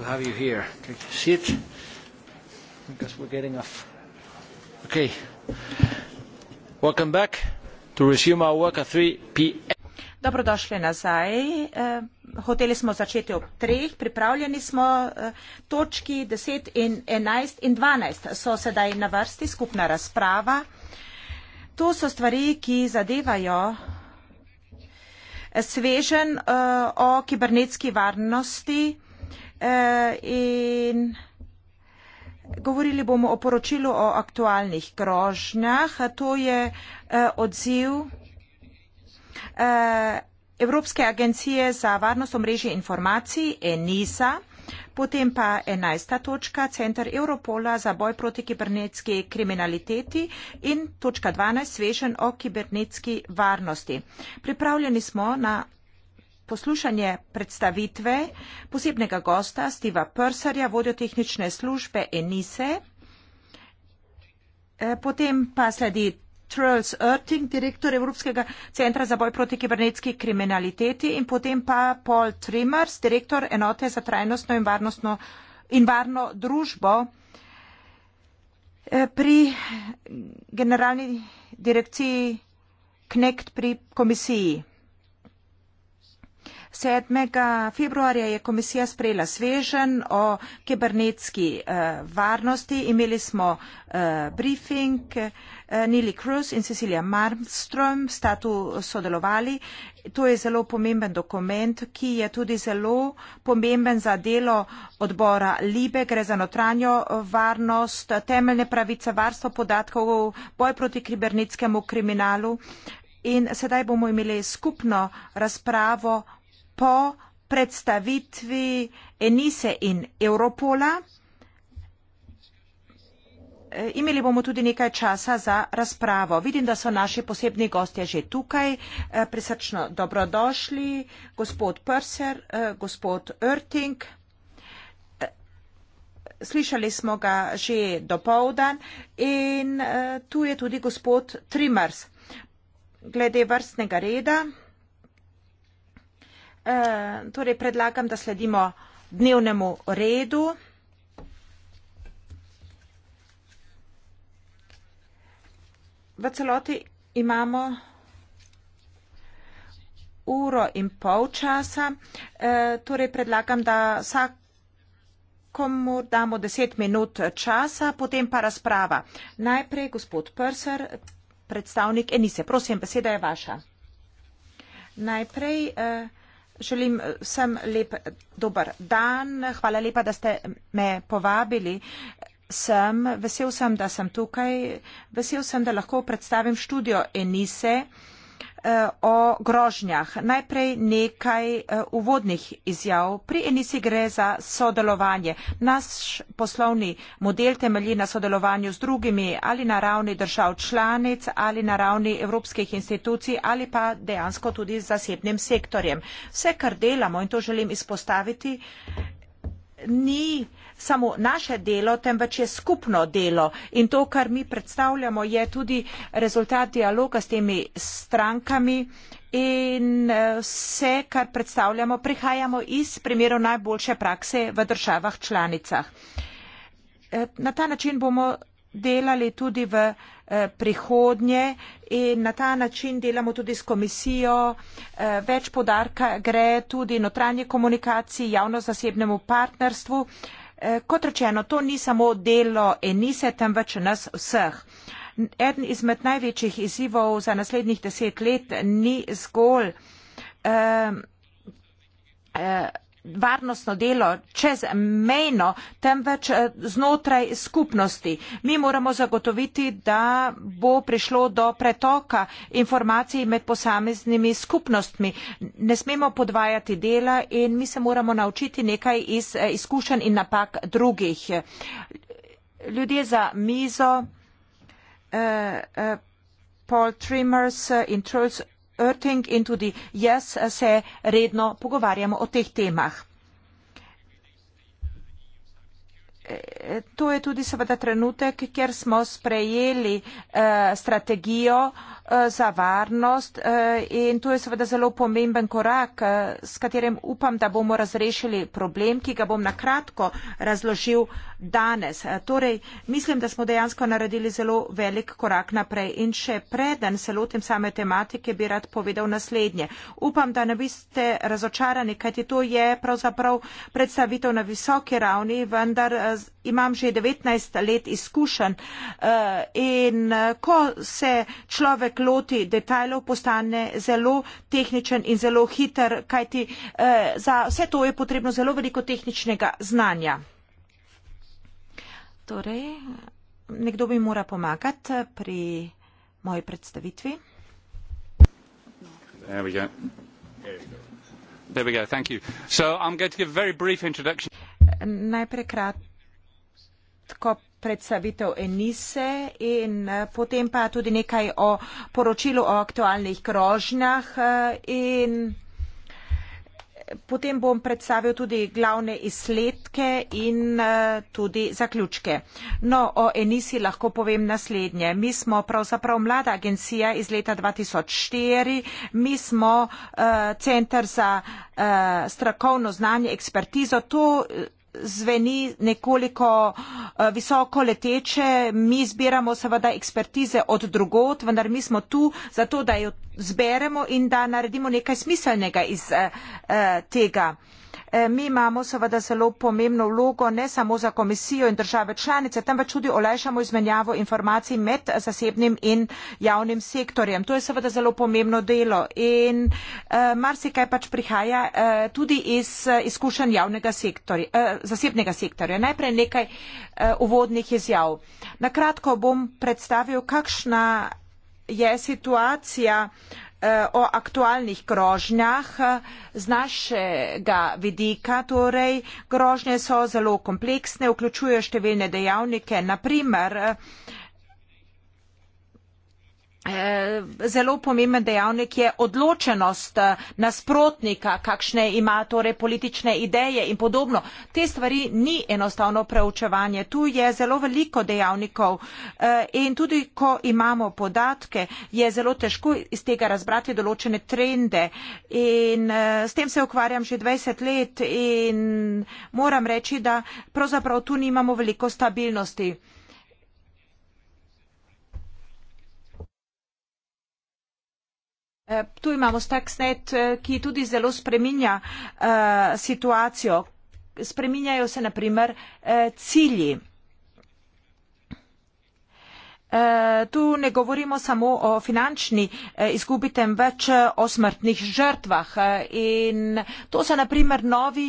to have you here. Can you see it? Because we're getting off. Okay. Welcome back to resume our work at 3 p.m. Dobrodošli nazaj. Eh, hoteli smo začeti ob treh, pripravljeni smo eh, točki 10 in 11 in 12. So sedaj na vrsti skupna razprava. To so stvari, ki zadevajo eh, svežen o kibernetski varnosti. Eh, in govorili bomo o poročilu o aktualnih grožnjah. To je eh, odziv eh, Evropske agencije za varnost omrežje informacij ENISA, potem pa 11. točka Center Europola za boj proti kibernetski kriminaliteti in točka 12 svežen o kibernetski varnosti. Pripravljeni smo na poslušanje predstavitve posebnega gosta Steva Prsarja, vodotehnične službe Enise. E, potem pa sledi Charles Erting, direktor Evropskega centra za boj proti kibernetski kriminaliteti in potem pa Paul Trimmers, direktor enote za trajnostno in, varnostno, in varno družbo e, pri generalni direkciji KNECT pri komisiji. 7. februarja je komisija sprejela svežen o kibernetski eh, varnosti. Imeli smo eh, briefing, eh, Nili Cruz in Cecilia Marmström sta tu sodelovali. To je zelo pomemben dokument, ki je tudi zelo pomemben za delo odbora Libe. Gre za notranjo eh, varnost, temeljne pravice, varstvo podatkov, boj proti kibernetskemu kriminalu. In sedaj bomo imeli skupno razpravo po predstavitvi Enise in Europola. E, imeli bomo tudi nekaj časa za razpravo. Vidim, da so naši posebni gostje že tukaj. E, prisrčno dobrodošli, gospod Prser, e, gospod Örting. Slišali smo ga že do povdan in tu je tudi gospod Trimars. Glede vrstnega reda. Eh, torej predlagam, da sledimo dnevnemu redu. V celoti imamo uro in pol časa, eh, torej predlagam, da vsak komu damo deset minut časa, potem pa razprava. Najprej gospod Prser, predstavnik Enise. Prosim, beseda je vaša. Najprej eh, Želim eh, vsem lep eh, dober dan. Hvala lepa, da ste me povabili. Sem, vesel sem, da sem tukaj. Vesel sem, da lahko predstavim študijo Enise. Eh, o grožnjah. Najprej nekaj eh, uvodnih izjav. Pri Enisi gre za sodelovanje. Naš poslovni model temelji na sodelovanju z drugimi ali na ravni držav članic ali na ravni evropskih institucij ali pa dejansko tudi z zasebnim sektorjem. Vse, kar delamo in to želim izpostaviti, ni samo naše delo, temveč je skupno delo. In to, kar mi predstavljamo, je tudi rezultat dialoga s temi strankami in eh, vse, kar predstavljamo, prihajamo iz primerov najboljše prakse v državah članicah. Eh, na ta način bomo delali tudi v eh, prihodnje in na ta način delamo tudi s komisijo. Eh, več podarka gre tudi notranje komunikacije, javno-zasebnemu partnerstvu. Eh, kot rečeno, to ni samo delo enise, temveč nas vseh. Eden izmed največjih izzivov za naslednjih deset let ni zgolj eh, eh, varnostno delo čez mejno, temveč eh, znotraj skupnosti. Mi moramo zagotoviti, da bo prišlo do pretoka informacij med posameznimi skupnostmi. Ne smemo podvajati dela in mi se moramo naučiti nekaj iz eh, izkušenj in napak drugih. Ljudje za mizo, uh, uh, Paul Trimmers in Trolls Erting in tudi jaz se redno pogovarjamo o teh temah. E, to je tudi seveda trenutek, kjer smo sprejeli e, strategijo Eh, za varnost eh, in to je seveda zelo pomemben korak, eh, s katerim upam, da bomo razrešili problem, ki ga bom nakratko razložil danes. Torej, mislim, da smo dejansko naredili zelo velik korak naprej in še preden se lotim same tematike, bi rad povedal naslednje. Upam, da ne biste razočarani, kajti to je pravzaprav predstavitev na visoki ravni, vendar imam že 19 let izkušen eh, in eh, ko se človek loti detajlov, postane zelo tehničen in zelo hiter, kajti eh, za vse to je potrebno zelo veliko tehničnega znanja. Torej, nekdo bi mora pomagati pri moji predstavitvi. Najprej kratko kratko predstavitev Enise in eh, potem pa tudi nekaj o poročilu o aktualnih grožnjah eh, in eh, potem bom predstavil tudi glavne izsledke in tudi zaključke. No, o Enisi lahko povem naslednje. Mi smo pravzaprav mlada agencija iz leta 2004, mi smo uh, centr za uh, strokovno znanje, ekspertizo, to zveni nekoliko eh, visoko leteče. Mi zbiramo seveda ekspertize od drugot, vendar mi smo tu zato, da jo zberemo in da naredimo nekaj smiselnega iz eh, eh, tega. Eh, mi imamo seveda zelo pomembno vlogo ne samo za komisijo in države članice, temveč tudi olajšamo izmenjavo informacij med zasebnim in javnim sektorjem. To je seveda zelo pomembno delo in eh, marsikaj pač prihaja eh, tudi iz eh, izkušenj javnega sektorja, eh, zasebnega sektorja. Najprej nekaj eh, uvodnih izjav. Nakratko bom predstavil, kakšna je situacija eh, Eh, o aktualnih grožnjah eh, z našega vidika, torej grožnje so zelo kompleksne, vključujejo številne dejavnike, naprimer eh, Eh, zelo pomemben dejavnik je odločenost eh, nasprotnika, kakšne ima torej politične ideje in podobno. Te stvari ni enostavno preučevanje. Tu je zelo veliko dejavnikov eh, in tudi, ko imamo podatke, je zelo težko iz tega razbrati določene trende. In s tem se ukvarjam že 20 let in moram reči, da pravzaprav tu nimamo veliko stabilnosti. Eh, tu imamo Stuxnet, eh, ki tudi zelo spreminja eh, situacijo. Spreminjajo se naprimer cilji. Tu ne govorimo samo o finančni izgubi, temveč o smrtnih žrtvah. In to so naprimer novi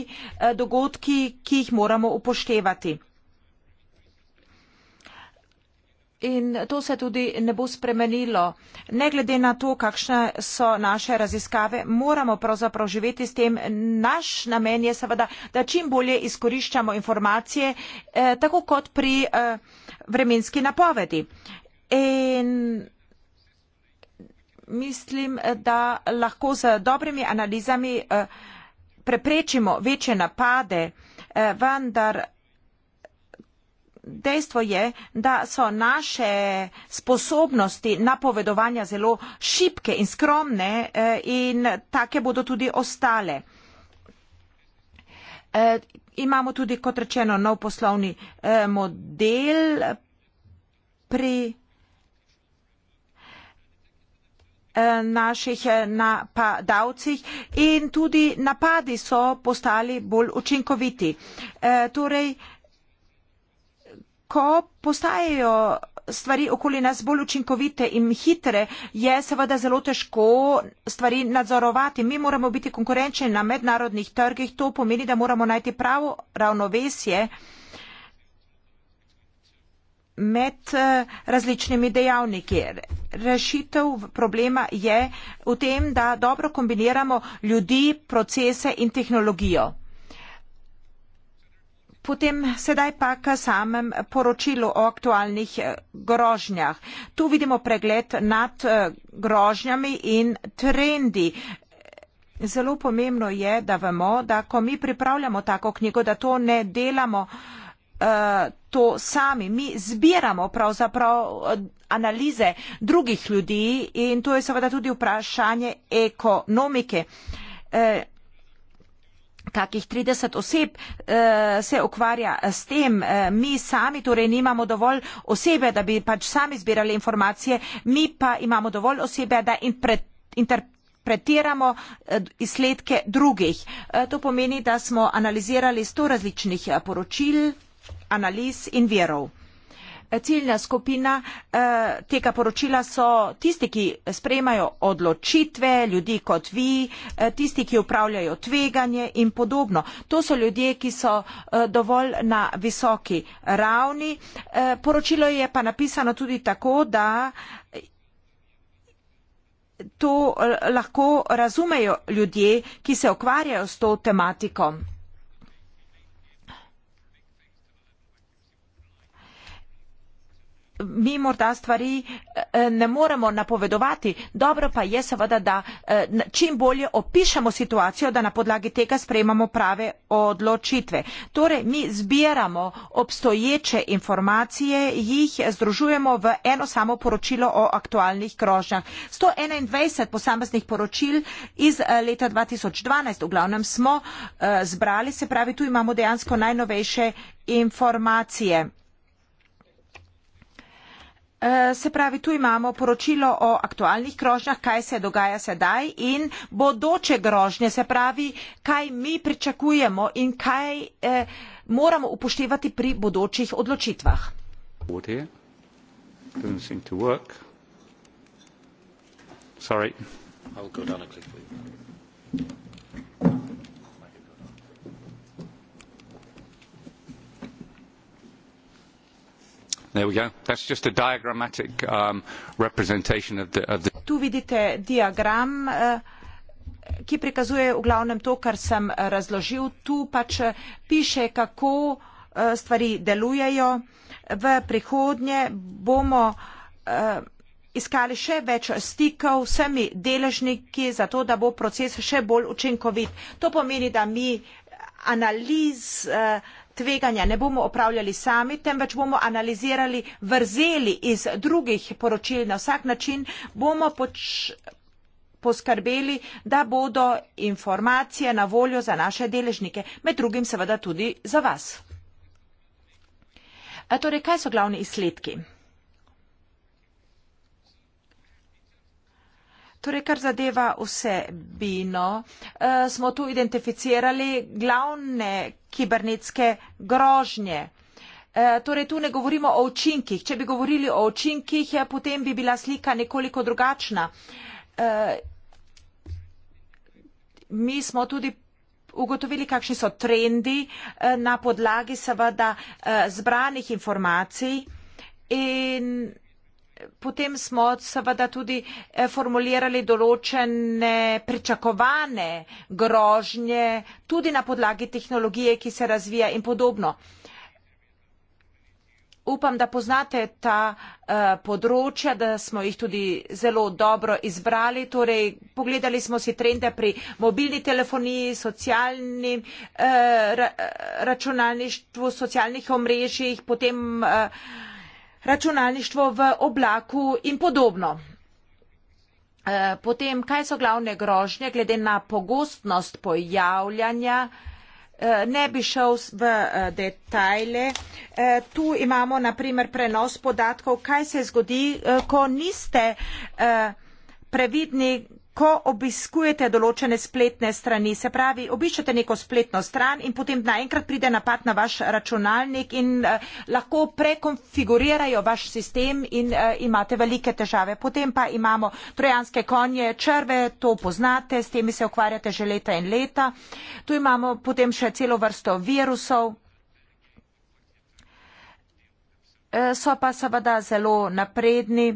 dogodki, ki jih moramo upoštevati. In to se tudi ne bo spremenilo. Ne glede na to, kakšne so naše raziskave, moramo pravzaprav živeti s tem. Naš namen je seveda, da čim bolje izkoriščamo informacije, eh, tako kot pri eh, vremenski napovedi. In mislim, da lahko z dobrimi analizami eh, preprečimo večje napade, eh, vendar dejstvo je, da so naše sposobnosti napovedovanja zelo šipke in skromne eh, in take bodo tudi ostale. Eh, imamo tudi, kot rečeno, nov poslovni eh, model pri naših napadalcih in tudi napadi so postali bolj učinkoviti. Torej, ko postajajo stvari okoli nas bolj učinkovite in hitre, je seveda zelo težko stvari nadzorovati. Mi moramo biti konkurenčni na mednarodnih trgih, to pomeni, da moramo najti pravo ravnovesje med eh, različnimi dejavniki. Rešitev problema je v tem, da dobro kombiniramo ljudi, procese in tehnologijo. Potem sedaj pa k samem poročilu o aktualnih eh, grožnjah. Tu vidimo pregled nad eh, grožnjami in trendi. Zelo pomembno je, da vemo, da ko mi pripravljamo tako knjigo, da to ne delamo eh, to sami. Mi zbiramo pravzaprav analize drugih ljudi in to je seveda tudi vprašanje ekonomike kakih 30 oseb eh, se ukvarja eh, s tem. Eh, mi sami torej nimamo dovolj osebe, da bi pač sami zbirali informacije, mi pa imamo dovolj osebe, da in pred, interpretiramo eh, izsledke drugih. Eh, to pomeni, da smo analizirali 100 različnih eh, poročil, analiz in verov ciljna skupina eh, tega poročila so tisti, ki sprejemajo odločitve, ljudi kot vi, eh, tisti, ki upravljajo tveganje in podobno. To so ljudje, ki so eh, dovolj na visoki ravni. Poročilo je pa napisano tudi tako, da to lahko razumejo ljudje, ki se okvarjajo s to tematiko. mi morda stvari eh, ne moremo napovedovati. Dobro pa je seveda, da eh, čim bolje opišemo situacijo, da na podlagi tega sprejemamo prave odločitve. Torej, mi zbiramo obstoječe informacije, jih združujemo v eno samo poročilo o aktualnih grožnjah. 121 posameznih poročil iz eh, leta 2012 v glavnem smo zbrali, se pravi, tu imamo dejansko najnovejše informacije. Eh, se pravi, tu imamo poročilo o aktualnih grožnjah, kaj se dogaja sedaj in bodoče grožnje, se pravi, kaj mi pričakujemo in kaj eh, moramo upoštevati pri bodočih odločitvah. Sorry. I'll go down a click for you. There we go. That's just a diagrammatic um, representation of the, of the. Tu vidite diagram, uh, ki prikazuje v glavnem to, kar sem razložil. Tu pač uh, piše, kako uh, stvari delujejo. V prihodnje bomo iskali še več stikov s vsemi deležniki, zato da bo proces še bolj učinkovit. To pomeni, da mi analiz uh, tveganja ne bomo opravljali sami, temveč bomo analizirali vrzeli iz drugih poročil na vsak način, bomo poč poskrbeli, da bodo informacije na voljo za naše deležnike, med drugim seveda tudi za vas. A torej, kaj so glavni izsledki? Torej, kar zadeva vsebino, eh, smo tu identificirali glavne kibernetske grožnje. Eh, torej, tu ne govorimo o učinkih. Če bi govorili o učinkih, ja, potem bi bila slika nekoliko drugačna. Eh, mi smo tudi ugotovili, kakšni so trendi na podlagi seveda zbranih informacij in potem smo seveda tudi eh, formulirali določene pričakovane grožnje, tudi na podlagi tehnologije, ki se razvija in podobno. Upam, da poznate ta eh, področja, da smo jih tudi zelo dobro izbrali. Torej, pogledali smo si trende pri mobilni telefoniji, socialnim eh, računalništvu, socialnih omrežjih, potem računalništvo v oblaku in podobno. Eh, potem, kaj so glavne grožnje glede na pogostnost pojavljanja? Eh, ne bi šel v eh, detajle. Tu imamo naprimer prenos podatkov, kaj se zgodi, ko niste previdni, ko obiskujete določene spletne strani, se pravi, obiščete neko spletno stran in potem naenkrat pride napad na vaš računalnik in eh, lahko prekonfigurirajo vaš sistem in eh, imate velike težave. Potem pa imamo trojanske konje, črve, to poznate, s temi se ukvarjate že leta in leta. Tu imamo potem še celo vrsto virusov. Eh, so pa seveda zelo napredni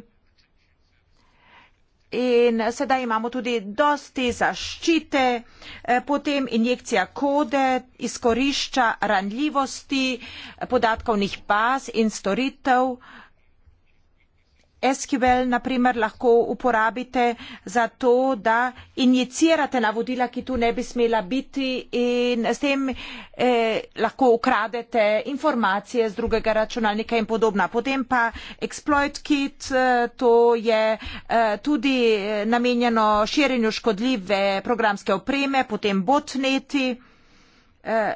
in sedaj imamo tudi dosti zaščite, eh, potem injekcija kode izkorišča ranljivosti eh, podatkovnih baz in storitev, SQL naprimer lahko uporabite za to, da injicirate navodila, ki tu ne bi smela biti in s tem eh, lahko ukradete informacije z drugega računalnika in podobno. Potem pa exploit kit, eh, to je eh, tudi eh, namenjeno širjenju škodljive programske opreme, potem botneti. Eh,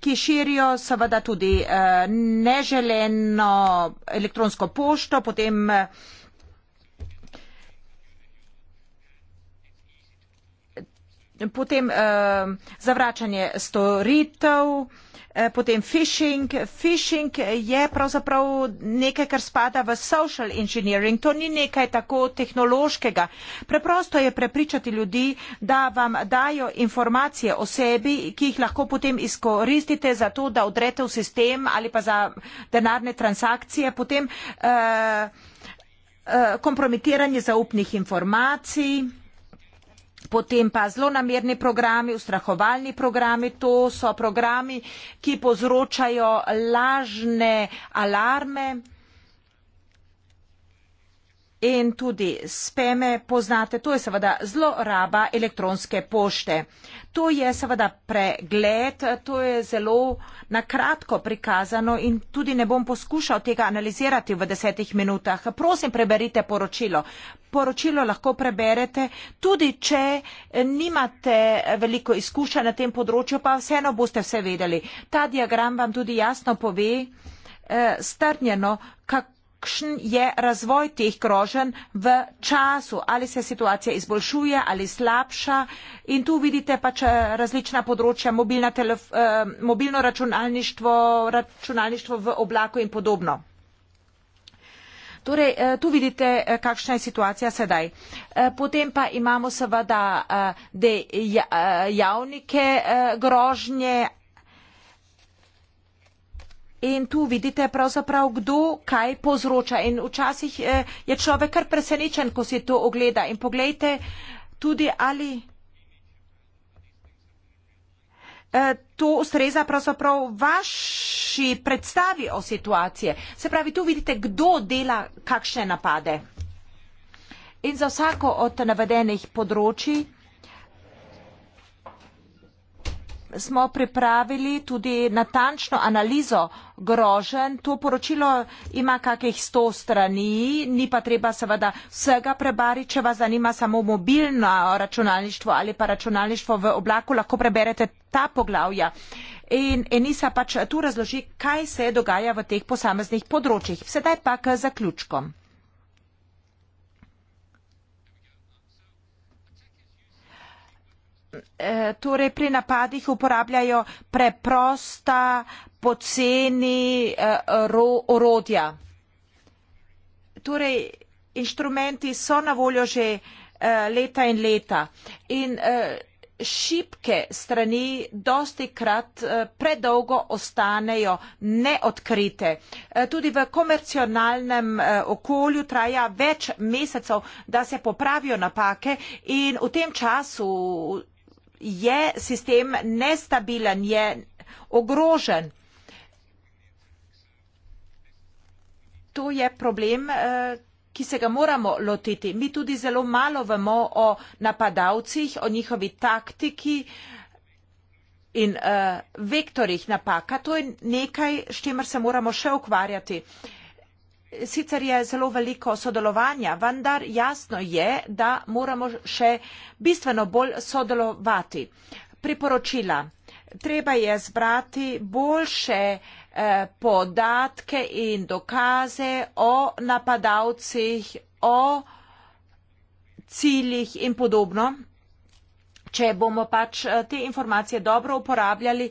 ki širijo seveda tudi eh, neželeno elektronsko pošto, potem eh, potem eh, zavračanje storitev, eh, Eh, potem phishing. Phishing je pravzaprav nekaj, kar spada v social engineering. To ni nekaj tako tehnološkega. Preprosto je prepričati ljudi, da vam dajo informacije o sebi, ki jih lahko potem izkoristite za to, da odrete v sistem ali pa za denarne transakcije. Potem uh, uh, kompromitiranje zaupnih informacij. Potem pa zlonamerni programi, ustrahovalni programi, to so programi, ki povzročajo lažne alarme in tudi speme poznate, to je seveda zloraba elektronske pošte. To je seveda pregled, to je zelo nakratko prikazano in tudi ne bom poskušal tega analizirati v desetih minutah. Prosim, preberite poročilo. Poročilo lahko preberete, tudi če nimate veliko izkušenj na tem področju, pa vseeno boste vse vedeli. Ta diagram vam tudi jasno pove eh, strnjeno, kako kakšen je razvoj teh groženj v času, ali se situacija izboljšuje ali slabša. In tu vidite pač eh, različna področja, telef, eh, mobilno računalništvo, računalništvo v oblaku in podobno. Torej, eh, tu vidite, eh, kakšna je situacija sedaj. Potem pa imamo seveda dejavnike ja, grožnje In tu vidite pravzaprav, kdo kaj povzroča. In včasih eh, je človek kar presenečen, ko si to ogleda. In poglejte tudi, ali eh, to ustreza pravzaprav vaši predstavi o situacije. Se pravi, tu vidite, kdo dela kakšne napade. In za vsako od navedenih področji smo pripravili tudi natančno analizo grožen. To poročilo ima kakih sto strani, ni pa treba seveda vsega prebariti, če vas zanima samo mobilno računalništvo ali pa računalništvo v oblaku, lahko preberete ta poglavja. In Enisa pač tu razloži, kaj se dogaja v teh posameznih področjih. Sedaj pa k zaključkom. Eh, torej, pri napadih uporabljajo preprosta, poceni eh, ro, orodja. Torej, inštrumenti so na voljo že eh, leta in leta. In šipke strani dosti krat predolgo ostanejo neodkrite. Tudi v komercionalnem okolju traja več mesecev, da se popravijo napake in v tem času je sistem nestabilen, je ogrožen. To je problem, eh, ki se ga moramo lotiti. Mi tudi zelo malo vemo o napadalcih, o njihovi taktiki in eh, vektorjih napaka. To je nekaj, s čimer se moramo še ukvarjati sicer je zelo veliko sodelovanja, vendar jasno je, da moramo še bistveno bolj sodelovati. Priporočila. Treba je zbrati boljše eh, podatke in dokaze o napadalcih, o ciljih in podobno. Če bomo pač eh, te informacije dobro uporabljali,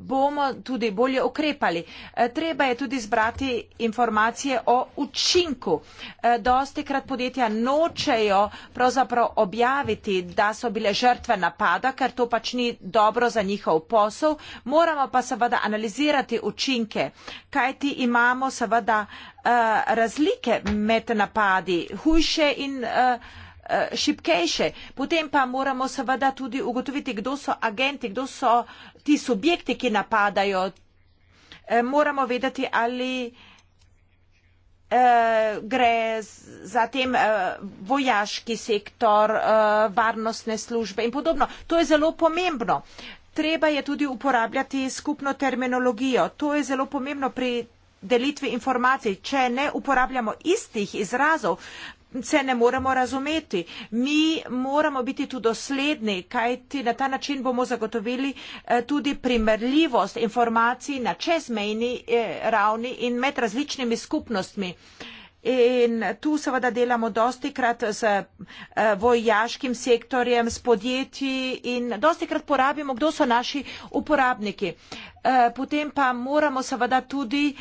bomo tudi bolje ukrepali. Eh, treba je tudi zbrati informacije o učinku. Eh, Dosti krat podjetja nočejo pravzaprav objaviti, da so bile žrtve napada, ker to pač ni dobro za njihov posel. Moramo pa seveda analizirati učinke, kajti imamo seveda uh, razlike med napadi, hujše in. Uh, Eh, šibkejše. Potem pa moramo seveda tudi ugotoviti, kdo so agenti, kdo so ti subjekti, ki napadajo. Eh, moramo vedeti, ali eh, gre za tem vojaški sektor, varnostne službe in podobno. To je zelo pomembno. Treba je tudi uporabljati skupno terminologijo. To je zelo pomembno pri delitvi informacij. Če ne uporabljamo istih izrazov, se ne moremo razumeti. Mi moramo biti tu dosledni, kajti na ta način bomo zagotovili eh, tudi primerljivost informacij na čezmejni eh, ravni in med različnimi skupnostmi. In tu seveda delamo dosti krat z eh, vojaškim sektorjem, s podjetji in dosti krat porabimo, kdo so naši uporabniki. Potem pa moramo seveda tudi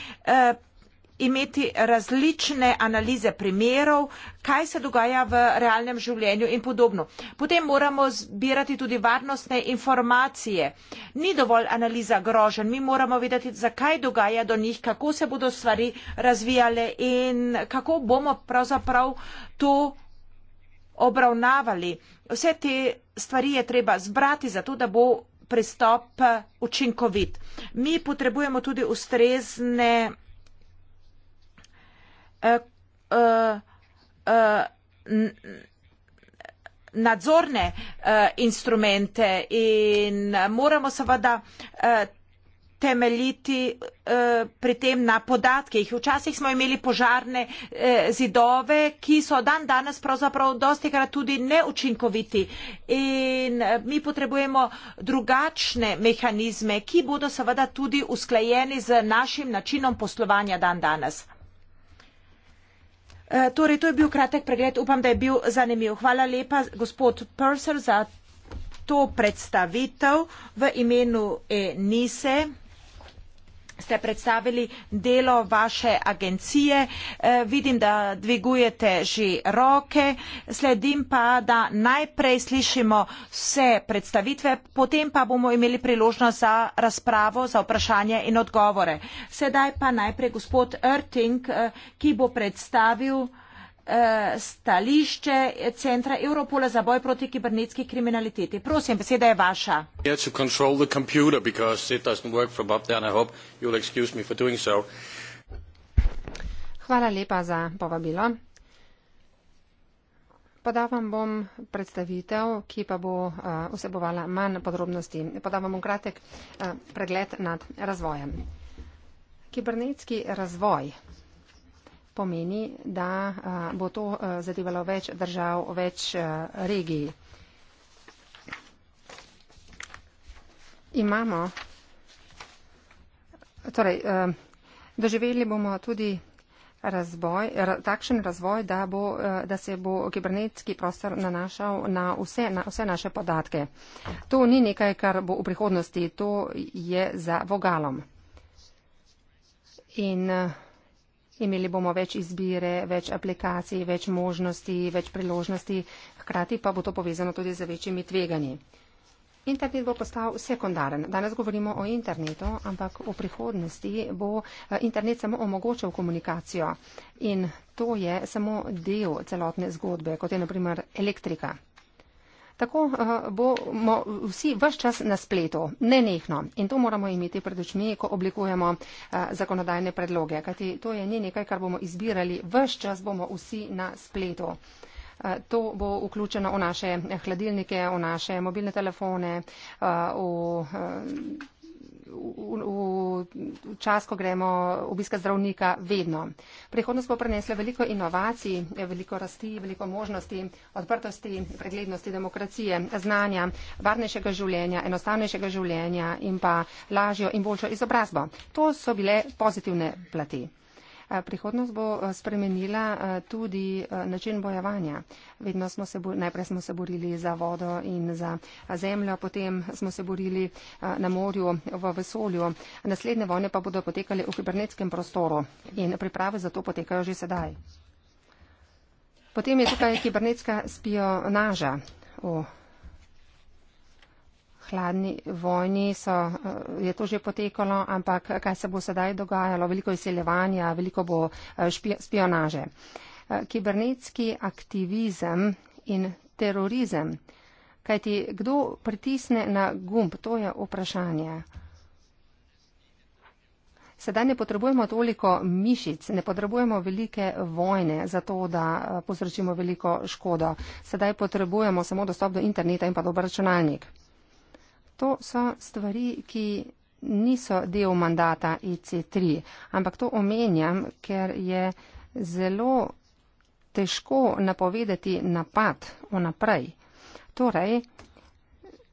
imeti različne analize primerov, kaj se dogaja v realnem življenju in podobno. Potem moramo zbirati tudi varnostne informacije. Ni dovolj analiza grožen, mi moramo vedeti, zakaj dogaja do njih, kako se bodo stvari razvijale in kako bomo pravzaprav to obravnavali. Vse te stvari je treba zbrati, zato da bo pristop učinkovit. Mi potrebujemo tudi ustrezne Eh, eh, nadzorne eh, instrumente in moramo seveda temeljiti pri tem na podatkih. Včasih smo imeli požarne zidove, ki so dan danes pravzaprav dosti krat tudi neučinkoviti in mi potrebujemo drugačne mehanizme, ki bodo seveda tudi usklajeni z našim načinom poslovanja dan danes. Eh, torej, to je bil kratek pregled, upam, da je bil zanimiv. Hvala lepa, gospod Purser, za to predstavitev v imenu Enise ste predstavili delo vaše agencije. E, vidim, da dvigujete že roke. Sledim pa, da najprej slišimo vse predstavitve, potem pa bomo imeli priložnost za razpravo, za vprašanje in odgovore. Sedaj pa najprej gospod Erting, eh, ki bo predstavil Eh, stališče Centra Europola za boj proti kibernetski kriminaliteti. Prosim, beseda je vaša. Hvala lepa za povabilo. Podal vam bom predstavitev, ki pa bo eh, vsebovala manj podrobnosti. Podal vam bom kratek eh, pregled nad razvojem. Kibernetski razvoj pomeni, da bo to zadevalo več držav, več regij. Imamo, torej, doživeli bomo tudi razvoj, takšen razvoj, da, bo, da se bo kibernetski prostor nanašal na vse, na vse naše podatke. To ni nekaj, kar bo v prihodnosti, to je za vogalom. In uh, Imeli bomo več izbire, več aplikacij, več možnosti, več priložnosti, hkrati pa bo to povezano tudi z večjimi tveganji. Internet bo postal sekundaren. Danes govorimo o internetu, ampak v prihodnosti bo eh, internet samo omogočal komunikacijo. In to je samo del celotne zgodbe, kot je naprimer elektrika. Tako uh, bomo vsi vse čas na spletu, nenehno. In to moramo imeti pred očmi, ko oblikujemo uh, zakonodajne predloge. Kajti to je ni nekaj, kar bomo izbirali, vse čas bomo vsi na spletu. Eh, to bo vključeno v naše hladilnike, v naše mobilne telefone, v v, v, v čas, ko gremo obiska zdravnika, vedno. Prihodnost bo prenesla veliko inovacij, veliko rasti, veliko možnosti, odprtosti, preglednosti demokracije, znanja, varnejšega življenja, enostavnejšega življenja in pa lažjo in boljšo izobrazbo. To so bile pozitivne plati. Eh, prihodnost bo eh, spremenila eh, tudi način bojevanja. Vedno smo se, najprej smo se borili za vodo in za zemljo, potem smo se borili na morju, v vesolju. Naslednje vojne pa bodo potekali v kibernetskem prostoru in priprave za to potekajo že sedaj. Potem je tukaj kibernetska spionaža hladni vojni so, eh, je to že potekalo, ampak kaj se bo sedaj dogajalo? Veliko izseljevanja, veliko bo eh, špionaže. Eh, kibernetski aktivizem in terorizem. Kajti kdo pritisne na gumb? To je vprašanje. Sedaj ne potrebujemo toliko mišic, ne potrebujemo velike vojne za to, da povzročimo veliko škodo. Sedaj potrebujemo samo dostop do interneta in pa dober računalnik. To so stvari, ki niso del mandata e IC3, ampak to omenjam, ker je zelo težko napovedati napad vnaprej. Torej,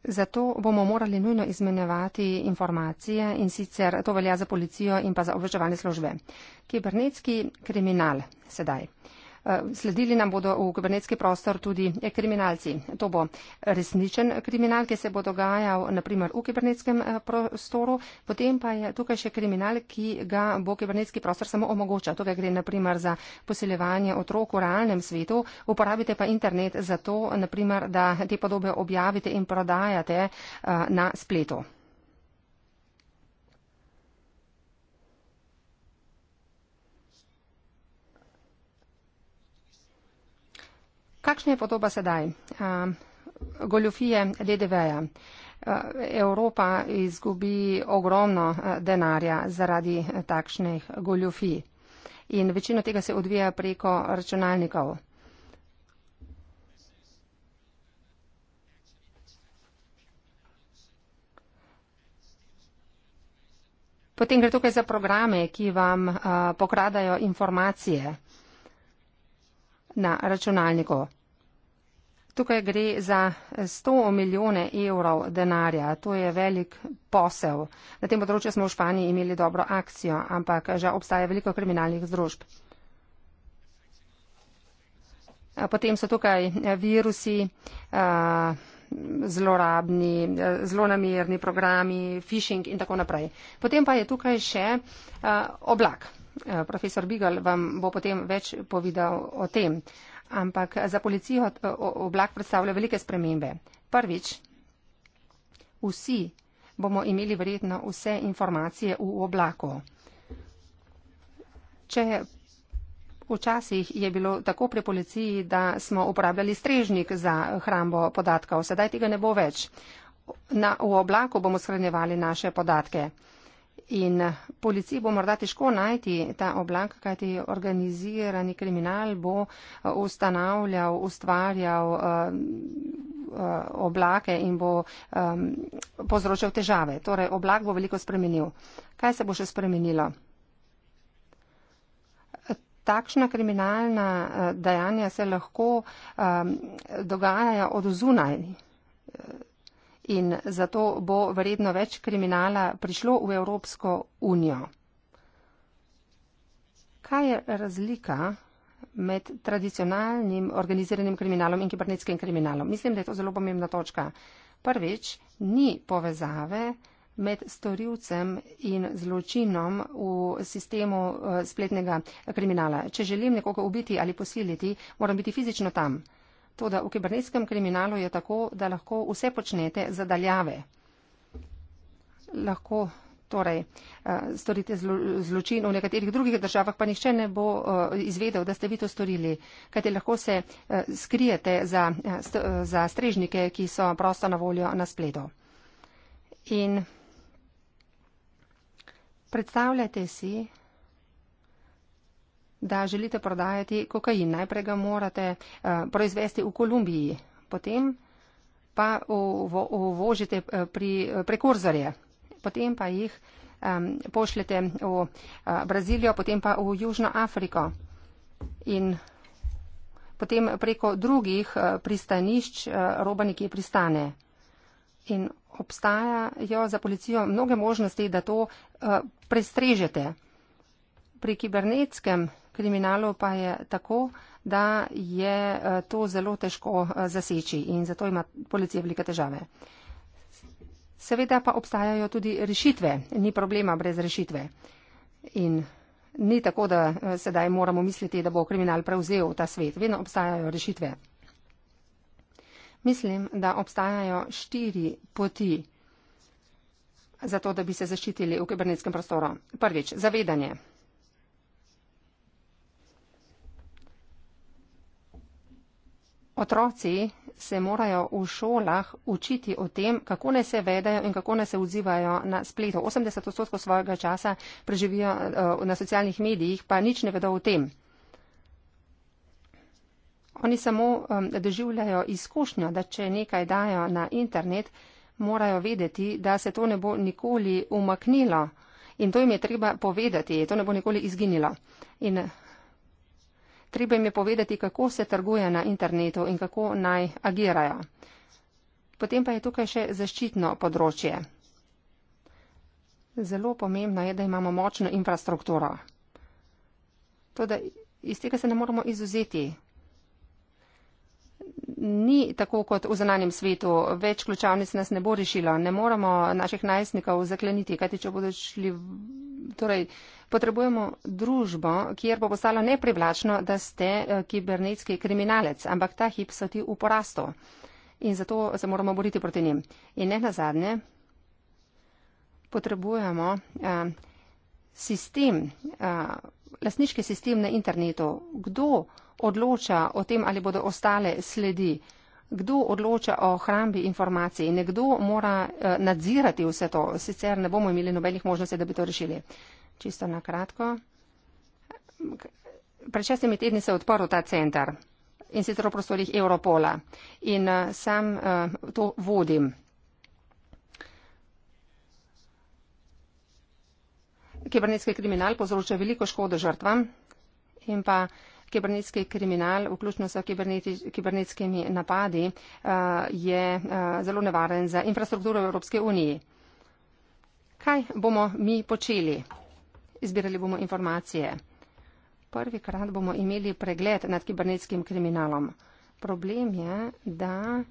zato bomo morali nujno izmenjevati informacije in sicer to velja za policijo in pa za obveščevalne službe. Kibernetski kriminal sedaj. Eh, sledili nam bodo v kibernetski prostor tudi eh, kriminalci. To bo resničen kriminal, ki se bo dogajal naprimer v kibernetskem eh, prostoru, potem pa je tukaj še kriminal, ki ga bo kibernetski prostor samo omogočal. Tukaj gre naprimer za posiljevanje otrok v realnem svetu, uporabite pa internet za to, naprimer, da te podobe objavite in prodajate na spletu. Kakšna je podoba sedaj? Goljofije LDV-ja. Evropa izgubi ogromno denarja zaradi takšnih goljofij. In večino tega se odvija preko računalnikov. Potem gre tukaj za programe, ki vam pokradajo informacije na računalniku. Tukaj gre za 100 milijone evrov denarja. To je velik posel. Na tem področju smo v Španiji imeli dobro akcijo, ampak že obstaja veliko kriminalnih združb. Potem so tukaj virusi, zlorabni, zlonamerni programi, phishing in tako naprej. Potem pa je tukaj še oblak. Profesor Bigel vam bo potem več povedal o tem ampak za policijo eh, oblak predstavlja velike spremembe. Prvič, vsi bomo imeli verjetno vse informacije v oblaku. Če včasih je bilo tako pri policiji, da smo uporabljali strežnik za hrambo podatkov, sedaj tega ne bo več. Na, v oblaku bomo shranjevali naše podatke. In policiji bo morda težko najti ta oblak, kajti organizirani kriminal bo eh, ustanavljal, ustvarjal eh, eh, oblake in bo povzročal težave. Torej, oblak bo veliko spremenil. Kaj se bo še spremenilo? Takšna kriminalna dejanja se lahko um, dogajajo od zunaj in zato bo verjetno več kriminala prišlo v Evropsko unijo. Kaj je razlika med tradicionalnim organiziranim kriminalom in kibernetskim kriminalom? Mislim, da je to zelo pomembna točka. Prvič, ni povezave med storilcem in zločinom v sistemu eh, spletnega kriminala. Če želim nekoga ubiti ali posiliti, moram biti fizično tam. Toda v kibernetskem kriminalu je tako, da lahko vse počnete zadaljave. Lahko torej eh, storite zločin v nekaterih drugih državah, pa nihče ne bo eh, izvedel, da ste vi to storili, kajte lahko se eh, skrijete za, za strežnike, ki so prosto na voljo na spledu. In predstavljate si, da želite prodajati kokain. Najprej ga morate eh, proizvesti v Kolumbiji, potem pa uvožite eh, pri eh, prekurzorje, potem pa jih pošljete v Brazilijo, potem pa v Južno Afriko in potem preko drugih pristanišč roba nekje pristane. In obstajajo za policijo mnoge možnosti, da to prestrežete. Pri kibernetskem kriminalu pa je tako, da je eh, to zelo težko eh, zaseči in zato ima policija velike težave. Seveda pa obstajajo tudi rešitve, ni problema brez rešitve. In ni tako, da eh, sedaj moramo misliti, da bo kriminal prevzel ta svet. Vedno obstajajo rešitve. Mislim, da obstajajo štiri poti za to, da bi se zaščitili v kibernetskem prostoru. Prvič, zavedanje. Otroci se morajo v šolah učiti o tem, kako naj se vedajo in kako naj se odzivajo na spletu. 80 odstotkov svojega časa preživijo eh, na socialnih medijih, pa nič ne vedo o tem. Oni samo doživljajo izkušnjo, da če nekaj dajo na internet, morajo vedeti, da se to ne bo nikoli umaknilo. In to jim je treba povedati, to ne bo nikoli izginilo. In treba jim je povedati, kako se trguje na internetu in kako naj agirajo. Potem pa je tukaj še zaščitno področje. Zelo pomembno je, da imamo močno infrastrukturo. Tudi iz tega se ne moramo izuzeti ni tako kot v zananjem svetu. Več ključavnic nas ne bo rešilo. Ne moramo naših najstnikov zakleniti, kajti če bodo šli. Torej, potrebujemo družbo, kjer bo postalo neprivlačno, da ste eh, kibernetski kriminalec, ampak ta hip so ti v porastu. In zato se moramo boriti proti njim. In ne nazadnje, potrebujemo a, eh, sistem, a, eh, lasniški sistem na internetu. Kdo? odloča o tem, ali bodo ostale sledi. Kdo odloča o hrambi informacij? Nekdo mora eh, nadzirati vse to, sicer ne bomo imeli nobenih možnosti, da bi to rešili. Čisto na kratko. Pred šestimi tedni se je odprl ta centar in sicer v prostorih Europola in eh, sam eh, to vodim. Kibernetski kriminal povzroča veliko škodo žrtvam in pa kibernetski kriminal, vključno s kibernetskimi napadi, eh, je eh, zelo nevaren za infrastrukturo Evropske unije. Kaj bomo mi počeli? Izbirali bomo informacije. Prvi krat bomo imeli pregled nad kibernetskim kriminalom. Problem je, da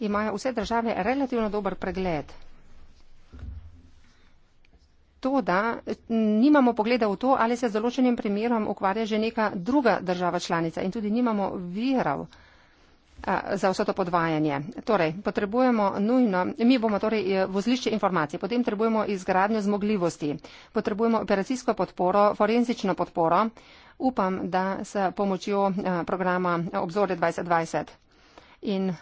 imajo vse države relativno dober pregled to, da nimamo pogleda v to, ali se z določenim primerom ukvarja že neka druga država članica in tudi nimamo virov eh, za vso to podvajanje. Torej, potrebujemo nujno, mi bomo torej eh, vozlišče informacij, potem potrebujemo izgradnjo zmogljivosti, potrebujemo operacijsko podporo, forenzično podporo, upam, da s pomočjo eh, programa Obzore 2020 in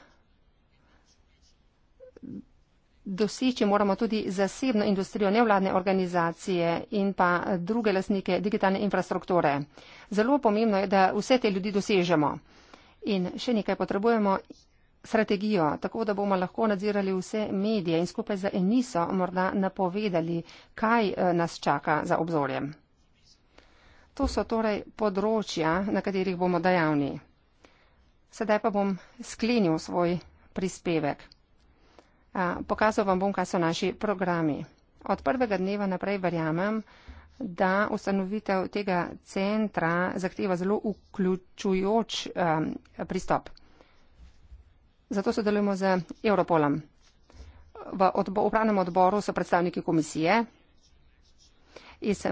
doseči moramo tudi zasebno industrijo, nevladne organizacije in pa druge lasnike digitalne infrastrukture. Zelo pomembno je, da vse te ljudi dosežemo. In še nekaj potrebujemo strategijo, tako da bomo lahko nadzirali vse medije in skupaj za eniso morda napovedali, kaj eh, nas čaka za obzorjem. To so torej področja, na katerih bomo dejavni. Sedaj pa bom sklenil svoj prispevek pokazal vam bom, kaj so naši programi. Od prvega dneva naprej verjamem, da ustanovitev tega centra zahteva zelo vključujoč um, pristop. Zato sodelujemo z Europolom. V odbo upravnem odboru so predstavniki komisije iz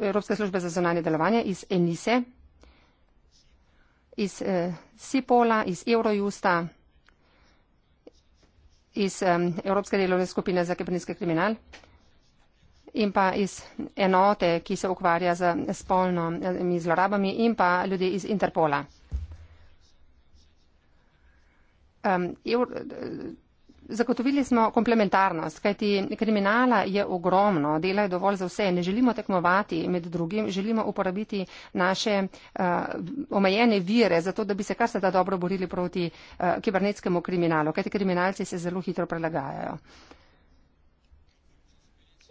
Evropske službe za zonanje delovanje, iz ENISE, iz eh, SIPOLA, iz Eurojusta iz um, Evropske delovne skupine za kibernetski kriminal in pa iz enote, ki se ukvarja z spolnimi zlorabami in pa ljudi iz Interpola. Um, Zagotovili smo komplementarnost, kajti kriminala je ogromno, dela je dovolj za vse. Ne želimo tekmovati med drugim, želimo uporabiti naše uh, omejene vire, zato da bi se kar se da dobro borili proti uh, kibernetskemu kriminalu, kajti kriminalci se zelo hitro prelagajajo.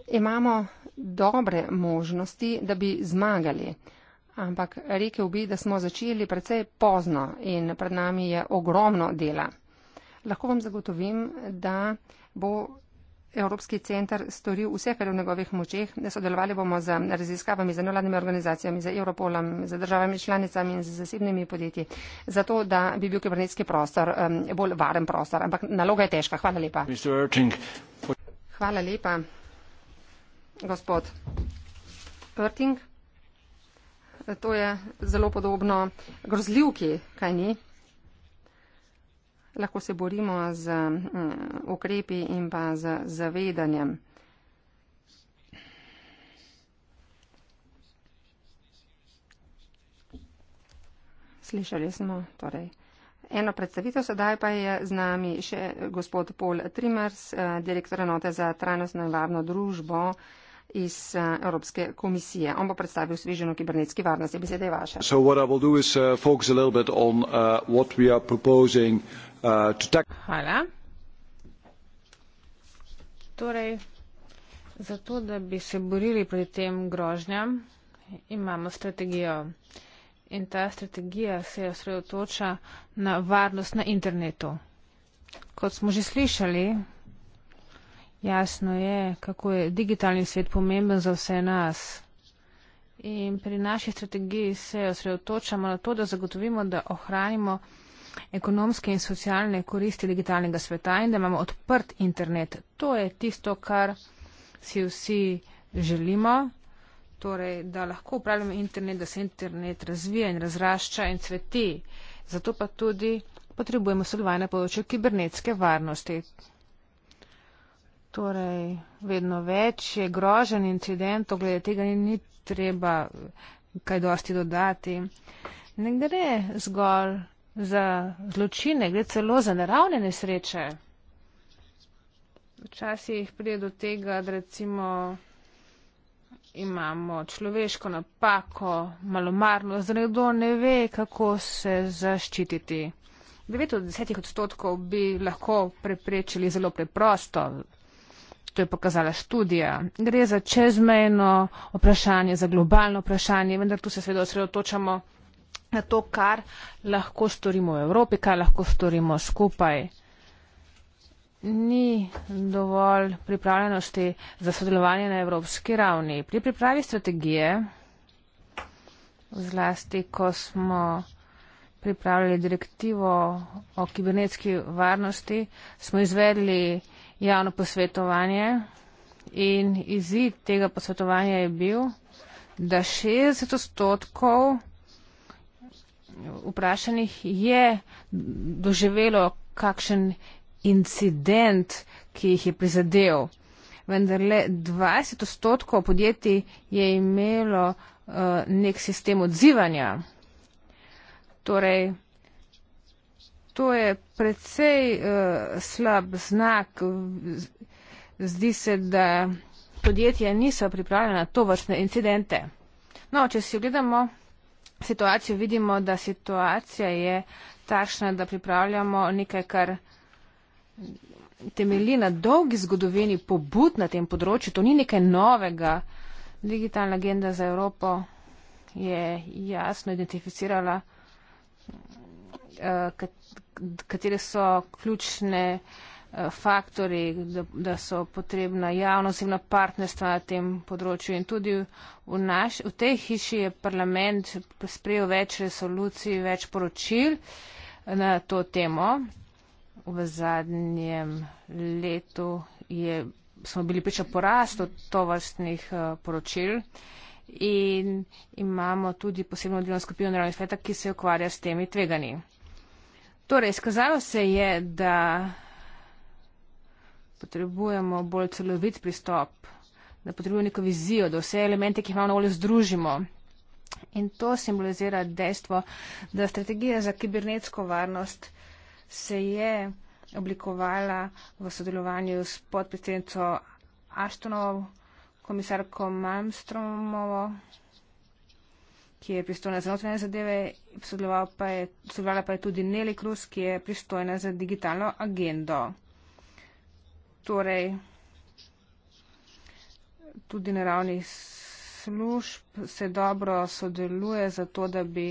Imamo dobre možnosti, da bi zmagali. Ampak rekel bi, da smo začeli precej pozno in pred nami je ogromno dela lahko vam zagotovim, da bo. Evropski centar storil vse, kar je v njegovih močeh. Sodelovali bomo z raziskavami, z nevladnimi organizacijami, z Europolom, z državami članicami in z zasebnimi podjetji, zato da bi bil kibernetski prostor um, bolj varen prostor. Ampak naloga je težka. Hvala lepa. Hvala lepa, gospod Erting. To je zelo podobno grozljivki, kaj ni? lahko se borimo z mm, ukrepi in pa z zavedanjem. Slišali smo torej. Eno predstavitev sedaj pa je z nami še gospod Paul Trimers, eh, direktor enote za trajnostno in varno družbo iz eh, Evropske komisije. On bo predstavil sveženo kibernetski varnosti. Beseda je vaša. Eh, eh, Hvala. Torej, zato, da bi se borili pred tem grožnjam, imamo strategijo. In ta strategija se osredotoča na varnost na internetu. Kot smo že slišali, Jasno je, kako je digitalni svet pomemben za vse nas. In pri naši strategiji se osredotočamo na to, da zagotovimo, da ohranimo ekonomske in socialne koristi digitalnega sveta in da imamo odprt internet. To je tisto, kar si vsi želimo. Torej, da lahko upravljamo internet, da se internet razvija in razrašča in cveti. Zato pa tudi potrebujemo sodelovanje na področju kibernetske varnosti. Torej, vedno več je grožen incident, glede tega ni, ni treba kaj dosti dodati. Ne gre zgolj za zločine, gre celo za naravne nesreče. Včasih pride do tega, da recimo imamo človeško napako, malomarnost, da nekdo ne ve, kako se zaščititi. 9 od 10 odstotkov bi lahko preprečili zelo preprosto, To je pokazala študija. Gre za čezmejno vprašanje, za globalno vprašanje, vendar tu se seveda osredotočamo na to, kar lahko storimo v Evropi, kar lahko storimo skupaj. Ni dovolj pripravljenosti za sodelovanje na evropski ravni. Pri pripravi strategije, zlasti ko smo pripravljali direktivo o kibernetski varnosti, smo izvedli javno posvetovanje in izid tega posvetovanja je bil, da 60 odstotkov vprašanih je doživelo kakšen incident, ki jih je prizadel. Vendar le 20 odstotkov podjetij je imelo uh, nek sistem odzivanja. Torej, to je precej uh, slab znak. Zdi se, da podjetja niso pripravljena na to vrstne incidente. No, če si ogledamo situacijo, vidimo, da situacija je takšna, da pripravljamo nekaj, kar temelji na dolgi zgodovini pobud na tem področju. To ni nekaj novega. Digitalna agenda za Evropo je jasno identificirala Eh, katere so ključne eh, faktori, da, da so potrebna javnozemna partnerstva na tem področju. In tudi v, naš, v tej hiši je parlament sprejel več resolucij, več poročil eh, na to temo. V zadnjem letu je, smo bili priča porastu to vrstnih poročil in imamo tudi posebno delovno skupino naravnih sveta, ki se ukvarja s temi tveganji. Torej, skazalo se je, da potrebujemo bolj celovit pristop, da potrebujemo neko vizijo, da vse elemente, ki jih imamo na voljo, združimo. In to simbolizira dejstvo, da strategija za kibernetsko varnost se je oblikovala v sodelovanju s podpredsednico Aštonovo, komisarko Malmstromovo, ki je pristojna za notranje zadeve, sodelovala pa, pa je tudi Neli Krus, ki je pristojna za digitalno agendo. Torej, tudi na ravni služb se dobro sodeluje za to, da bi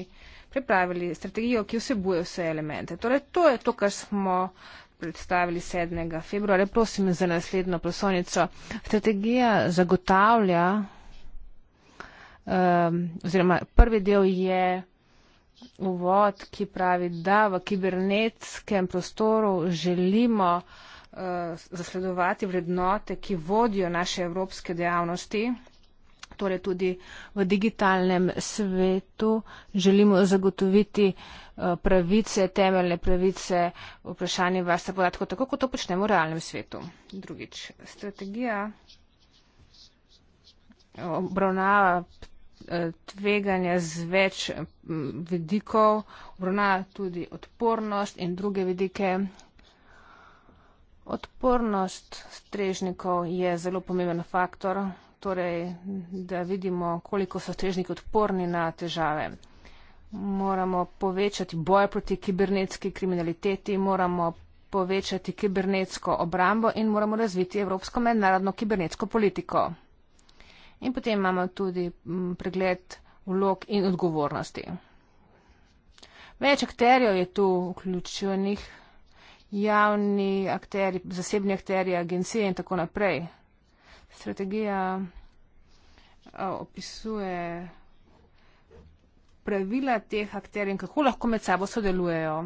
pripravili strategijo, ki vsebuje vse elemente. Torej, to je to, kar smo predstavili 7. februarja. Prosim za naslednjo prosonico. Strategija zagotavlja um, oziroma prvi del je uvod, ki pravi, da v kibernetskem prostoru želimo uh, zasledovati vrednote, ki vodijo naše evropske dejavnosti. Torej tudi v digitalnem svetu želimo zagotoviti eh, pravice, temeljne pravice, vprašanje varstva podatkov, tako kot to počnemo v realnem svetu. Drugič, strategija obravnava Eh, tveganja z več vidikov, obravnava tudi odpornost in druge vidike. Odpornost strežnikov je zelo pomemben faktor, torej da vidimo, koliko so strežniki odporni na težave. Moramo povečati boj proti kibernetski kriminaliteti, moramo povečati kibernetsko obrambo in moramo razviti evropsko mednarodno kibernetsko politiko in potem imamo tudi mm, pregled vlog in odgovornosti. Več akterjev je tu vključenih, javni akteri, zasebni akteri, agencije in tako naprej. Strategija opisuje pravila teh akterjev in kako lahko med sabo sodelujejo.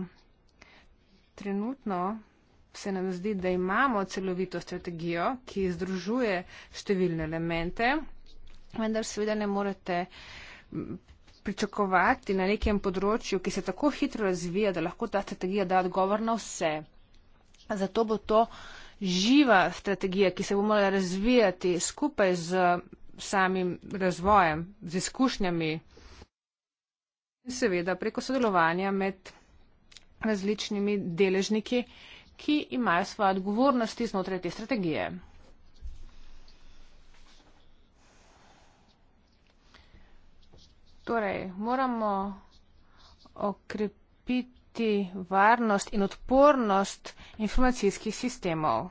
Trenutno se nam zdi, da imamo celovito strategijo, ki združuje številne elemente vendar seveda ne morete pričakovati na nekem področju, ki se tako hitro razvija, da lahko ta strategija da odgovor na vse. Zato bo to živa strategija, ki se bo morala razvijati skupaj z samim razvojem, z izkušnjami in seveda preko sodelovanja med različnimi deležniki, ki imajo svoje odgovornosti znotraj te strategije. Torej, moramo okrepiti varnost in odpornost informacijskih sistemov.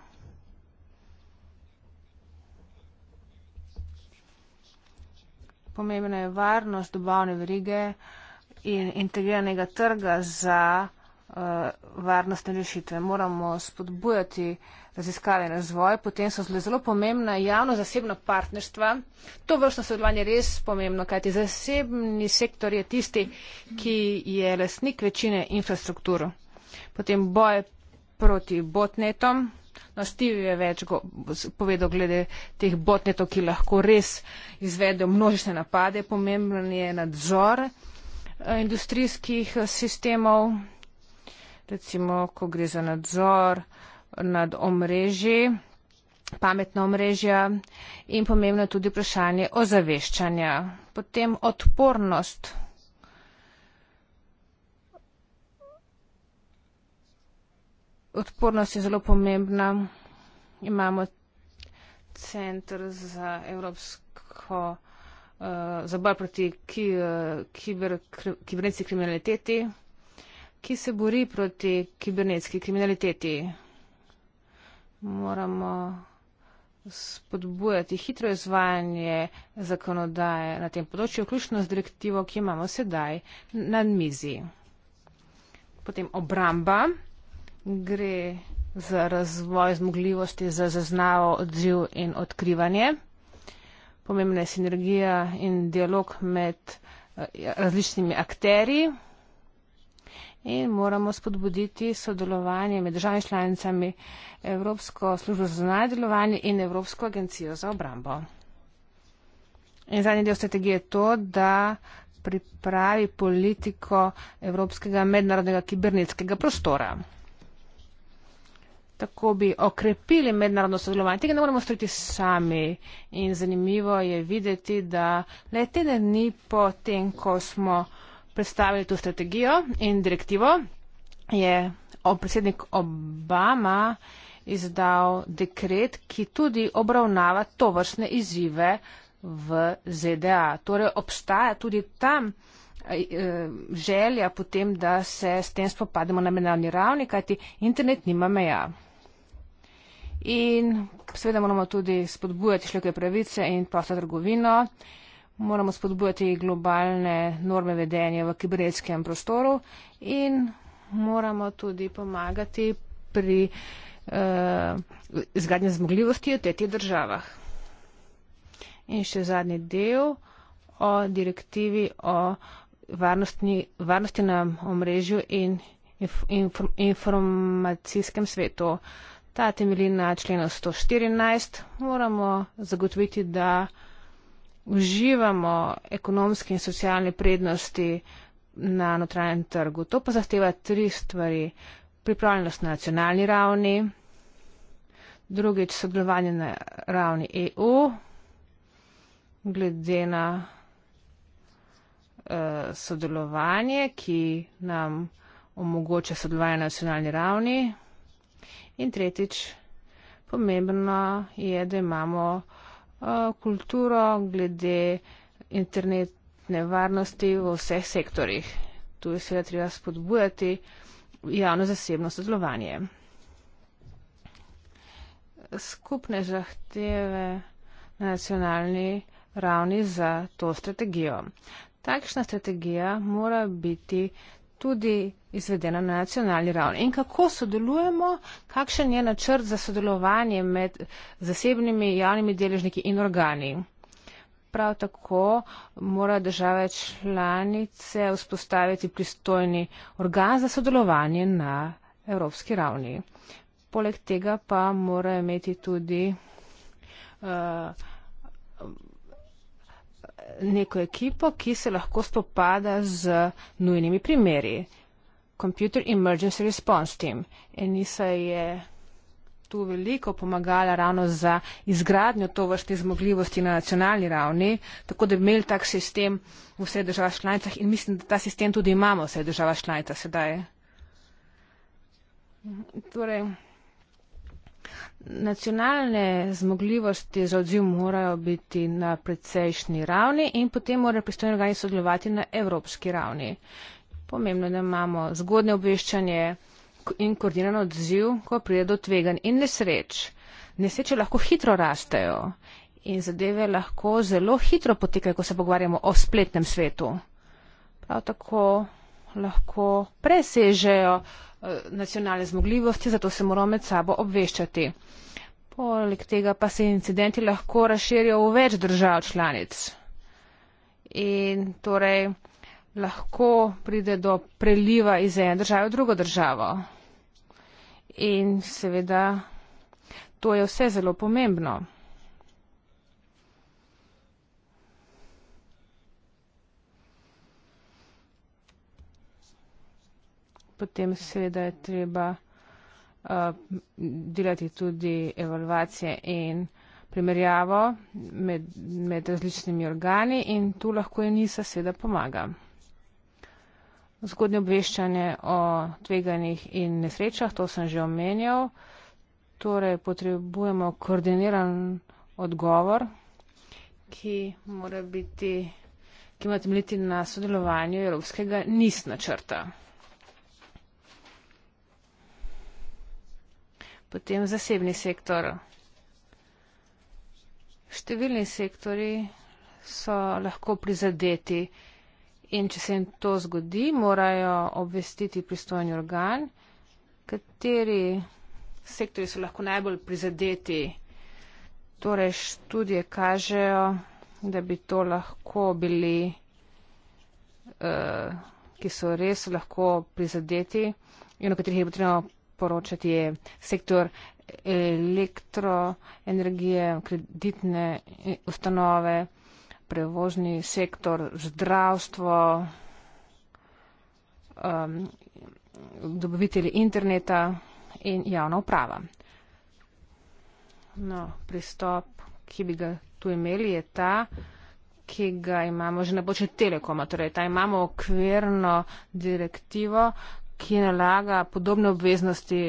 Pomembna je varnost dobavne verige in integriranega trga za uh, varnostne rešitve. Moramo spodbujati uh, raziskave in razvoj, potem so zelo pomembna javno-zasebno partnerstva. To vrstno sodelovanje je res pomembno, kajti zasebni sektor je tisti, ki je lasnik večine infrastruktur. Potem boje proti botnetom. No, Steve je več go, povedal glede teh botnetov, ki lahko res izvedejo množične napade. Pomemben je nadzor eh, industrijskih eh, sistemov, recimo, ko gre za nadzor uh, nad omrežji, pametna omrežja in pomembno je tudi vprašanje ozaveščanja. Potem odpornost. Odpornost je zelo pomembna. Imamo centr za evropsko uh, eh, zabor proti ki, uh, kiber, kri, kibernetski kriminaliteti, ki se bori proti kibernetski kriminaliteti moramo spodbujati hitro izvajanje zakonodaje na tem področju, vključno z direktivo, ki imamo sedaj na mizi. Potem obramba gre za razvoj zmogljivosti za zaznavo, odziv in odkrivanje. Pomembna je sinergija in dialog med eh, različnimi akteri in moramo spodbuditi sodelovanje med državami članicami Evropsko službo za zunanje delovanje in Evropsko agencijo za obrambo. In zadnji del strategije je to, da pripravi politiko evropskega mednarodnega kibernetskega prostora. Tako bi okrepili mednarodno sodelovanje. Tega ne moremo storiti sami. In zanimivo je videti, da le teden dni po tem, ko smo predstavili to strategijo in direktivo, je predsednik Obama izdal dekret, ki tudi obravnava to vrstne izzive v ZDA. Torej obstaja tudi tam eh, želja potem, da se s tem spopademo na mednarodni ravni, kajti internet nima meja. In seveda moramo tudi spodbujati človekove pravice in prosto trgovino. Uh, moramo spodbujati globalne norme vedenja v kibernetskem prostoru in moramo tudi pomagati pri uh, izgradnji zmogljivosti v tretjih državah. In še zadnji del o direktivi o varnosti, varnosti na omrežju in informacijskem svetu. Ta temelji na členu 114. Moramo zagotoviti, da uživamo ekonomske in socialne prednosti na notranjem trgu. To pa zahteva tri stvari. Pripravljenost na nacionalni ravni, drugič sodelovanje na ravni EU, glede na uh, sodelovanje, ki nam omogoča sodelovanje na nacionalni ravni. In tretjič, pomembno je, da imamo Eh, kulturo, glede internetne varnosti v vseh sektorjih. Tu je seveda treba spodbujati javno-zasebno sodelovanje. Skupne zahteve na nacionalni ravni za to strategijo. Takšna strategija mora biti tudi izvedena na nacionalni ravni. In kako sodelujemo, kakšen je načrt za sodelovanje med zasebnimi javnimi deležniki in organi. Prav tako mora države članice vzpostaviti pristojni organ za sodelovanje na evropski ravni. Poleg tega pa mora imeti tudi uh, neko ekipo, ki se lahko spopada z nujnimi primeri. Computer Emergency Response Team. Enisa je tu veliko pomagala ravno za izgradnjo to vrste zmogljivosti na nacionalni ravni, tako da bi imeli tak sistem v vse država šlanicah in mislim, da ta sistem tudi imamo v vse država šlanicah sedaj. Torej, Nacionalne zmogljivosti za odziv morajo biti na precejšnji ravni in potem morajo pristojni organi sodelovati na evropski ravni. Pomembno je, da imamo zgodne obveščanje in koordiniran odziv, ko pride do tveganj in nesreč. Neseče lahko hitro rastejo in zadeve lahko zelo hitro potekajo, ko se pogovarjamo o spletnem svetu. Prav tako lahko presežejo eh, nacionalne zmogljivosti, zato se moramo med sabo obveščati. Poleg tega pa se incidenti lahko razširijo v več držav članic. In torej lahko pride do preliva iz ene države v drugo državo. In seveda, to je vse zelo pomembno. potem seveda je treba uh, delati tudi evalvacije in primerjavo med, med različnimi organi in tu lahko enisa seveda pomaga. Zgodnje obveščanje o tveganjih in nesrečah, to sem že omenjal, torej potrebujemo koordiniran odgovor, ki mora biti, ki ima temeljiti na sodelovanju evropskega NIS načrta. Potem zasebni sektor. Številni sektori so lahko prizadeti in če se jim to zgodi, morajo obvestiti pristojni organ, kateri sektori so lahko najbolj prizadeti. Torej študije kažejo, da bi to lahko bili, uh, ki so res lahko prizadeti in o katerih je potrebno poročati je sektor elektroenergije, kreditne ustanove, prevožni sektor, zdravstvo, um, dobavitelji interneta in javna uprava. No, pristop, ki bi ga tu imeli, je ta, ki ga imamo že na počet telekoma. Torej, ta imamo okvirno direktivo, ki nalaga podobne obveznosti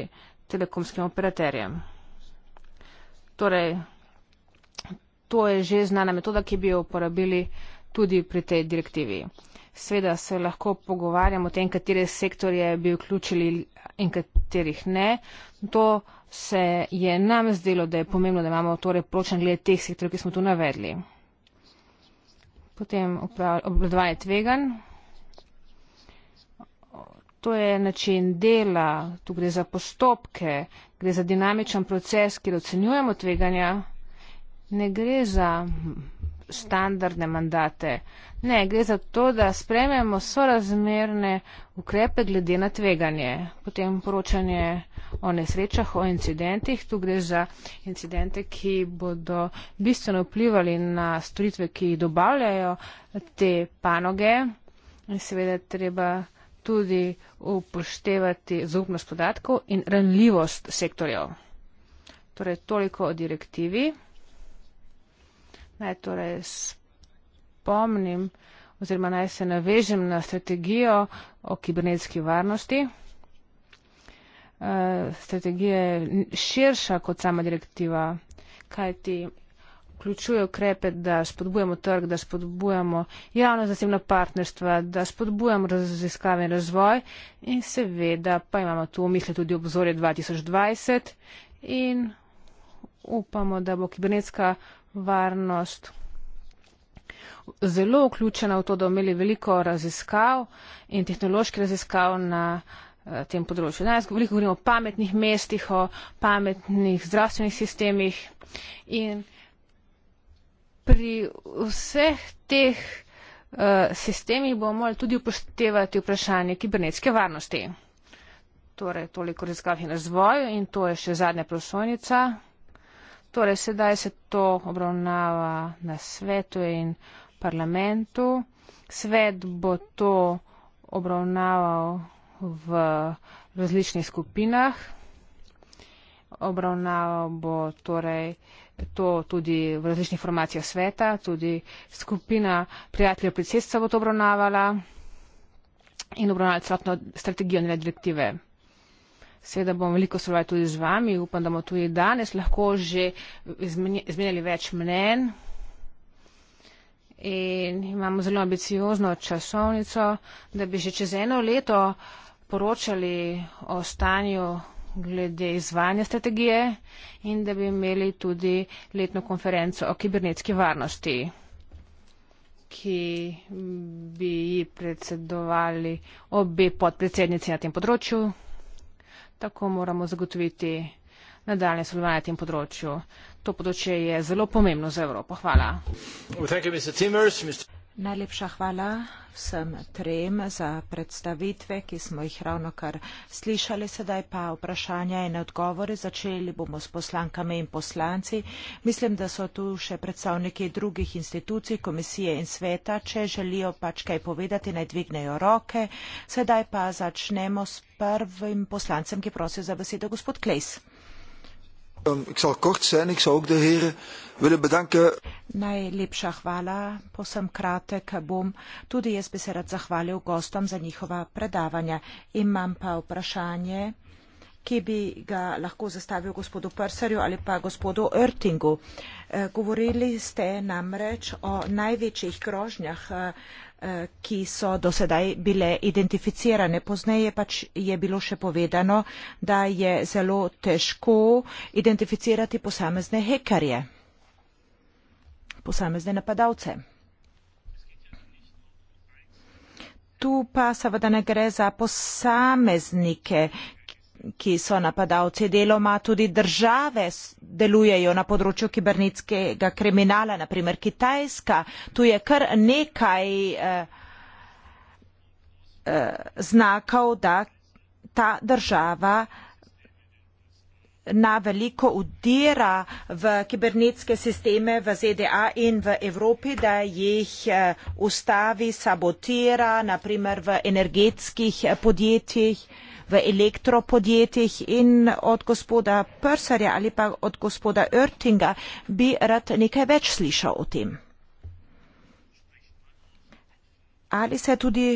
telekomskim operaterjem. Torej, to je že znana metoda, ki bi jo uporabili tudi pri tej direktivi. Sveda se lahko pogovarjamo o tem, katere sektorje bi vključili in katerih ne. To se je nam zdelo, da je pomembno, da imamo torej pločen gled teh sektorjev, ki smo tu navedli. Potem obvladovanje tveganj to je način dela, tu gre za postopke, gre za dinamičen proces, kjer ocenjujemo tveganja, ne gre za standardne mandate. Ne, gre za to, da sprememo sorazmerne ukrepe glede na tveganje. Potem poročanje o nesrečah, o incidentih. Tu gre za incidente, ki bodo bistveno vplivali na storitve, ki jih dobavljajo te panoge. In seveda treba tudi upoštevati zaupnost podatkov in ranljivost sektorjev. Torej, toliko o direktivi. Naj torej spomnim oziroma naj se navežem na strategijo o kibernetski varnosti. Eh, strategija je širša kot sama direktiva, kajti vključuje ukrepe, da spodbujamo trg, da spodbujamo javno-zasebna partnerstva, da spodbujamo raziskave in razvoj in seveda pa imamo tu v misli tudi obzorje 2020 in upamo, da bo kibernetska varnost zelo vključena v to, da bomo imeli veliko raziskav in tehnoloških raziskav na eh, tem področju. Danes veliko govorimo o pametnih mestih, o pametnih zdravstvenih sistemih in pri vseh teh uh, sistemih bomo morali tudi upoštevati vprašanje kibernetske varnosti. Torej, toliko raziskav in razvoju in to je še zadnja prosojnica. Torej, sedaj se to obravnava na svetu in parlamentu. Svet bo to obravnaval v različnih skupinah. Obravnaval bo torej uh, to tudi v različnih formacijah sveta, tudi skupina prijateljev predsedstva bo to obravnavala in obravnavala celotno strategijo nove direktive. Seveda bom veliko sodelovala tudi z vami, upam, da bomo tudi danes lahko že izmenjali več mnen. In imamo zelo ambiciozno časovnico, da bi že čez eno leto poročali o stanju glede izvajanja strategije in da bi imeli tudi letno konferenco o kibernetski varnosti, ki bi ji predsedovali obe podpredsednici na tem področju. Tako moramo zagotoviti nadaljne sodelovanje na tem področju. To področje je zelo pomembno za Evropo. Hvala. Well, Najlepša hvala vsem trem za predstavitve, ki smo jih ravno kar slišali. Sedaj pa vprašanja in odgovore. Začeli bomo s poslankami in poslanci. Mislim, da so tu še predstavniki drugih institucij, komisije in sveta. Če želijo pač kaj povedati, naj dvignejo roke. Sedaj pa začnemo s prvim poslancem, ki prosi za besedo, gospod Klejs. Ehm, ik zal kort zijn. Ik zou ook de heren willen bedanken. Najlepša hvala, posem kratek bom. Tudi jaz bi se rad zahvalil gostom za njihova predavanja. Imam pa vprašanje, ki bi ga lahko zastavil gospodu Prsarju ali pa gospodu Örtingu. Ehm, govorili ste namreč o največjih grožnjah Eh, ki so do sedaj bile identificirane. Pozneje pač je bilo še povedano, da je zelo težko identificirati posamezne hekarje, posamezne napadalce. Tu pa seveda ne gre za posameznike, ki so napadalci. Deloma tudi države delujejo na področju kibernetskega kriminala, naprimer Kitajska. Tu je kar nekaj eh, eh, znakov, da ta država na veliko udira v kibernetske sisteme v ZDA in v Evropi, da jih eh, ustavi, sabotira, naprimer v energetskih podjetjih v elektropodjetjih in od gospoda Prsarja ali pa od gospoda Örtinga bi rad nekaj več slišal o tem. Ali se tudi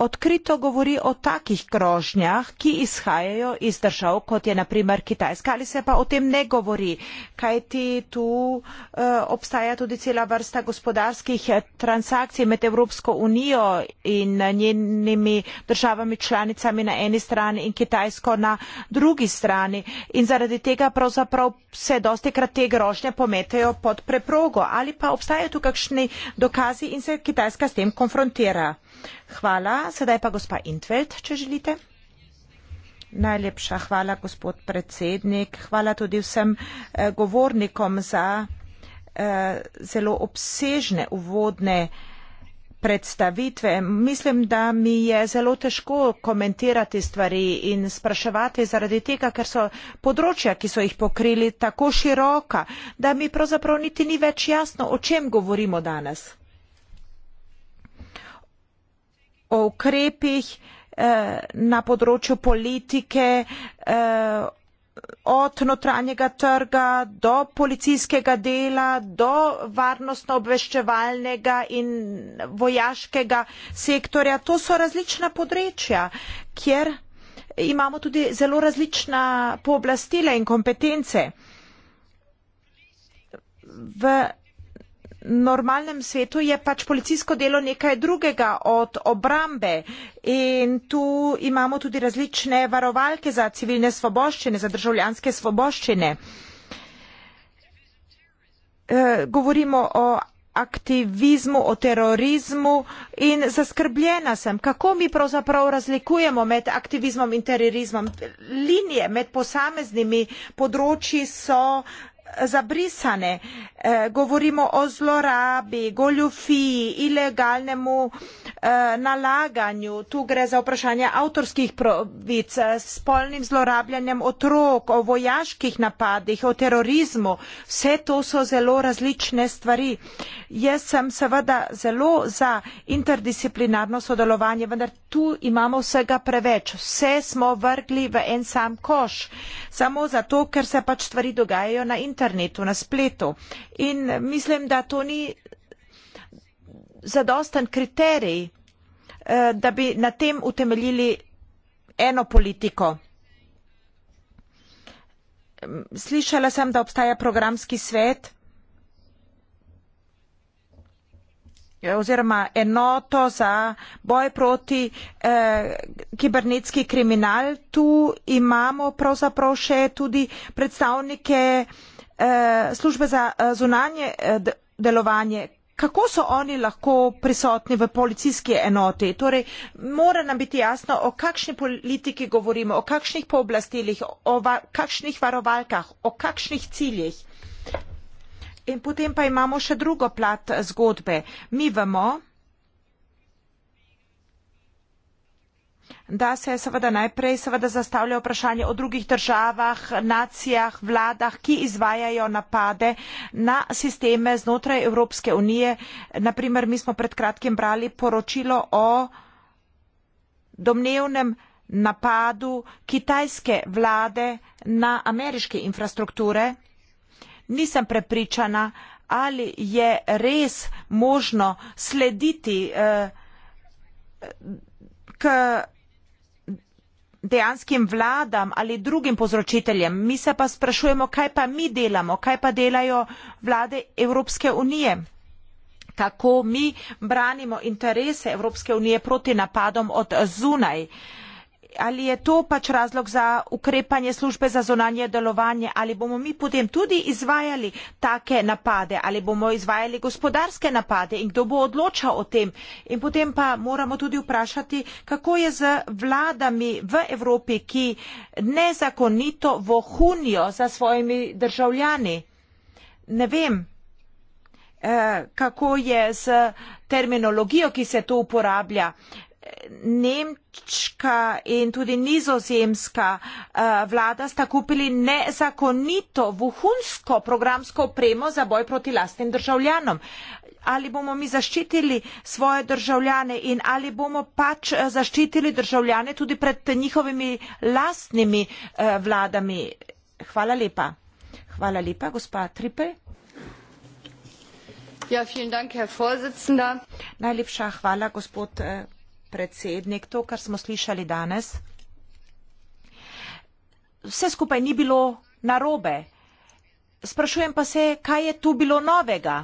odkrito govori o takih grožnjah, ki izhajajo iz držav, kot je naprimer Kitajska, ali se pa o tem ne govori, kajti tu e, obstaja tudi cela vrsta gospodarskih eh, transakcij med Evropsko unijo in eh, njenimi državami članicami na eni strani in Kitajsko na drugi strani. In zaradi tega pravzaprav se dosti krat te grožnje pometejo pod preprogo. Ali pa obstajajo tu kakšni dokazi in se Kitajska s tem konfrontira? Hvala. Sedaj pa gospa Intveld, če želite. Najlepša hvala, gospod predsednik. Hvala tudi vsem eh, govornikom za eh, zelo obsežne uvodne predstavitve. Mislim, da mi je zelo težko komentirati stvari in spraševati zaradi tega, ker so področja, ki so jih pokrili, tako široka, da mi pravzaprav niti ni več jasno, o čem govorimo danes. o ukrepih eh, na področju politike eh, od notranjega trga do policijskega dela, do varnostno obveščevalnega in vojaškega sektorja. To so različna področja, kjer imamo tudi zelo različna pooblastila in kompetence. V normalnem svetu je pač policijsko delo nekaj drugega od obrambe in tu imamo tudi različne varovalke za civilne svoboščine, za državljanske svoboščine. Eh, govorimo o aktivizmu, o terorizmu in zaskrbljena sem, kako mi pravzaprav razlikujemo med aktivizmom in terorizmom. Linije med posameznimi področji so uh, zabrisane. Eh, govorimo o zlorabi, goljufiji, ilegalnemu Eh, nalaganju tu gre za vprašanje avtorskih pravic eh, spolnim zlorabljanjem otrok o vojaških napadih o terorizmu vse to so zelo različne stvari jaz sem seveda zelo za interdisciplinarno sodelovanje vendar tu imamo vsega preveč vse smo vrgli v en sam koš samo zato ker se pač stvari dogajajo na internetu na spletu in mislim da to ni zadosten kriterij, eh, da bi na tem utemeljili eno politiko. Slišala sem, da obstaja programski svet eh, oziroma enoto za boj proti eh, kibernetski kriminal. Tu imamo pravzaprav še tudi predstavnike eh, službe za eh, zunanje delovanje kako so oni lahko prisotni v policijski enoti. Torej, mora nam biti jasno, o kakšni politiki govorimo, o kakšnih pooblastilih, o va kakšnih varovalkah, o kakšnih ciljih. In potem pa imamo še drugo plat zgodbe. Mi vemo, da se seveda najprej seveda zastavlja vprašanje o drugih državah, nacijah, vladah, ki izvajajo napade na sisteme znotraj Evropske unije. Naprimer, mi smo pred kratkim brali poročilo o domnevnem napadu kitajske vlade na ameriške infrastrukture. Nisem prepričana, ali je res možno slediti eh, k dejanskim vladam ali drugim povzročiteljem. Mi se pa sprašujemo, kaj pa mi delamo, kaj pa delajo vlade Evropske unije. Kako mi branimo interese Evropske unije proti napadom od zunaj. Uh, ali je to pač razlog za ukrepanje službe za zonanje delovanje, ali bomo mi potem tudi izvajali take napade, ali bomo izvajali gospodarske napade in kdo bo odločal o tem. In potem pa moramo tudi vprašati, kako je z vladami v Evropi, ki nezakonito vohunijo za svojimi državljani. Ne vem, eh, kako je z terminologijo, ki se tu uporablja nemška in tudi nizozemska eh, vlada sta kupili nezakonito vuhunsko programsko opremo za boj proti lastnim državljanom. Ali bomo mi zaščitili svoje državljane in ali bomo pač eh, zaščitili državljane tudi pred njihovimi lastnimi eh, vladami? Hvala lepa. Hvala lepa, gospa Tripe. Ja, vielen Dank, Herr Vorsitzender. Najlepša hvala, gospod eh, predsednik, to, kar smo slišali danes, vse skupaj ni bilo narobe. Sprašujem pa se, kaj je tu bilo novega?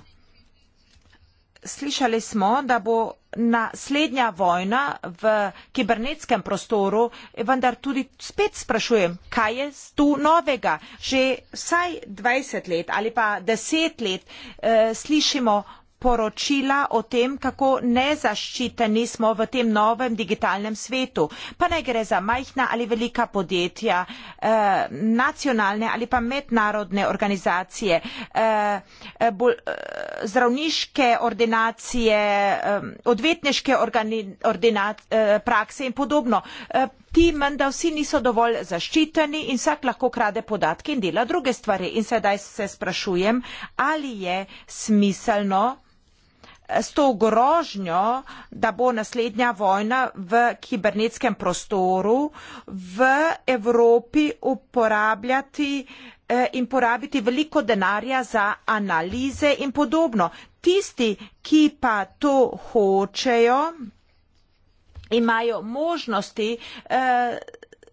Slišali smo, da bo naslednja vojna v kibernetskem prostoru, vendar tudi spet sprašujem, kaj je tu novega. Že vsaj 20 let ali pa 10 let eh, slišimo poročila o tem, kako nezaščiteni smo v tem novem digitalnem svetu. Pa ne gre za majhna ali velika podjetja, eh, nacionalne ali pa mednarodne organizacije, eh, bol, eh, zdravniške ordinacije, eh, odvetniške organi, ordinac, eh, prakse in podobno. Eh, Ti menda vsi niso dovolj zaščiteni in vsak lahko krade podatke in dela druge stvari. In sedaj se sprašujem, ali je smiselno s to grožnjo, da bo naslednja vojna v kibernetskem prostoru v Evropi uporabljati eh, in porabiti veliko denarja za analize in podobno. Tisti, ki pa to hočejo, imajo možnosti, eh,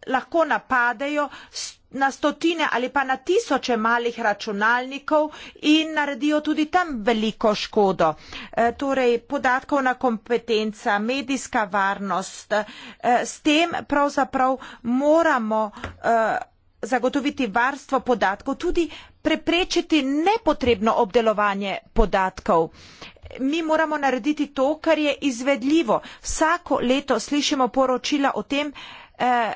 lahko napadejo s na stotine ali pa na tisoče malih računalnikov in naredijo tudi tam veliko škodo. E, torej, podatkovna kompetenca, medijska varnost, e, s tem pravzaprav moramo e, zagotoviti varstvo podatkov, tudi preprečiti nepotrebno obdelovanje podatkov. Mi moramo narediti to, kar je izvedljivo. Vsako leto slišimo poročila o tem, eh,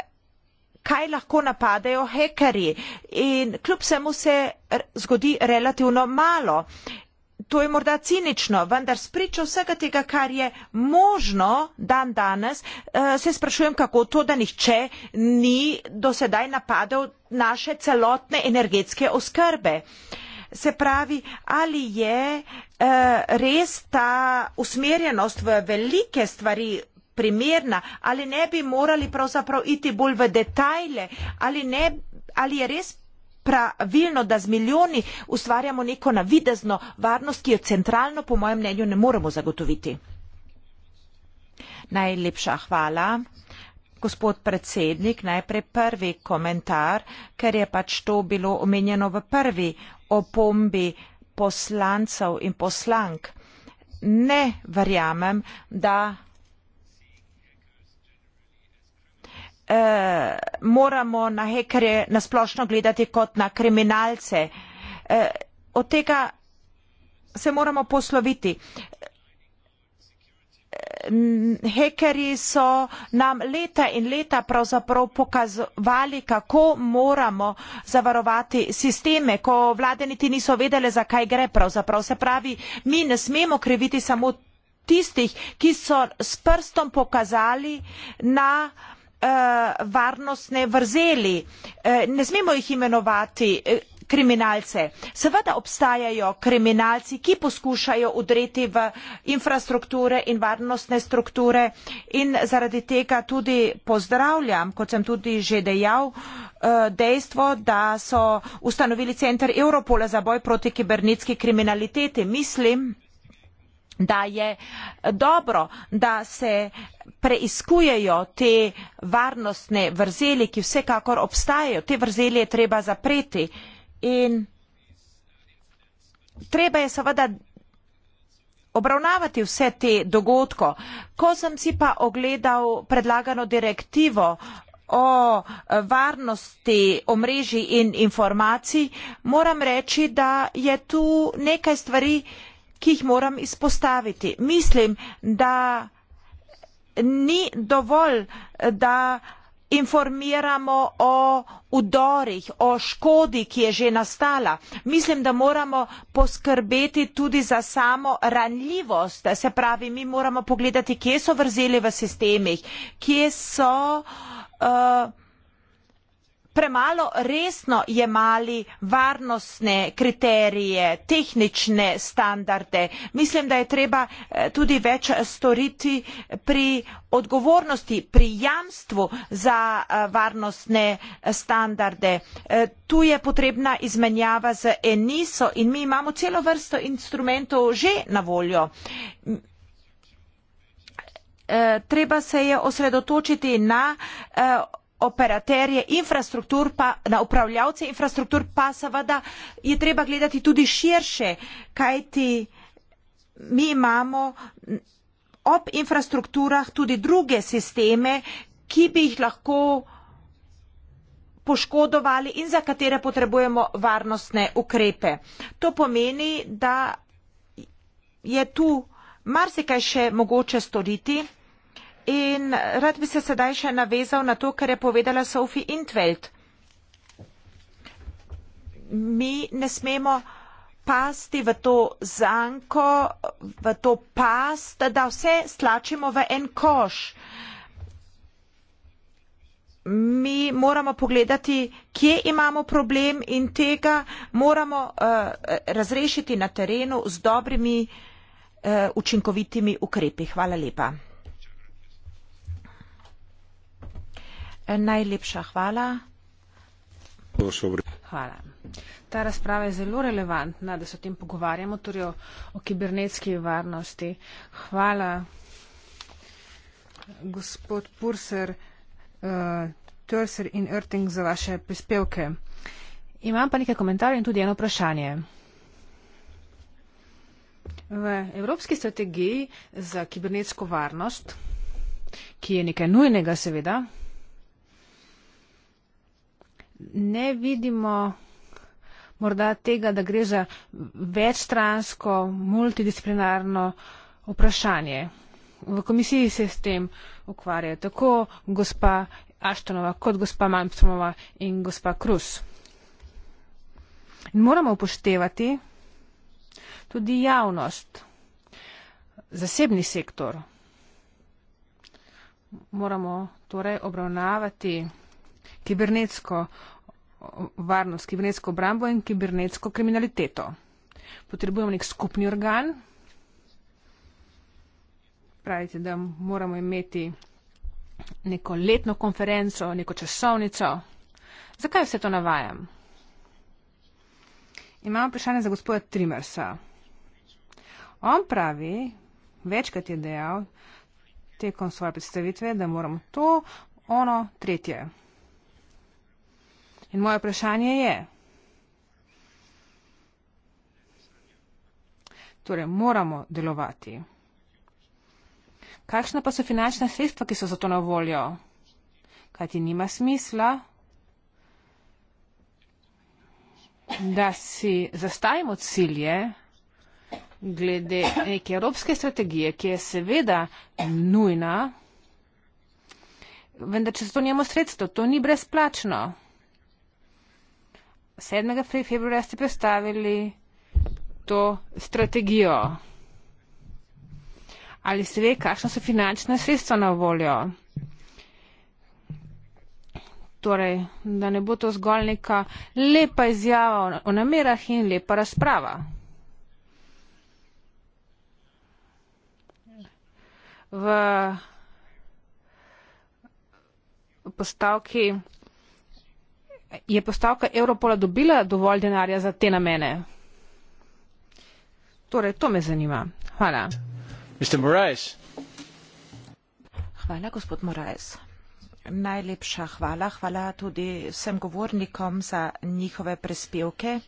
kaj lahko napadajo hekerji. In kljub vsemu se zgodi relativno malo. To je morda cinično, vendar spričo vsega tega, kar je možno dan danes, eh, se sprašujem, kako to, da nihče ni dosedaj napadel naše celotne energetske oskrbe. Se pravi, ali je eh, res ta usmerjenost v velike stvari primerna, ali ne bi morali pravzaprav iti bolj v detajle, ali, ne, ali je res pravilno, da z milijoni ustvarjamo neko navidezno varnost, ki jo centralno, po mojem mnenju, ne moremo zagotoviti. Najlepša hvala. Gospod predsednik, najprej prvi komentar, ker je pač to bilo omenjeno v prvi opombi poslancev in poslank. Ne verjamem, da eh, moramo na hekerje nasplošno gledati kot na kriminalce. Eh, od tega se moramo posloviti. Eh, Hekeri so nam leta in leta pravzaprav pokazovali, kako moramo zavarovati sisteme, ko vlade niti niso vedele, zakaj gre pravzaprav. Se pravi, mi ne smemo kriviti samo tistih, ki so s prstom pokazali na uh, uh, varnostne vrzeli. Uh, ne smemo jih imenovati. Uh, Kriminalce. Seveda obstajajo kriminalci, ki poskušajo udreti v infrastrukture in varnostne strukture in zaradi tega tudi pozdravljam, kot sem tudi že dejal, dejstvo, da so ustanovili center Europola za boj proti kibernetski kriminaliteti. Mislim, da je eh, dobro, da se preiskujejo te varnostne vrzeli, ki vsekakor obstajajo. Te vrzeli je treba zapreti in treba je seveda obravnavati vse te dogodko. Ko sem si pa ogledal predlagano direktivo o eh, varnosti omrežij in informacij, moram reči, da je tu nekaj stvari, ki jih moram izpostaviti. Mislim, da ni dovolj, da informiramo o udorih, o škodi, ki je že nastala. Mislim, da moramo poskrbeti tudi za samo ranljivost. Se pravi, mi moramo pogledati, kje so vrzeli v sistemih, kje so uh, premalo resno jemali varnostne kriterije, tehnične standarde. Mislim, da je treba eh, tudi več storiti pri odgovornosti, pri jamstvu za eh, varnostne eh, standarde. Tu je potrebna izmenjava z ENISO in mi imamo celo vrsto instrumentov že na voljo. Treba se je osredotočiti na operaterje infrastruktur pa na upravljavce infrastruktur pa seveda je treba gledati tudi širše kajti mi imamo ob infrastrukturah tudi druge sisteme ki bi jih lahko poškodovali in za katere potrebujemo varnostne ukrepe. To pomeni, da je tu marsikaj še mogoče storiti. In rad bi se sedaj še navezal na to, kar je povedala Sophie Intveld. Mi ne smemo pasti v to zanko, v to past, da vse stlačimo v en koš. Mi moramo pogledati, kje imamo problem in tega moramo uh, razrešiti na terenu z dobrimi uh, učinkovitimi ukrepi. Hvala lepa. Najlepša hvala. Hvala. Ta razprava je zelo relevantna, da se o tem pogovarjamo, torej o, o kibernetski varnosti. Hvala, gospod Purser, uh, eh, Törser in Erting, za vaše prispevke. Imam pa nekaj komentarjev in tudi eno vprašanje. V Evropski strategiji za kibernetsko varnost, ki je nekaj nujnega, seveda, ne vidimo morda tega, da gre za večstransko, multidisciplinarno vprašanje. V komisiji se s tem ukvarjajo tako gospa Aštonova kot gospa Malmstromova in gospa Krus. In moramo upoštevati tudi javnost, zasebni sektor. Moramo torej obravnavati kibernetsko varnost, kibernetsko obrambo in kibernetsko kriminaliteto. Potrebujemo nek skupni organ. Pravite, da moramo imeti neko letno konferenco, neko časovnico. Zakaj vse to navajam? Imamo vprašanje za gospoda Trimersa. On pravi, večkrat je dejal tekom svoje predstavitve, da moramo to, ono, tretje in moje vprašanje je torej moramo delovati kakšna pa so finančna sredstva ki so za to na voljo kajti nima smisla da si zastavimo cilje glede neke evropske strategije, ki je seveda nujna, vendar če se to njemo sredstvo, to ni brezplačno. 7. februarja ste predstavili to strategijo. Ali se ve, kakšno so finančne sredstva na voljo? Torej, da ne bo to zgolj neka lepa izjava o namerah in lepa razprava. V postavki Je postavka Europola dobila dovolj denarja za te namene? Torej, to me zanima. Hvala. Moraes. Hvala, gospod Moraes. Najlepša hvala. Hvala tudi vsem govornikom za njihove prispevke.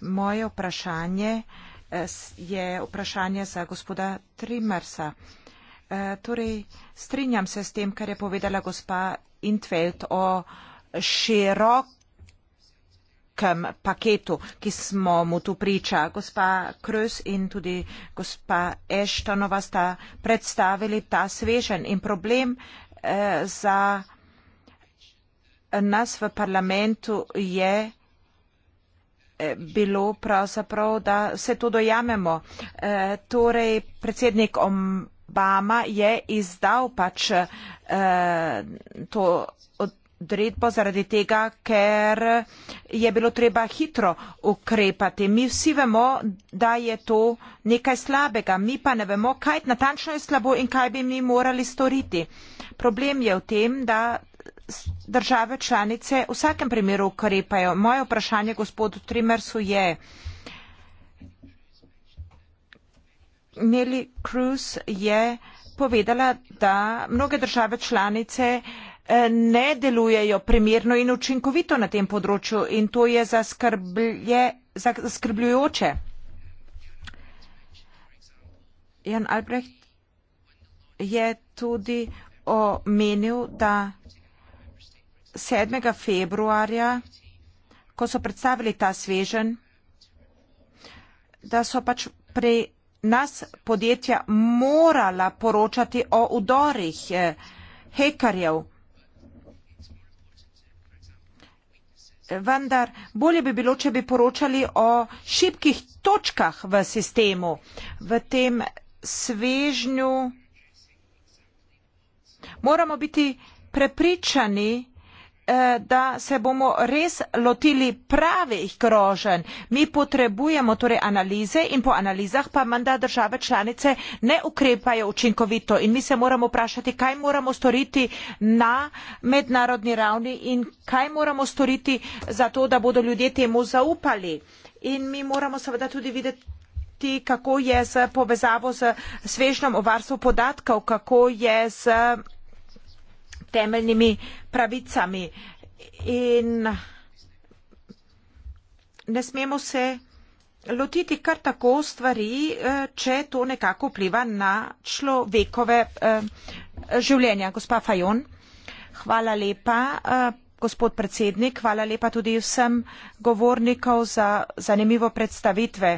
Moje vprašanje eh, je vprašanje za gospoda Trimersa. Eh, torej, strinjam se s tem, kar je povedala gospa Intveld o širok velikem paketu, ki smo mu tu priča. Gospa Krös in tudi gospa Eštonova sta predstavili ta svežen in problem eh, za nas v parlamentu je eh, bilo pravzaprav, da se to dojamemo. E, torej, predsednik Obama je izdal pač e, to od, odredbo zaradi tega, ker je bilo treba hitro ukrepati. Mi vsi vemo, da je to nekaj slabega, mi pa ne vemo, kaj natančno je slabo in kaj bi mi morali storiti. Problem je v tem, da države članice v vsakem primeru ukrepajo. Moje vprašanje gospodu Trimersu je, Nelly Cruz je povedala, da mnoge države članice Eh, ne delujejo primerno in učinkovito na tem področju in to je zaskrbljujoče. Jan Albrecht je tudi omenil, da 7. februarja, ko so predstavili ta svežen, da so pač pri nas podjetja morala poročati o udorih eh, hekarjev. vendar bolje bi bilo, če bi poročali o šibkih točkah v sistemu, v tem svežnju. Moramo biti prepričani, Eh, da se bomo res lotili pravih groženj. Mi potrebujemo torej analize in po analizah pa menda države članice ne ukrepajo učinkovito in mi se moramo vprašati, kaj moramo storiti na mednarodni ravni in kaj moramo storiti za to, da bodo ljudje temu zaupali. In mi moramo seveda tudi videti kako je z povezavo z svežnjem o varstvu podatkov, kako je z temeljnimi pravicami. In ne smemo se lotiti kar tako stvari, eh, če to nekako vpliva na človekove eh, življenja. Gospa Fajon, hvala lepa. Eh, gospod predsednik, hvala lepa tudi vsem govornikov za zanimivo predstavitve.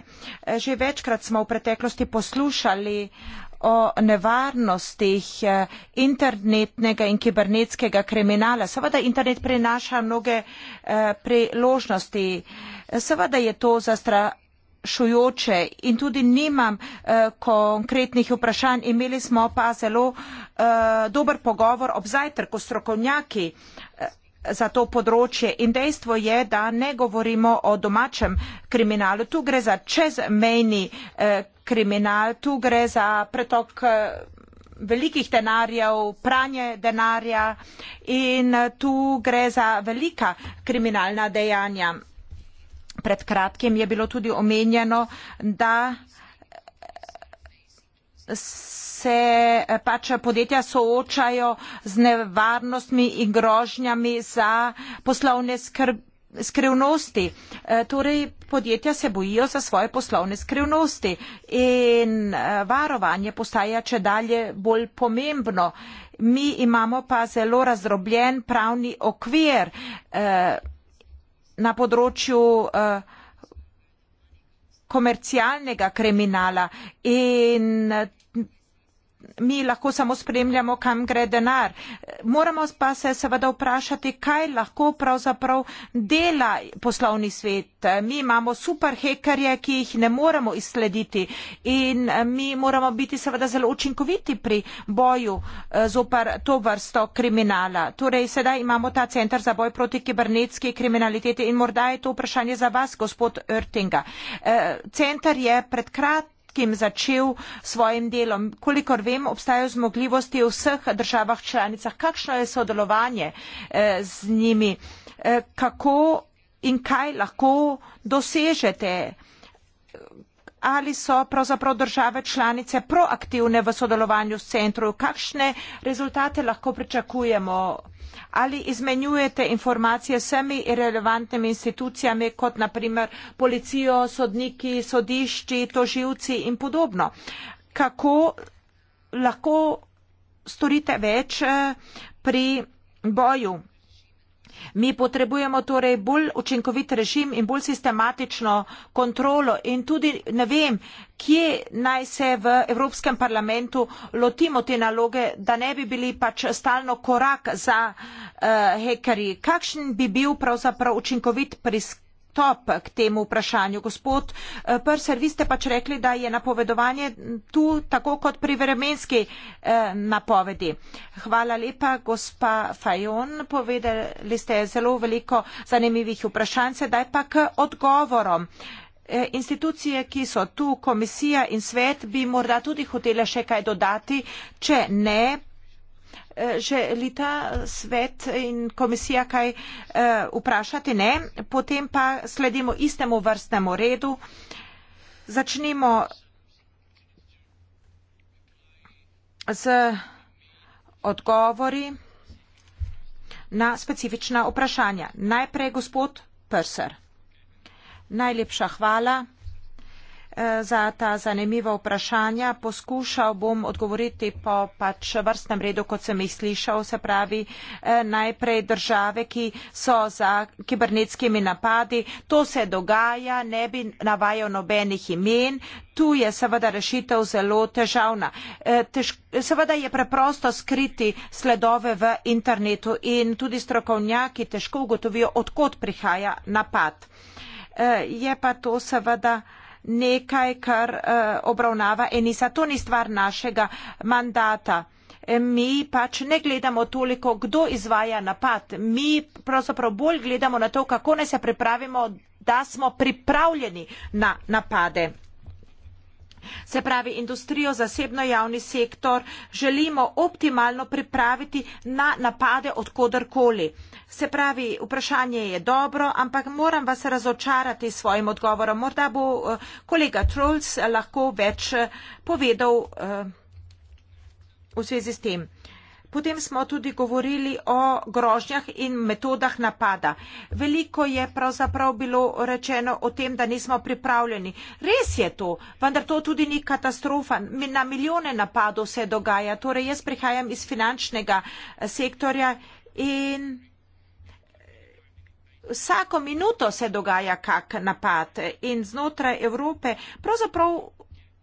Že večkrat smo v preteklosti poslušali uh, o nevarnostih eh, internetnega in kibernetskega kriminala. Seveda internet prinaša mnoge eh, priložnosti. Seveda je to zastra. Šujoče. In tudi nimam uh, konkretnih vprašanj. Imeli smo pa zelo uh, dober pogovor ob zajtrku s strokovnjaki uh, za to področje. In dejstvo je, da ne govorimo o domačem kriminalu. Tu gre za čezmejni uh, kriminal, tu gre za pretok eh, velikih denarjev, pranje denarja in eh, tu gre za velika kriminalna dejanja. Pred kratkim je bilo tudi omenjeno, da se eh, pač podjetja soočajo z nevarnostmi in grožnjami za poslovne skrbi skrivnosti. E, torej, podjetja se bojijo za svoje poslovne skrivnosti in e, varovanje postaja če dalje bolj pomembno. Mi imamo pa zelo razdrobljen pravni okvir e, na področju komercialnega kriminala in mi lahko samo spremljamo, kam gre denar. Moramo pa se seveda vprašati, kaj lahko pravzaprav dela poslovni svet. Mi imamo super hekerje, ki jih ne moremo izslediti in eh, mi moramo biti seveda zelo učinkoviti pri boju eh, zopar to vrsto kriminala. Torej, sedaj imamo ta centr za boj proti kibernetski kriminaliteti in morda je to vprašanje za vas, gospod Örtinga. Eh, centr je predkrat kratkim začel s svojim delom. Kolikor vem, obstajajo zmogljivosti v vseh državah članicah. Kakšno je sodelovanje eh, z njimi? Eh, kako in kaj lahko dosežete? Ali so pravzaprav države članice proaktivne v sodelovanju s centrom? Kakšne rezultate lahko pričakujemo ali izmenjujete informacije s vsemi irrelevantnimi institucijami, kot naprimer policijo, sodniki, sodišči, toživci in podobno. Kako lahko storite več eh, pri boju Mi potrebujemo torej bolj učinkovit režim in bolj sistematično kontrolo in tudi ne vem, kje naj se v Evropskem parlamentu lotimo te naloge, da ne bi bili pač stalno korak za uh, hekerji. Kakšen bi bil pravzaprav učinkovit prisk? pristop k temu vprašanju. Gospod eh, Prser, vi ste pač rekli, da je napovedovanje tu tako kot pri vremenski eh, napovedi. Hvala lepa, gospa Fajon. Povedali ste zelo veliko zanimivih vprašanj, sedaj pa k odgovorom. Eh, institucije, ki so tu, komisija in svet, bi morda tudi hotele še kaj dodati. Če ne, Eh, želita svet in komisija kaj eh, vprašati? Ne. Potem pa sledimo istemu vrstnemu redu. Začnimo z odgovori na specifična vprašanja. Najprej gospod Prser. Najlepša hvala za ta zanimiva vprašanja. Poskušal bom odgovoriti po pač vrstnem redu, kot sem jih slišal, se pravi eh, najprej države, ki so za kibernetskimi napadi. To se dogaja, ne bi navajal nobenih imen. Tu je seveda rešitev zelo težavna. Eh, tež, seveda je preprosto skriti sledove v internetu in tudi strokovnjaki težko ugotovijo, odkot prihaja napad. Eh, je pa to seveda nekaj, kar eh, obravnava Enisa. To ni stvar našega mandata. E, mi pač ne gledamo toliko, kdo izvaja napad. Mi pravzaprav bolj gledamo na to, kako ne se pripravimo, da smo pripravljeni na napade. Se pravi, industrijo, zasebno javni sektor želimo optimalno pripraviti na napade odkudarkoli. Se pravi, vprašanje je dobro, ampak moram vas razočarati s svojim odgovorom. Morda bo eh, kolega Trolls lahko več eh, povedal eh, v zvezi s tem. Potem smo tudi govorili o grožnjah in metodah napada. Veliko je pravzaprav bilo rečeno o tem, da nismo pripravljeni. Res je to, vendar to tudi ni katastrofa. Na milijone napadov se dogaja. Torej, jaz prihajam iz finančnega eh, sektorja in. Vsako minuto se dogaja kak napad in znotraj Evrope pravzaprav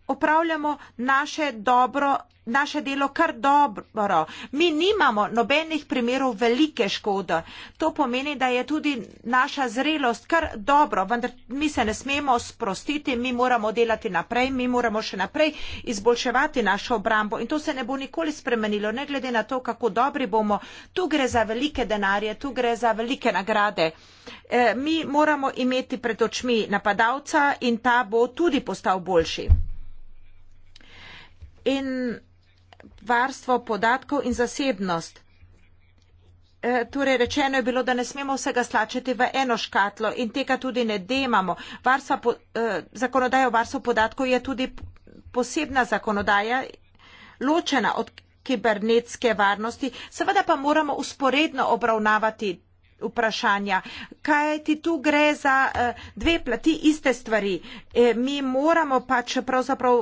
opravljamo naše, dobro, naše delo kar dobro. Mi nimamo nobenih primerov velike škode. To pomeni, da je tudi naša zrelost kar dobro, vendar mi se ne smemo sprostiti, mi moramo delati naprej, mi moramo še naprej izboljševati našo obrambo in to se ne bo nikoli spremenilo, ne glede na to, kako dobri bomo. Tu gre za velike denarje, tu gre za velike nagrade. E, mi moramo imeti pred očmi napadalca in ta bo tudi postal boljši in varstvo podatkov in zasebnost. E, torej, rečeno je bilo, da ne smemo vsega slačiti v eno škatlo in tega tudi ne demamo. Varstva, e, zakonodaja o varstvu podatkov je tudi posebna zakonodaja, ločena od kibernetske varnosti. Seveda pa moramo usporedno obravnavati vprašanja, kaj ti tu gre za e, dve plati iste stvari. Mi moramo pač pravzaprav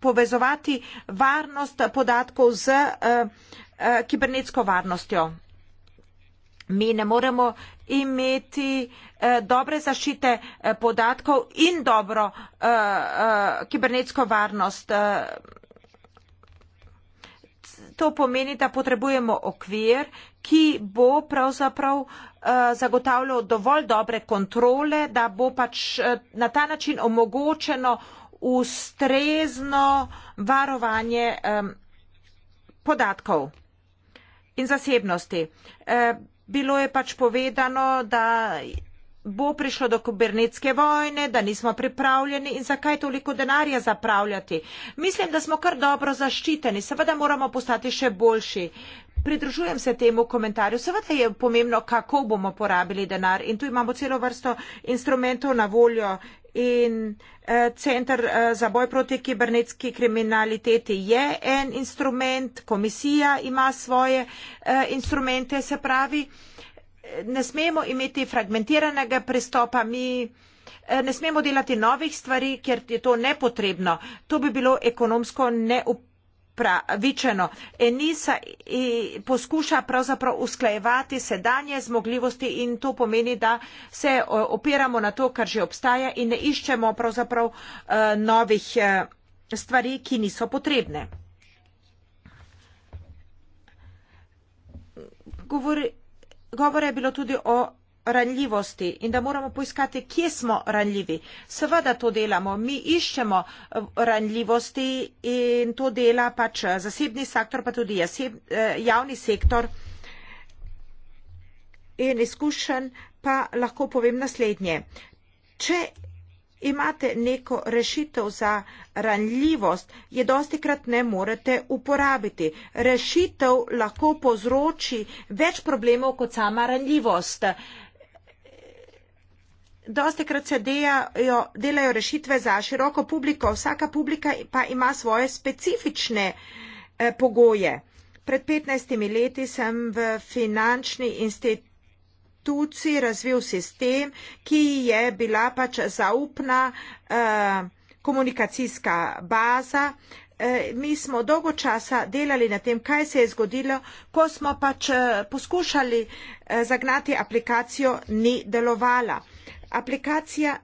povezovati varnost podatkov z uh, uh, kibernetsko varnostjo. Mi ne moremo imeti uh, dobre zašite uh, podatkov in dobro uh, uh, kibernetsko varnost. Uh, To pomeni, da potrebujemo okvir, ki bo pravzaprav uh, zagotavljal dovolj dobre kontrole, da bo pač uh, na ta način omogočeno ustrezno varovanje podatkov in zasebnosti. E, bilo je pač povedano, da bo prišlo do kubernetske vojne, da nismo pripravljeni in zakaj toliko denarja zapravljati. Mislim, da smo kar dobro zaščiteni, seveda moramo postati še boljši pridružujem se temu komentarju. Seveda je pomembno, kako bomo porabili denar in tu imamo celo vrsto instrumentov na voljo. In eh, Centr eh, za boj proti kibernetski kriminaliteti je en instrument, komisija ima svoje eh, instrumente, se pravi, eh, ne smemo imeti fragmentiranega pristopa, mi eh, ne smemo delati novih stvari, ker je to nepotrebno. To bi bilo ekonomsko neupravljeno upravičeno. Enisa poskuša pravzaprav usklajevati sedanje zmogljivosti in to pomeni, da se opiramo na to, kar že obstaja in ne iščemo pravzaprav eh, novih eh, stvari, ki niso potrebne. Govor, govor je bilo tudi o ranljivosti in da moramo poiskati, kje smo ranljivi. Seveda to delamo, mi iščemo eh, ranljivosti in to dela pač eh, zasebni sektor, pa tudi jaseb, eh, javni sektor. In izkušen pa lahko povem naslednje. Če imate neko rešitev za ranljivost, je dosti krat ne morete uporabiti. Rešitev lahko povzroči več problemov kot sama ranljivost. Dosti krat se delajo, delajo rešitve za široko publiko, vsaka publika pa ima svoje specifične eh, pogoje. Pred 15 leti sem v finančni instituciji razvil sistem, ki je bila pač zaupna eh, komunikacijska baza. Eh, mi smo dolgo časa delali na tem, kaj se je zgodilo, ko smo pač eh, poskušali eh, zagnati aplikacijo, ni delovala. Aplikacija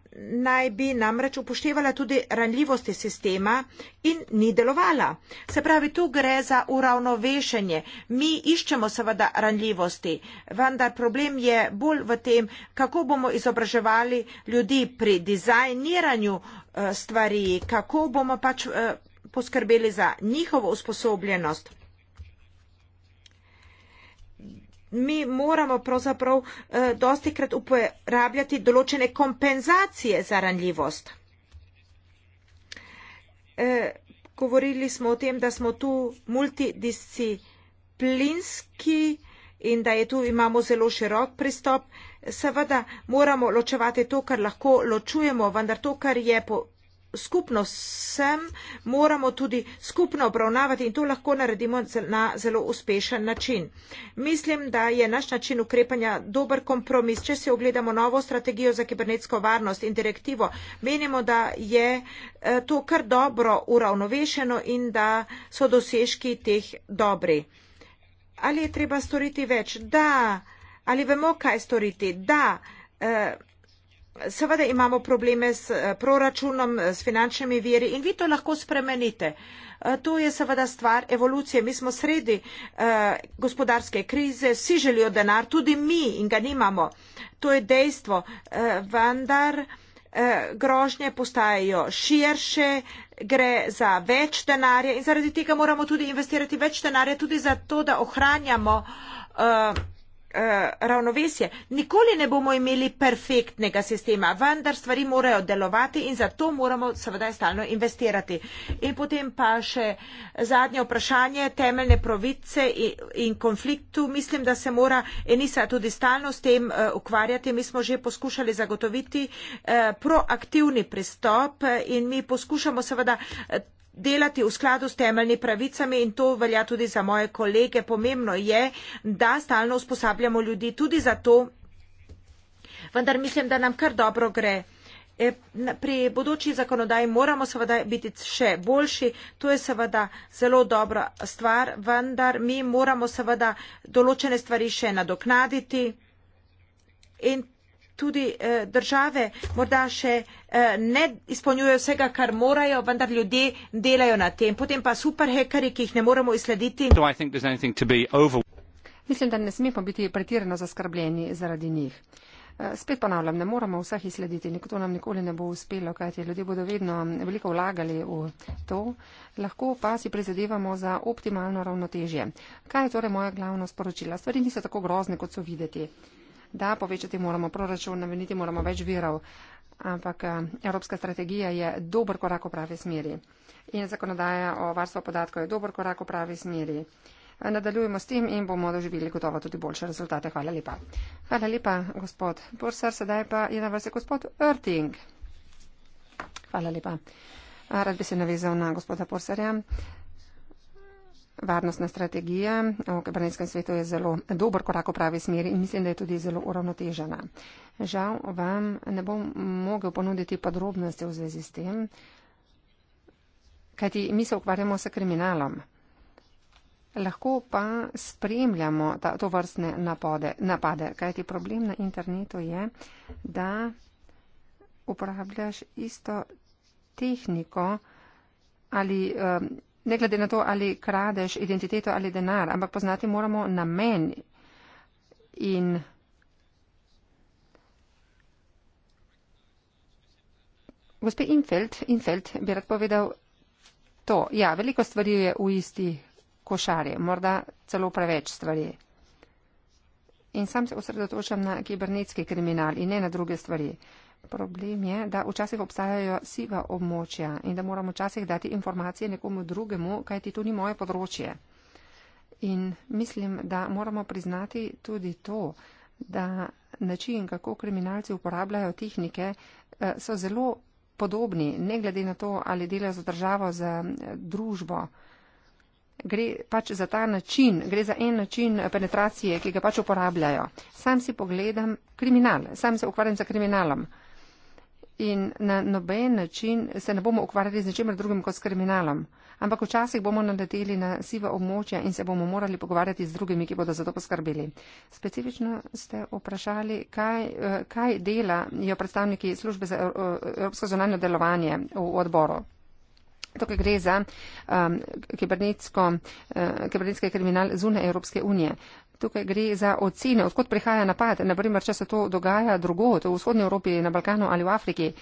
naj bi namreč upoštevala tudi ranljivosti sistema in ni delovala. Se pravi, tu gre za uravnovešenje. Mi iščemo seveda ranljivosti, vendar problem je bolj v tem, kako bomo izobraževali ljudi pri dizajniranju eh, stvari, kako bomo pač eh, poskrbeli za njihovo usposobljenost. mi moramo pravzaprav eh, dosti krat uporabljati določene kompenzacije za ranljivost. Eh, govorili smo o tem, da smo tu multidisciplinski in da je tu imamo zelo širok pristop. Seveda moramo ločevati to, kar lahko ločujemo, vendar to, kar je po, skupno vsem moramo tudi skupno obravnavati in to lahko naredimo na zelo uspešen način. Mislim, da je naš način ukrepanja dober kompromis. Če se ogledamo novo strategijo za kibernetsko varnost in direktivo, menimo, da je eh, to kar dobro uravnovešeno in da so dosežki teh dobri. Ali je treba storiti več? Da. Ali vemo, kaj storiti? Da. Uh, Seveda imamo probleme s eh, proračunom, eh, s finančnimi viri in vi to lahko spremenite. Eh, to je seveda stvar evolucije. Mi smo sredi gospodarske krize, vsi želijo denar, tudi mi in ga nimamo. To je dejstvo. Vendar grožnje postajajo širše, gre za več denarja in zaradi tega moramo tudi investirati več denarja, tudi za to, da ohranjamo Eh, ravnovesje. Nikoli ne bomo imeli perfektnega sistema, vendar stvari morajo delovati in zato moramo seveda stalno investirati. In potem pa še zadnje vprašanje, temeljne pravice in, in konfliktu. Mislim, da se mora Enisa tudi stalno s tem uh, ukvarjati. Mi smo že poskušali zagotoviti uh, proaktivni pristop in mi poskušamo seveda. Uh, delati v skladu s temeljni pravicami in to velja tudi za moje kolege. Pomembno je, da stalno usposabljamo ljudi tudi za to, vendar mislim, da nam kar dobro gre. E, pri bodoči zakonodaji moramo seveda biti še boljši, to je seveda zelo dobra stvar, vendar mi moramo seveda določene stvari še nadoknaditi in tudi eh, države morda še eh, ne izpolnjujejo vsega, kar morajo, vendar ljudje delajo na tem. Potem pa superhekari, ki jih ne moremo izslediti. Mislim, da ne smemo biti pretirano zaskrbljeni zaradi njih. Eh, spet ponavljam, ne moremo vseh izslediti, nikdo nam nikoli ne bo uspelo, kajti ljudje bodo vedno veliko vlagali v to, lahko pa si prizadevamo za optimalno ravnotežje. Kaj je torej moja glavna sporočila? Stvari niso tako grozne, kot so videti da povečati moramo proračun, nameniti moramo več virov. Ampak eh, evropska strategija je dober korak v pravi smeri. In zakonodaja o varstvu podatkov je dober korak v pravi smeri. Eh, nadaljujemo s tem in bomo doživeli gotovo tudi boljše rezultate. Hvala lepa. Hvala lepa, gospod Bursar. Sedaj pa je na vrsti gospod Erting. Hvala lepa. Rad bi se navezal na gospoda Bursarja varnostna strategija v kibernetskem svetu je zelo dober korak v pravi smeri in mislim, da je tudi zelo uravnotežena. Žal vam ne bom mogel ponuditi podrobnosti v zvezi s tem, kajti mi se ukvarjamo s kriminalom. Lahko pa spremljamo ta, to vrstne napode, napade, kajti problem na internetu je, da uporabljaš isto tehniko ali um, ne glede na to, ali kradeš identiteto ali denar, ampak poznati moramo namen in Gospe Infeld, Infeld bi rad povedal to. Ja, veliko stvari je v isti košari, morda celo preveč stvari. In sam se osredotočam na kibernetski kriminal in ne na druge stvari problem je, da včasih obstajajo siva območja in da moramo včasih dati informacije nekomu drugemu, kaj ti to ni moje področje. In mislim, da moramo priznati tudi to, da način, kako kriminalci uporabljajo tehnike, eh, so zelo podobni, ne glede na to, ali delajo za državo, za eh, družbo. Gre pač za ta način, gre za en način penetracije, ki ga pač uporabljajo. Sam si pogledam kriminal, sam se ukvarjam za kriminalom. Uh, in na noben način se ne bomo ukvarjali z ničemer drugim kot s kriminalom. Ampak včasih bomo nadeteli na siva območja in se bomo morali pogovarjati z drugimi, ki bodo za to poskrbeli. Specifično ste vprašali, kaj, eh, kaj dela jo predstavniki službe za eh, evropsko zonalno delovanje v odboru. Tukaj gre za um, eh, kibernetske kriminal zune Evropske unije. Uh, tukaj gre za ocene, odkot prihaja napad, naprimer, če se to dogaja drugot, v vzhodnji Evropi, na Balkanu ali v Afriki.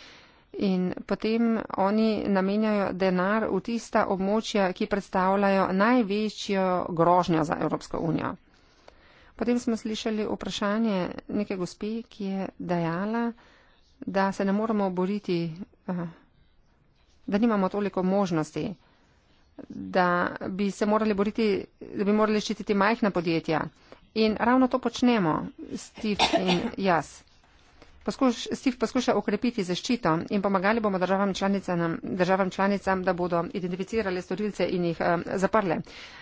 In potem oni namenjajo denar v tista območja, ki predstavljajo največjo grožnjo za Evropsko unijo. Potem smo slišali vprašanje neke gospe, ki je dejala, da se ne moremo boriti, eh, da nimamo toliko možnosti, da bi se morali boriti, da bi morali ščititi majhna podjetja. In ravno to počnemo, Steve in jaz. Poskuš, Steve poskuša okrepiti zaščito in pomagali bomo državam članicam, državam članicam da bodo identificirali storilce in jih um, zaprle.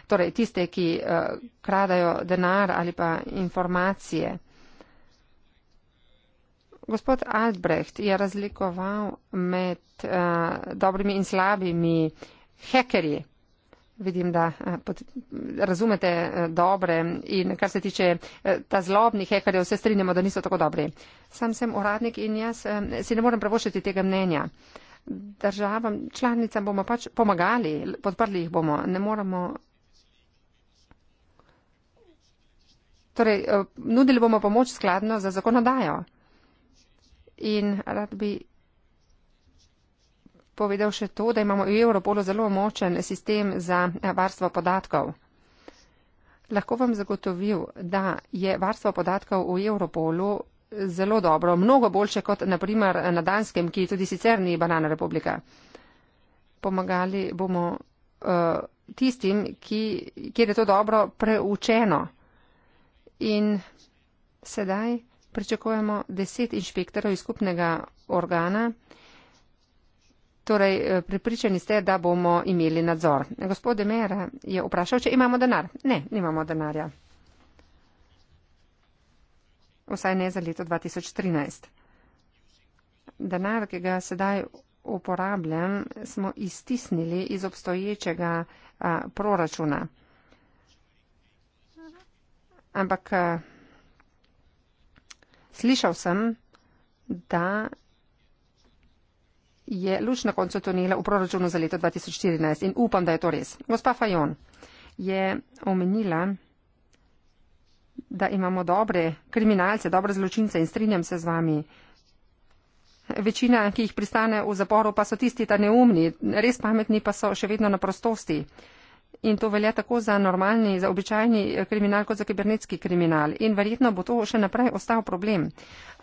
Torej, tiste, ki uh, kradajo denar ali pa informacije. Gospod Albrecht je razlikoval med uh, dobrimi in slabimi hekerji. Vidim, da eh, pod, razumete eh, dobre in kar se tiče eh, ta zlobnih hekarjev, vse strinjamo, da niso tako dobri. Sam sem uradnik in jaz si ne morem pravošiti tega mnenja. Državam, članicam bomo pač pomagali, podprli jih bomo, ne moramo. Torej, nudili bomo pomoč skladno za zakonodajo. In rad bi povedal še to, da imamo v Europolu zelo močen sistem za eh, varstvo podatkov. Lahko vam zagotovil, da je varstvo podatkov v Europolu zelo dobro, mnogo boljše kot naprimer na Danskem, ki tudi sicer ni banana republika. Pomagali bomo uh, tistim, ki, kjer je to dobro preučeno. In sedaj pričakujemo deset inšpektorov iz skupnega organa. Torej, eh, pripričani ste, da bomo imeli nadzor. Gospod Demer je vprašal, če imamo denar. Ne, nimamo denarja. Vsaj ne za leto 2013. Denar, ki ga sedaj uporabljam, smo iztisnili iz obstoječega a, proračuna. Ampak a, slišal sem, da je luč na koncu tunela v proračunu za leto 2014 in upam, da je to res. Gospa Fajon je omenila, da imamo dobre kriminalce, dobre zločince in strinjam se z vami. Večina, ki jih pristane v zaporu, pa so tisti ta neumni, res pametni pa so še vedno na prostosti. In to velja tako za normalni, za običajni eh, kriminal, kot za kibernetski kriminal. In verjetno bo to še naprej ostal problem.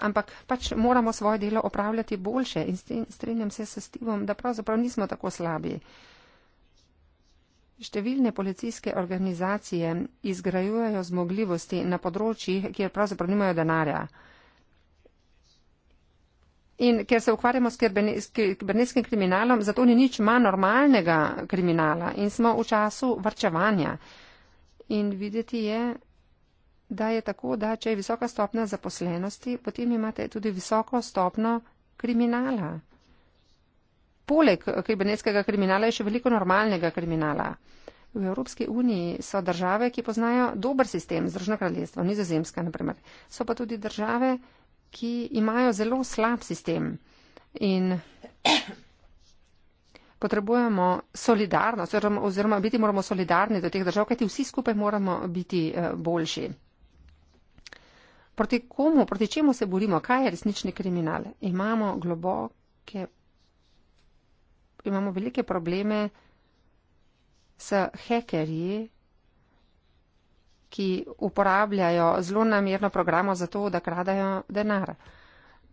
Ampak pač moramo svoje delo opravljati boljše in strinjam se s Stevom, da pravzaprav nismo tako slabi. Številne policijske organizacije izgrajujejo zmogljivosti na področjih, kjer pravzaprav nimajo denarja. In ker se ukvarjamo s kibernetskim kriminalom, zato ni nič manj normalnega kriminala in smo v času vrčevanja. In videti je, da je tako, da če je visoka stopna zaposlenosti, potem imate tudi visoko stopno kriminala. Poleg kibernetskega kriminala je še veliko normalnega kriminala. V Evropski uniji so države, ki poznajo dober sistem, Združeno kraljestvo, Nizozemska, naprimer. So pa tudi države, ki imajo zelo slab sistem in potrebujemo solidarnost oziroma, oziroma biti moramo solidarni do teh držav, kajti vsi skupaj moramo biti eh, boljši. Proti komu, proti čemu se borimo, kaj je resnični kriminal? Imamo globoke, imamo velike probleme s hekerji, ki uporabljajo zelo namerno programo za to, da kradajo denar.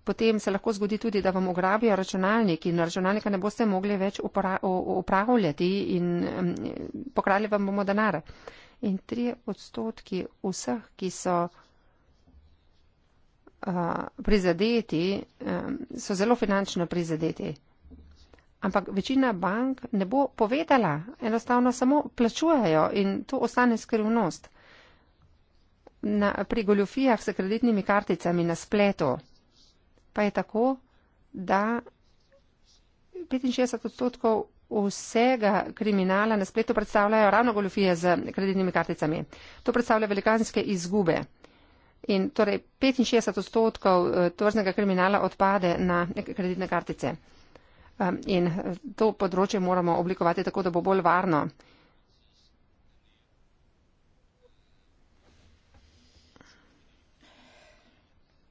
Potem se lahko zgodi tudi, da vam ugrabijo računalnik in računalnika ne boste mogli več upravljati in pokrali vam bomo denar. In tri odstotki vseh, ki so uh, prizadeti, um, so zelo finančno prizadeti. Ampak večina bank ne bo povedala, enostavno samo plačujejo in to ostane skrivnost na, pri goljofijah s kreditnimi karticami na spletu, pa je tako, da 65 odstotkov vsega kriminala na spletu predstavljajo ravno goljofije z kreditnimi karticami. To predstavlja velikanske izgube. In torej 65 odstotkov eh, tvrznega kriminala odpade na kreditne kartice. Um, in eh, to področje moramo oblikovati tako, da bo bolj varno.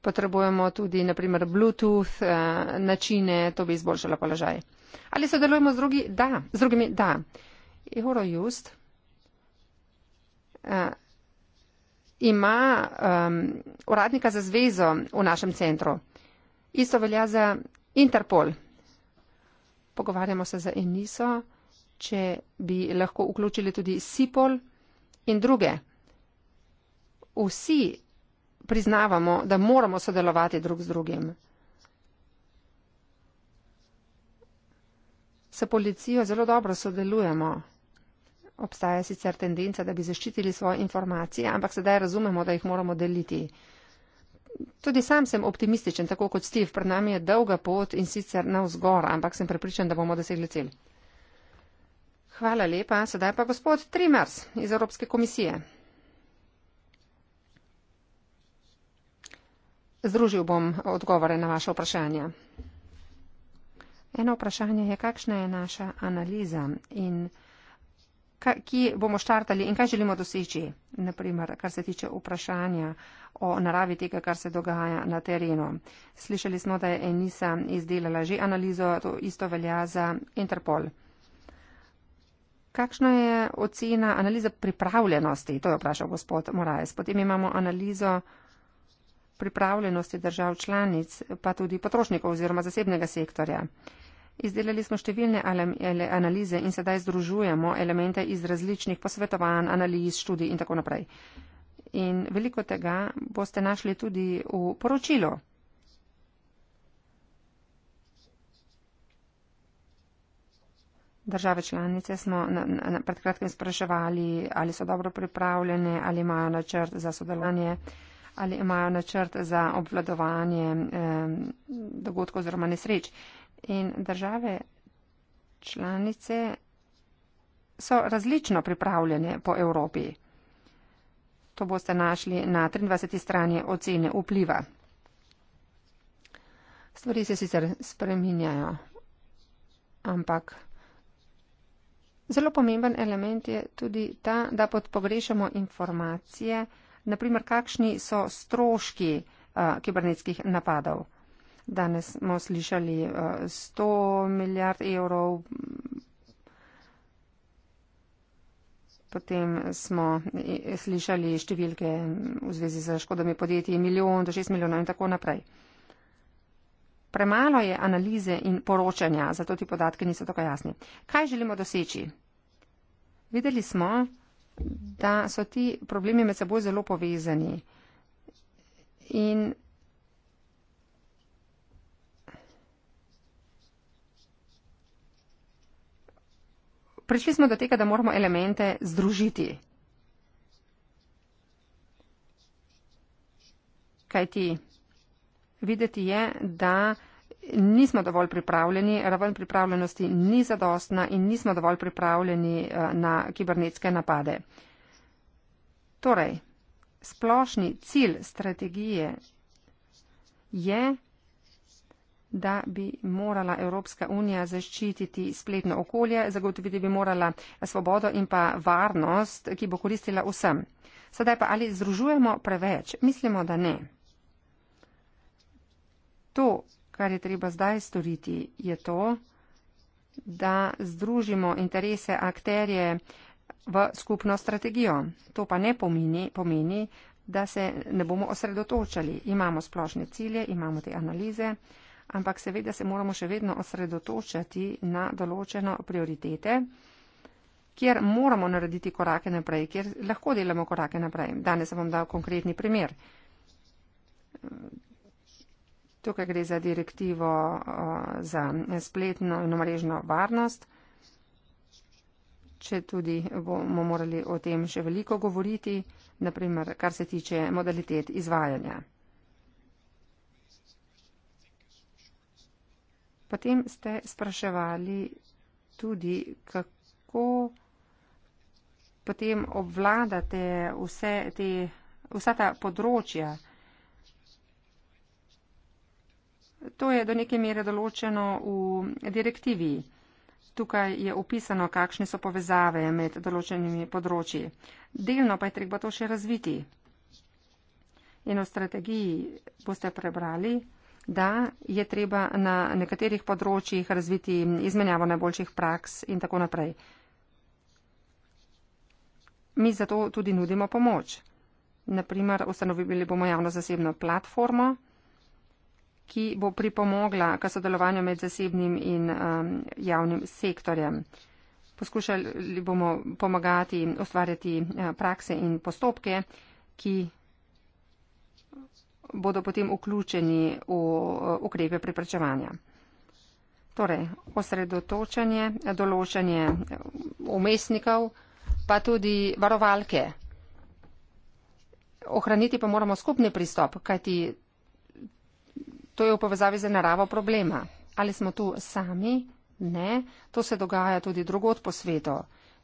Potrebujemo tudi, naprimer, Bluetooth, eh, načine, to bi izboljšalo položaj. Ali sodelujemo z, drugi? da. z drugimi? Da. Ihor Just uh, eh, ima um, uradnika za zvezo v našem centru. Isto velja za Interpol. Pogovarjamo se za Eniso, če bi lahko vključili tudi Sipol in druge. Vsi priznavamo, da moramo sodelovati drug z drugim. S policijo zelo dobro sodelujemo. Obstaja sicer tendenca, da bi zaščitili svoje informacije, ampak sedaj razumemo, da jih moramo deliti. Tudi sam sem optimističen, tako kot Steve. Pred nami je dolga pot in sicer navzgor, ampak sem prepričan, da bomo dosegli cilj. Hvala lepa. Sedaj pa gospod Trimers iz Evropske komisije. združil bom odgovore na vaše vprašanje. Eno vprašanje je, kakšna je naša analiza in ki bomo štartali in kaj želimo doseči, naprimer, kar se tiče vprašanja o naravi tega, kar se dogaja na terenu. Slišali smo, da je Enisa izdelala že analizo, to isto velja za Interpol. Kakšna je ocena analiza pripravljenosti, to je vprašal gospod Moraes. Potem imamo analizo pripravljenosti držav članic, pa tudi potrošnikov oziroma zasebnega sektorja. Izdelali smo številne analize in sedaj združujemo elemente iz različnih posvetovanj, analiz, študij in tako naprej. In veliko tega boste našli tudi v poročilu. Države članice smo pred kratkim spraševali, ali so dobro pripravljene, ali imajo načrt za sodelovanje. Ja ali imajo načrt za obvladovanje eh, dogodkov oziroma nesreč. In države članice so različno pripravljene po Evropi. To boste našli na 23. strani ocene vpliva. Stvari se sicer spreminjajo, ampak zelo pomemben element je tudi ta, da pod pogrešamo informacije, naprimer, kakšni so stroški uh, kibernetskih napadov. Danes smo slišali uh, eh, 100 milijard evrov, potem smo eh, slišali številke v zvezi z škodami podjetij, milijon do 6 milijonov in tako naprej. Premalo je analize in poročanja, zato ti podatki niso tako jasni. Kaj želimo doseči? Videli smo, da so ti problemi med seboj zelo povezani. In prišli smo do tega, da moramo elemente združiti. Kaj ti? Videti je, da nismo dovolj pripravljeni, raven pripravljenosti ni zadostna in nismo dovolj pripravljeni eh, na kibernetske napade. Torej, splošni cilj strategije je, da bi morala Evropska unija zaščititi spletno okolje, zagotoviti bi morala svobodo in pa varnost, ki bo koristila vsem. Sedaj pa ali združujemo preveč? Mislimo, da ne. To kar je treba zdaj storiti, je to, da združimo interese akterje v skupno strategijo. To pa ne pomeni, pomeni, da se ne bomo osredotočali. Imamo splošne cilje, imamo te analize, ampak seveda se moramo še vedno osredotočati na določeno prioritete, kjer moramo narediti korake naprej, kjer lahko delamo korake naprej. Danes vam dal konkretni primer. Tukaj gre za direktivo za spletno in omrežno varnost. Če tudi bomo morali o tem še veliko govoriti, naprimer, kar se tiče modalitet izvajanja. Potem ste spraševali tudi, kako potem obvladate vse te, vsa ta področja To je do neke mere določeno v direktivi. Tukaj je opisano, kakšne so povezave med določenimi področji. Delno pa je treba to še razviti. In v strategiji boste prebrali, da je treba na nekaterih področjih razviti izmenjavo najboljših praks in tako naprej. Mi zato tudi nudimo pomoč. Naprimer, ustanovili bomo javno zasebno platformo ki bo pripomogla k sodelovanju med zasebnim in um, javnim sektorjem. Poskušali bomo pomagati ustvarjati uh, prakse in postopke, ki bodo potem vključeni v uh, ukrepe preprečevanja. Torej, osredotočanje, določanje uh, umestnikov, pa tudi varovalke. Ohraniti pa moramo skupni pristop, kajti To je v povezavi z naravo problema. Ali smo tu sami? Ne, to se dogaja tudi drugot po svetu.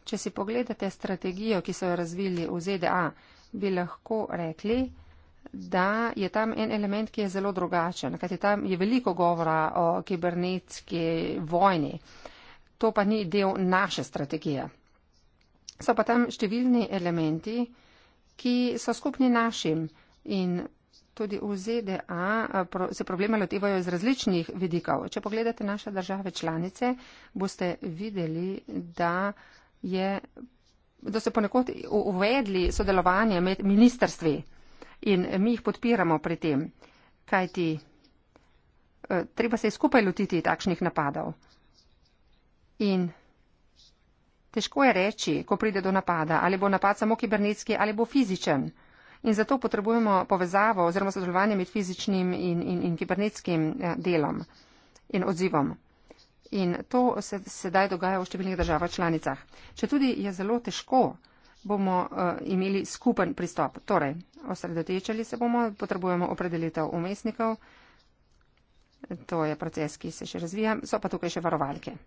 Če si pogledate strategijo, ki so jo razvili v ZDA, bi lahko rekli, da je tam en element, ki je zelo drugačen, kajti tam je veliko govora o kibernetski vojni. To pa ni del naše strategije. So pa tam številni elementi, ki so skupni našim in tudi v ZDA se problema lotevajo z različnih vidikov. Če pogledate naše države članice, boste videli, da, je, da so ponekod uvedli sodelovanje med ministrstvi in mi jih podpiramo pri tem, kajti e, treba se skupaj lotiti takšnih napadov. In težko je reči, ko pride do napada, ali bo napad samo kibernetski ali bo fizičen. In zato potrebujemo povezavo oziroma sodelovanje med fizičnim in, in, in kibernetskim eh, delom in odzivom. In to se sedaj dogaja v številnih državah članicah. Če tudi je zelo težko, bomo uh, imeli skupen pristop. Torej, osredotečali se bomo, potrebujemo opredelitev umestnikov. To je proces, ki se še razvija. So pa tukaj še varovalke.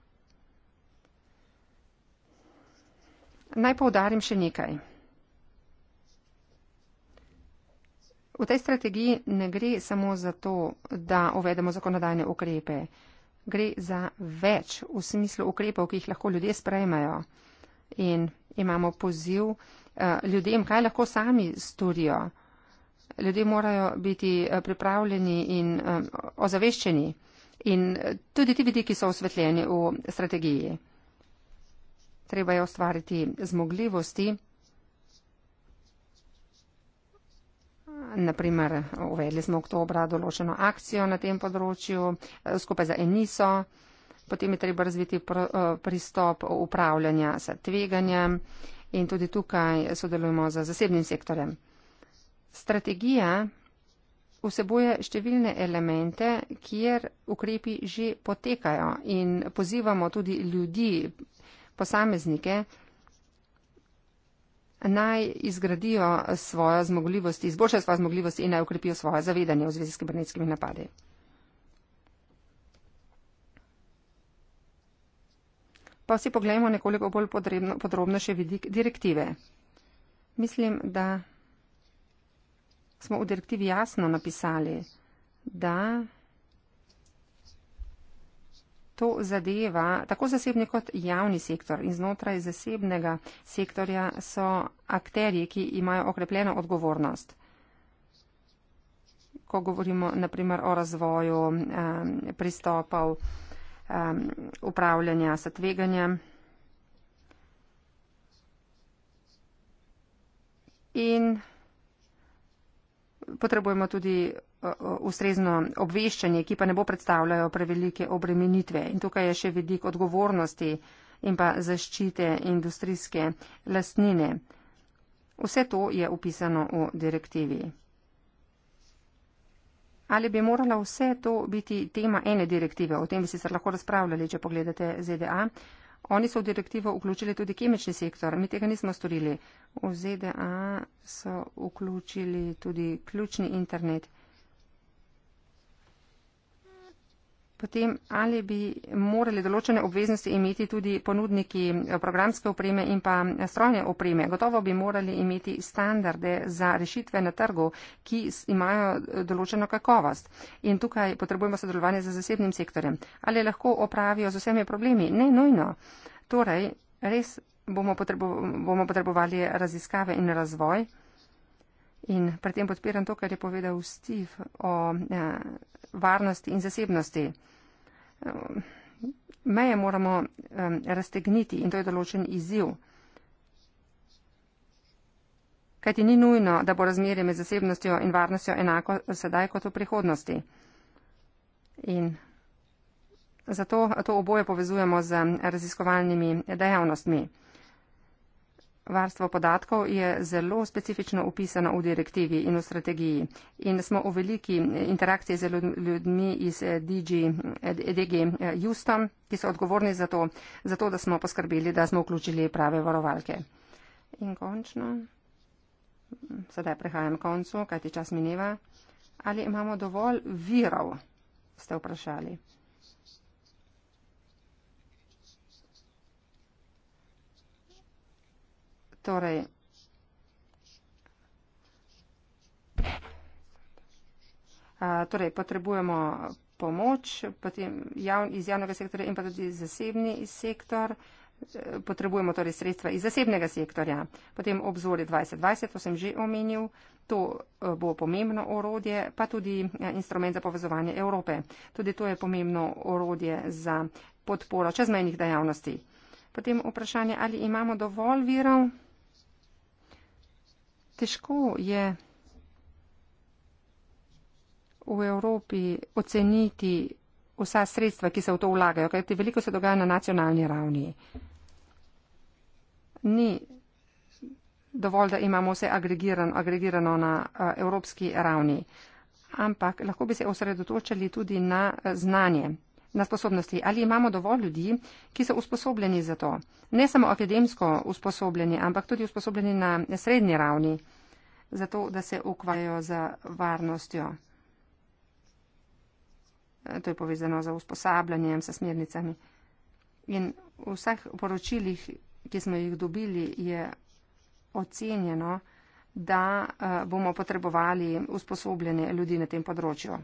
Naj poudarim še nekaj. V tej strategiji ne gre samo za to, da uvedemo zakonodajne ukrepe. Gre za več v smislu ukrepov, ki jih lahko ljudje sprejmajo. In imamo poziv eh, ljudem, kaj lahko sami storijo. Ljudje morajo biti eh, pripravljeni in eh, ozaveščeni. In tudi ti vidiki so osvetljeni v strategiji. Treba je ustvariti zmogljivosti naprimer uvedli smo oktobra določeno akcijo na tem področju eh, skupaj za Eniso, potem je treba razviti pr eh, pristop upravljanja s tveganjem in tudi tukaj sodelujemo z zasebnim sektorem. Strategija vseboje številne elemente, kjer ukrepi že potekajo in pozivamo tudi ljudi, posameznike, naj izgradijo svojo zmogljivost, izboljšajo svojo zmogljivost in naj ukrepijo svoje zavedanje v zvezi s kibernetskimi napadi. Pa si pogledamo nekoliko bolj podrebno, podrobno še vidik direktive. Mislim, da smo v direktivi jasno napisali, da to zadeva tako zasebni kot javni sektor in znotraj zasebnega sektorja so akterji, ki imajo okrepljeno odgovornost. Ko govorimo naprimer o razvoju um, pristopov um, upravljanja s tveganjem. In potrebujemo tudi ustrezno obveščanje, ki pa ne bo predstavljalo prevelike obremenitve. In tukaj je še vidik odgovornosti in pa zaščite industrijske lastnine. Vse to je upisano v direktivi. Ali bi morala vse to biti tema ene direktive? O tem bi se lahko razpravljali, če pogledate ZDA. Oni so v direktivo vključili tudi kemični sektor. Mi tega nismo storili. V ZDA so vključili tudi ključni internet. Potem, ali bi morali določene obveznosti imeti tudi ponudniki eh, programske opreme in pa eh, strojne opreme? Gotovo bi morali imeti standarde za rešitve na trgu, ki imajo eh, določeno kakovost. In tukaj potrebujemo sodelovanje z zasebnim sektorjem. Ali lahko opravijo z vsemi problemi? Ne nujno. Torej, res bomo, potrebo bomo potrebovali raziskave in razvoj. In pri tem podpiram to, kar je povedal Steve o eh, varnosti in zasebnosti. Eh, meje moramo eh, raztegniti in to je določen izziv. Kajti ni nujno, da bo razmerje med zasebnostjo in varnostjo enako sedaj kot v prihodnosti. In zato to oboje povezujemo z raziskovalnimi dejavnostmi. Varstvo podatkov je zelo specifično upisano v direktivi in v strategiji in smo v veliki interakciji z ljudmi iz eh, DG, eh, DG Houston, eh, ki so odgovorni za to, za to, da smo poskrbeli, da smo vključili prave varovalke. In končno, sedaj prehajam koncu, kajti čas mineva, ali imamo dovolj virov, ste vprašali. torej, a, torej potrebujemo pomoč potem jav, iz javnega sektorja in pa tudi zasebni sektor. Potrebujemo torej sredstva iz zasebnega sektorja. Potem obzorje 2020, to sem že omenil, to e, bo pomembno orodje, pa tudi e, instrument za povezovanje Evrope. Tudi to je pomembno orodje za podporo čezmejnih dejavnosti. Potem vprašanje, ali imamo dovolj virov težko je v Evropi oceniti vsa sredstva, ki se v to vlagajo, kajti veliko se dogaja na nacionalni ravni. Ni dovolj, da imamo vse agregirano, agregirano na a, eh, evropski ravni, ampak lahko bi se osredotočili tudi na a, eh, znanje na sposobnosti, ali imamo dovolj ljudi, ki so usposobljeni za to. Ne samo akademsko usposobljeni, ampak tudi usposobljeni na srednji ravni, zato da se ukvarjajo z varnostjo. To je povezano z usposabljanjem, s smernicami. In v vseh poročilih, ki smo jih dobili, je ocenjeno, da eh, bomo potrebovali usposobljene ljudi na tem področju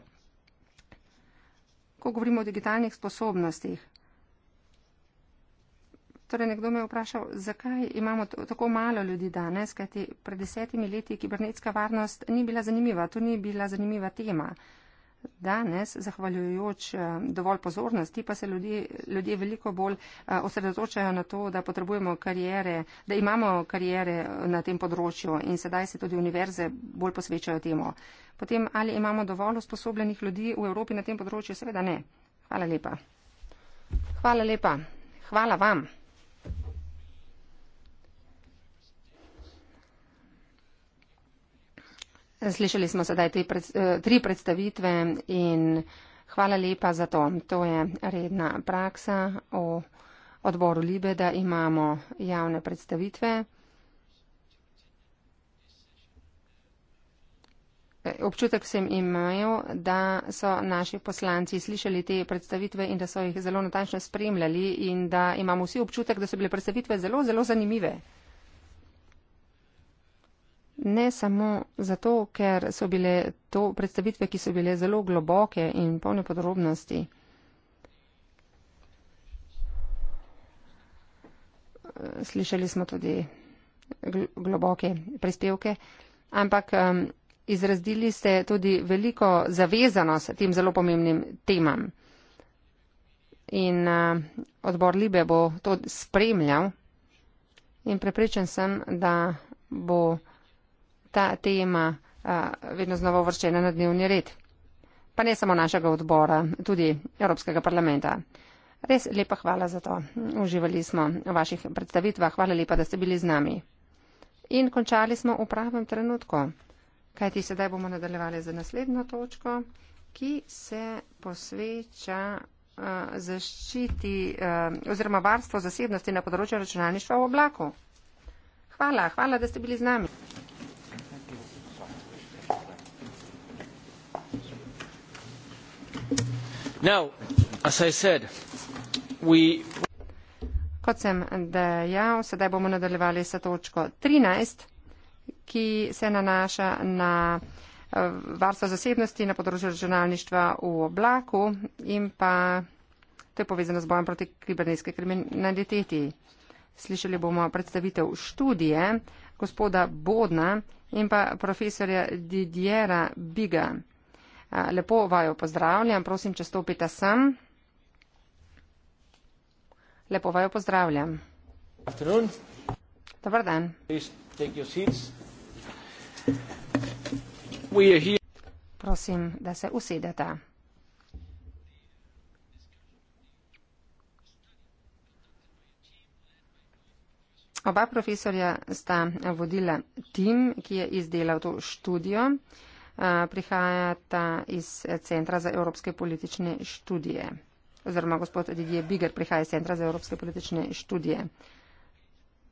ko govorimo o digitalnih sposobnostih. Torej, nekdo me je vprašal, zakaj imamo tako malo ljudi danes, kajti pred desetimi leti kibernetska varnost ni bila zanimiva, to ni bila zanimiva tema danes, zahvaljujoč eh, dovolj pozornosti, pa se ljudje, ljudje veliko bolj eh, osredotočajo na to, da potrebujemo karijere, da imamo karijere eh, na tem področju in sedaj se tudi univerze bolj posvečajo temu. Potem, ali imamo dovolj usposobljenih ljudi v Evropi na tem področju? Seveda ne. Hvala lepa. Hvala lepa. Hvala vam. Slišali smo sedaj tri, pred, eh, tri predstavitve in hvala lepa za to. To je redna praksa v odboru Libe, da imamo javne predstavitve. Eh, občutek sem imel, da so naši poslanci slišali te predstavitve in da so jih zelo natančno spremljali in da imamo vsi občutek, da so bile predstavitve zelo, zelo zanimive ne samo zato, ker so bile to predstavitve, ki so bile zelo globoke in polne podrobnosti. Slišali smo tudi globoke prispevke, ampak izrazili ste tudi veliko zavezanost tem zelo pomembnim temam. In odbor Libe bo to spremljal in prepričan sem, da bo ta tema vedno znova vrščena na dnevni red. Pa ne samo našega odbora, tudi Evropskega parlamenta. Res lepa hvala za to. Uživali smo v vaših predstavitvah. Hvala lepa, da ste bili z nami. In končali smo v pravem trenutku. Kajti sedaj bomo nadaljevali za naslednjo točko, ki se posveča uh, zaščiti uh, oziroma varstvo zasebnosti na področju računalništva v oblaku. Hvala, hvala, da ste bili z nami. Kot sem dejal, sedaj bomo nadaljevali sa točko 13, ki se nanaša na eh, varstvo zasebnosti na področju računalništva v oblaku in pa to je povezano z bojem proti kibernetske kriminaliteti. Slišali bomo predstavitev študije gospoda Bodna in pa profesorja Didjera Biga. Lepo vaju pozdravljam, prosim, če stopite sem. Lepo vaju pozdravljam. Afternoon. Dobar dan. Prosim, da se usedete. Oba profesorja sta vodila tim, ki je izdelal to študijo. Uh, prihajata iz Centra za evropske politične študije. Oziroma, gospod Didier Biger prihaja iz Centra za evropske politične študije.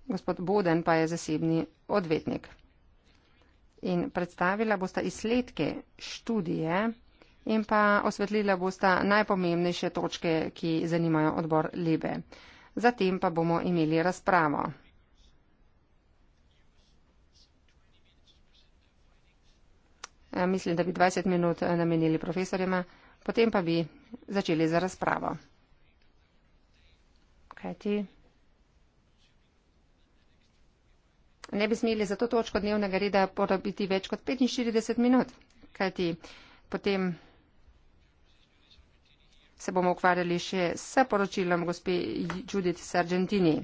Gospod Boden pa je zasebni odvetnik. In predstavila bosta izsledke študije in pa osvetlila bosta najpomembnejše točke, ki zanimajo odbor Libe. Zatem pa bomo imeli razpravo. Eh, mislim, da bi 20 minut eh, namenili profesorjema, potem pa bi začeli za razpravo. Kaj ti? Ne bi smeli za to točko dnevnega reda porabiti več kot 45 minut, kajti potem se bomo ukvarjali še s poročilom gospe Judith Sargentini.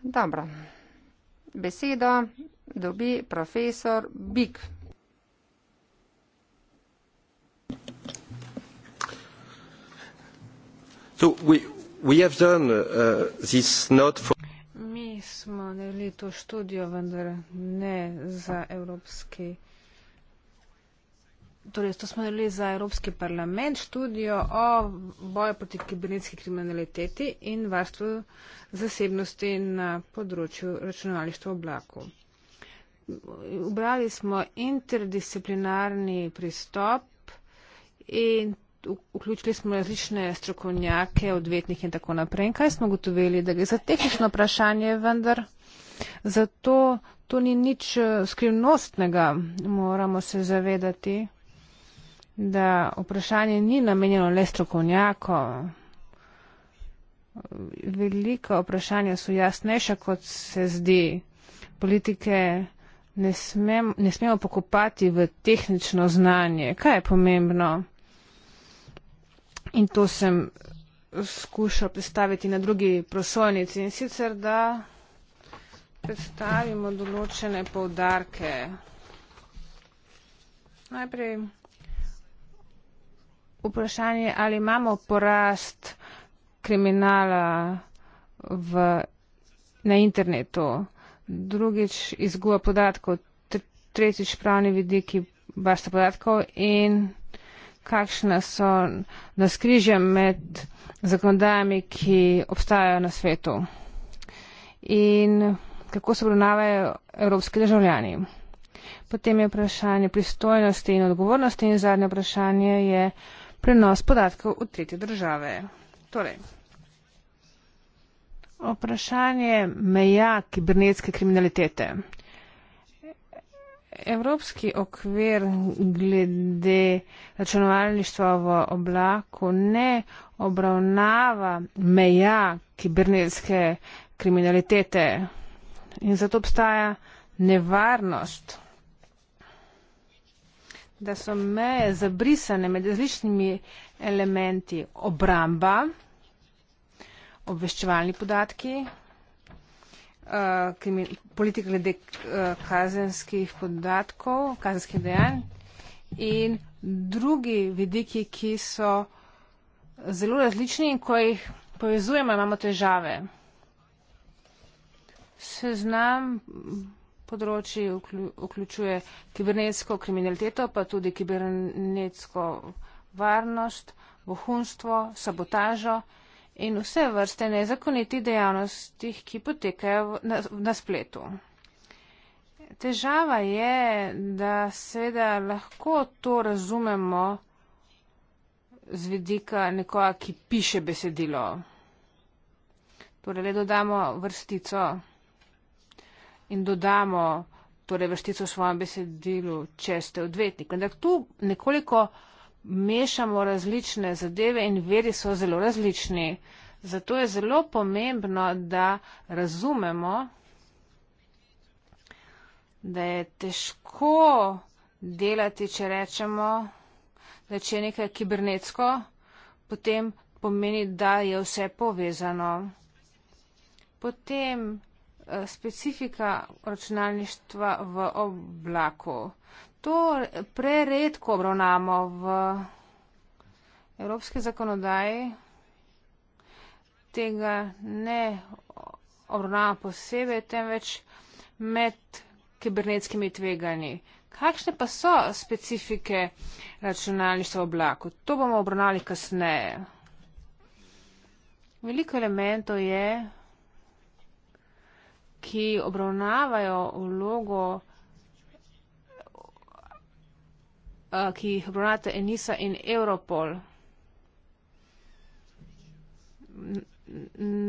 Dobro. Besedo dobi profesor Big. So we, we have done uh, this not for Mi smo naredili to študijo, vendar ne za evropski Torej, to smo naredili za Evropski parlament študijo o boju proti kibernetski kriminaliteti in varstvu zasebnosti na področju računalništva oblakov obrali smo interdisciplinarni pristop in vključili smo različne strokovnjake, odvetnike in tako naprej. In kaj smo gotovili, da gre za tehnično vprašanje, vendar zato to ni nič eh, skrivnostnega, moramo se zavedati, da vprašanje ni namenjeno le strokovnjako. Velika vprašanja so jasnejša, kot se zdi. Politike ne, smem, ne smemo pokopati v tehnično znanje, kaj je pomembno. In to sem skušal predstaviti na drugi prosojnici in sicer, da predstavimo določene povdarke. Najprej vprašanje, ali imamo porast kriminala v, na internetu drugič izguba podatkov, tretjič pravni vidiki baste podatkov in kakšne so naskrižja med zakonodajami, ki obstajajo na svetu in kako se obravnavajo evropski državljani. Potem je vprašanje pristojnosti in odgovornosti in zadnje vprašanje je prenos podatkov v tretje države. Torej, vprašanje meja kibernetske kriminalitete. Evropski okvir glede računovalništva v oblaku ne obravnava meja kibernetske kriminalitete in zato obstaja nevarnost, da so meje zabrisane med različnimi elementi obramba, obveščevalni podatki, uh, politika glede uh, kazenskih podatkov, kazenskih dejanj in drugi vidiki, ki so zelo različni in ko jih povezujemo, imamo težave. Seznam področji vključuje kibernetsko kriminaliteto, pa tudi kibernetsko varnost, vohunstvo, sabotažo in vse vrste nezakoniti dejavnosti, ki potekajo na, na spletu. Težava je, da seveda lahko to razumemo z vidika nekoga, ki piše besedilo. Torej, le dodamo vrstico in dodamo torej, vrstico v svojem besedilu, če ste odvetnik. Ampak tu nekoliko mešamo različne zadeve in veri so zelo različni. Zato je zelo pomembno, da razumemo, da je težko delati, če rečemo, da če je nekaj kibernetsko, potem pomeni, da je vse povezano. Potem eh, specifika računalništva v oblaku to preredko obravnamo v evropski zakonodaji. Tega ne obravnava posebej, temveč med kibernetskimi tveganji. Kakšne pa so specifike računalništva v oblaku? To bomo obravnali kasneje. Veliko elementov je, ki obravnavajo vlogo računalništva. Eh, ki jih obravnate Enisa in Europol.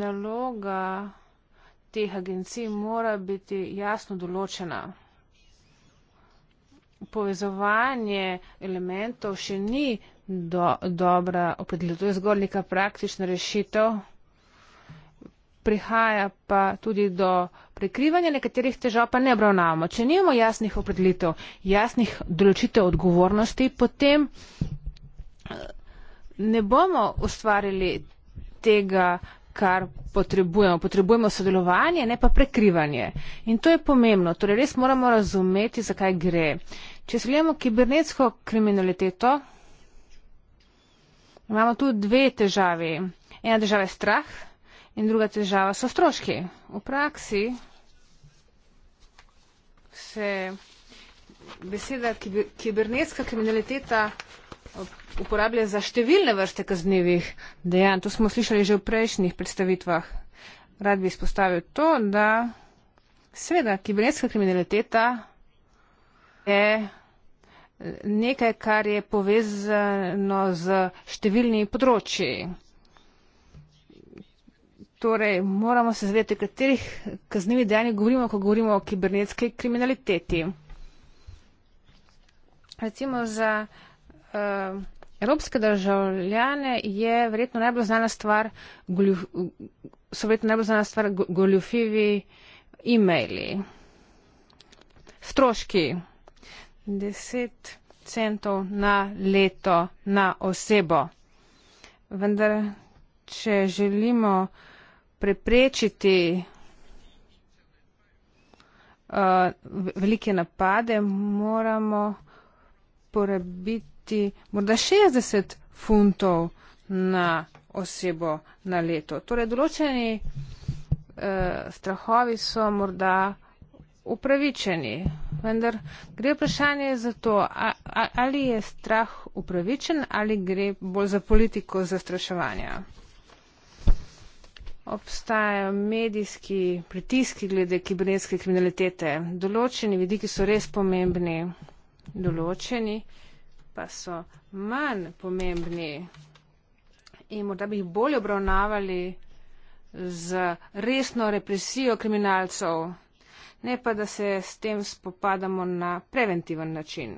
Naloga teh agencij mora biti jasno določena. Povezovanje elementov še ni do, dobra opredelitev, to je zgolj neka praktična rešitev prihaja pa tudi do prekrivanja nekaterih težav, pa ne obravnavamo. Če nimamo jasnih opredelitev, jasnih določitev odgovornosti, potem eh, ne bomo ustvarili tega, kar potrebujemo. Potrebujemo sodelovanje, ne pa prekrivanje. In to je pomembno. Torej, res moramo razumeti, zakaj gre. Če sledimo kibernetsko kriminaliteto, imamo tu dve težavi. Ena država je strah, In druga težava so stroški. V praksi se beseda kibernetska kriminaliteta uporablja za številne vrste kaznjivih dejanj. To smo slišali že v prejšnjih predstavitvah. Rad bi izpostavil to, da seveda kibernetska kriminaliteta je nekaj, kar je povezano z številnimi področji torej moramo se zavedati, o katerih kaznjivih dejanjih govorimo, ko govorimo o kibernetski kriminaliteti. Recimo za uh, evropske državljane je verjetno najbolj znana stvar, goljuf, so verjetno najbolj znana stvar goljufivi e-maili. Stroški 10 centov na leto na osebo. Vendar, če želimo uh, preprečiti uh, velike napade, moramo porabiti morda 60 funtov na osebo na leto. Torej, določeni uh, strahovi so morda upravičeni. Vendar gre vprašanje za to, ali je strah upravičen ali gre bolj za politiko zastraševanja obstajajo medijski pritiski glede kibernetske kriminalitete. Določeni vidiki so res pomembni, določeni pa so manj pomembni in morda bi jih bolje obravnavali z resno represijo kriminalcev, ne pa da se s tem spopadamo na preventiven način.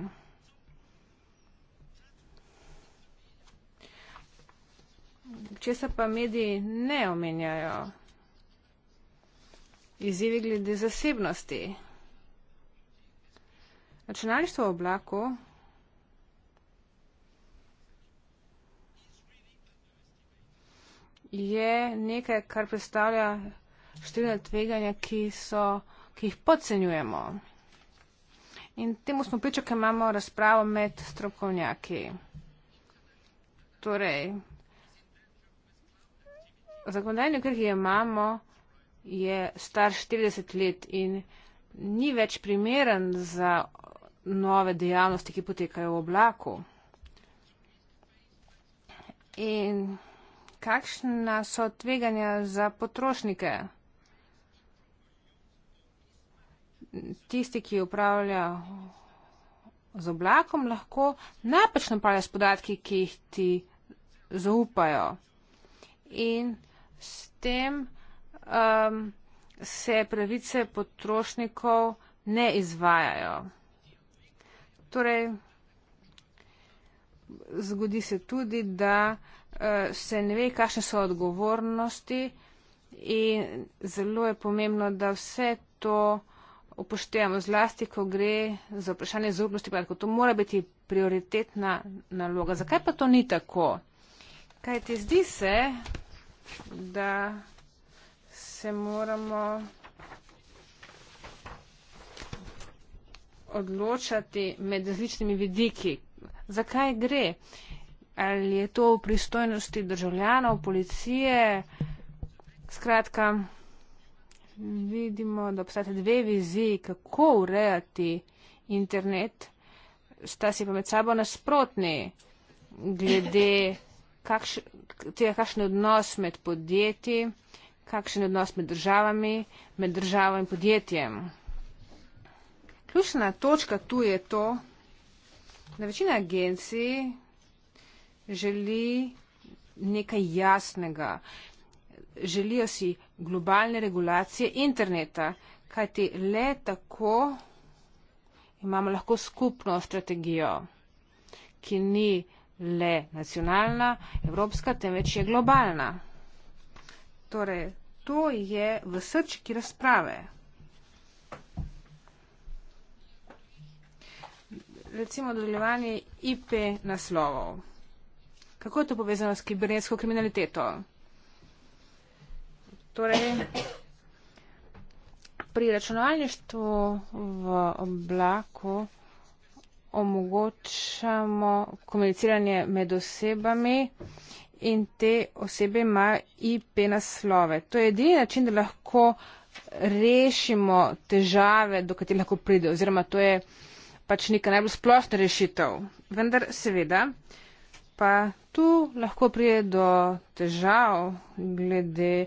Česa pa mediji ne omenjajo? Izzivi glede zasebnosti. Računalništvo v oblaku. je nekaj, kar predstavlja številne tveganja, ki, so, ki jih podcenjujemo. In temu smo pričakali, imamo razpravo med strokovnjaki. Torej, zakonodajni okvir, ki jo imamo, je star 40 let in ni več primeren za nove dejavnosti, ki potekajo v oblaku. In kakšna so tveganja za potrošnike? Tisti, ki upravlja z oblakom, lahko napačno upravlja s podatki, ki jih ti zaupajo. In S tem um, se pravice potrošnikov ne izvajajo. Torej, zgodi se tudi, da uh, se ne ve, kakšne so odgovornosti in zelo je pomembno, da vse to upoštevamo zlasti, ko gre za vprašanje zaupnosti podatkov. To mora biti prioritetna naloga. Zakaj pa to ni tako? Kaj ti zdi se, da se moramo odločati med različnimi vidiki, zakaj gre. Ali je to v pristojnosti državljanov, policije? Skratka, vidimo, da obstajate dve viziji, kako urejati internet. Sta si pa med sabo nasprotni glede kakšen, kakšen odnos med podjetji, kakšen odnos med državami, med državo in podjetjem. Ključna točka tu je to, da večina agencij želi nekaj jasnega. Želijo si globalne regulacije interneta, kajti le tako imamo lahko skupno strategijo, ki ni le nacionalna, evropska, temveč je globalna. Torej, to je v srčki razprave. Recimo dodeljevanje IP naslovov. Kako je to povezano s kibernetsko kriminaliteto? Torej, pri računalništvu v oblaku omogočamo komuniciranje med osebami in te osebe imajo IP naslove. To je edini način, da lahko rešimo težave, do katerih lahko pride, oziroma to je pač neka najbolj splošna rešitev. Vendar seveda pa tu lahko pride do težav glede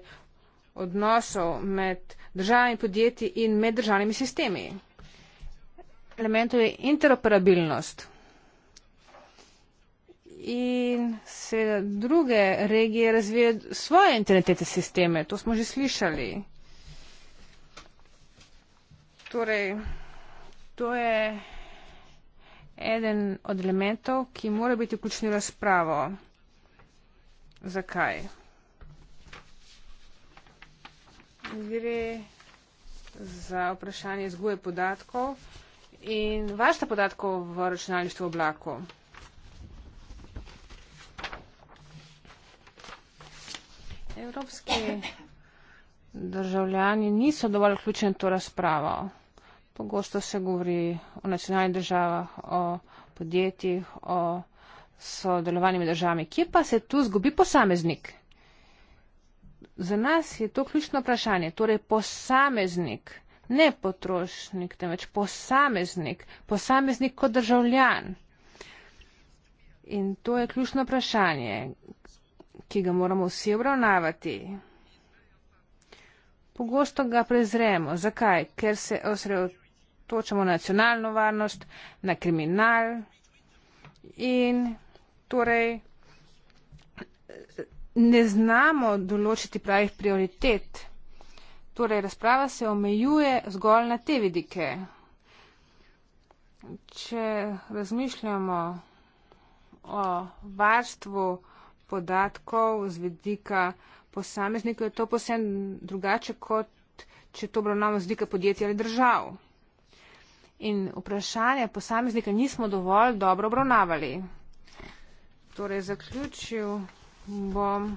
odnosov med državami podjetji in med državnimi sistemi elementov je interoperabilnost. In seveda druge regije razvijajo svoje internetne sisteme, to smo že slišali. Torej, to je eden od elementov, ki mora biti vključen v razpravo. Zakaj? Gre za vprašanje izguje podatkov in vašta podatkov v računalništvu oblaku. Evropski državljani niso dovolj vključeni v to razpravo. Pogosto se govori o nacionalnih državah, o podjetjih, o sodelovanju med državami. Kje pa se tu zgubi posameznik? Za nas je to ključno vprašanje. Torej posameznik ne potrošnik, temveč posameznik, posameznik kot državljan. In to je ključno vprašanje, ki ga moramo vsi obravnavati. Pogosto ga prezremo. Zakaj? Ker se osredotočamo na nacionalno varnost, na kriminal in torej eh, ne znamo določiti pravih prioritet. Torej, razprava se omejuje zgolj na te vidike. Če razmišljamo o varstvu podatkov z vidika posameznikov, je to posebno drugače, kot če to obravnavamo z vidika podjetja ali držav. In vprašanje posameznika nismo dovolj dobro obravnavali. Torej, zaključil bom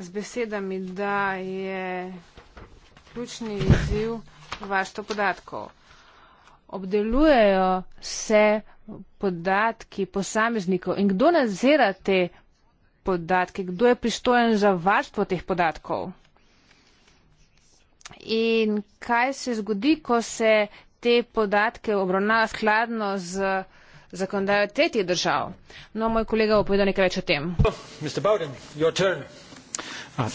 z besedami, da je ključni izziv varstvo podatkov. Obdelujejo se podatki posameznikov in kdo nadzira te podatke, kdo je pristojen za varstvo teh podatkov. In kaj se zgodi, ko se te podatke obravnava skladno z zakonodajo tretjih držav? No, moj kolega bo povedal nekaj več o tem. Oh, Uh,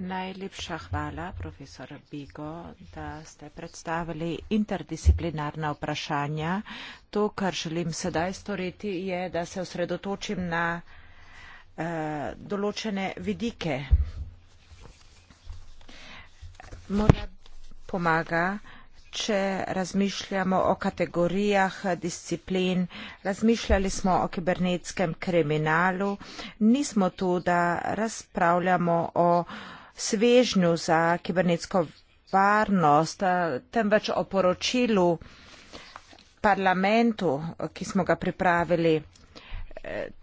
Najlepša hvala, profesor Bigo, da ste predstavili interdisciplinarna vprašanja. To, kar želim sedaj storiti, je, da se osredotočim na eh, določene vidike. Mora pomaga eh, če razmišljamo o kategorijah disciplin, razmišljali smo o kibernetskem kriminalu, nismo tu, da razpravljamo o svežnju za kibernetsko varnost, temveč o poročilu parlamentu, ki smo ga pripravili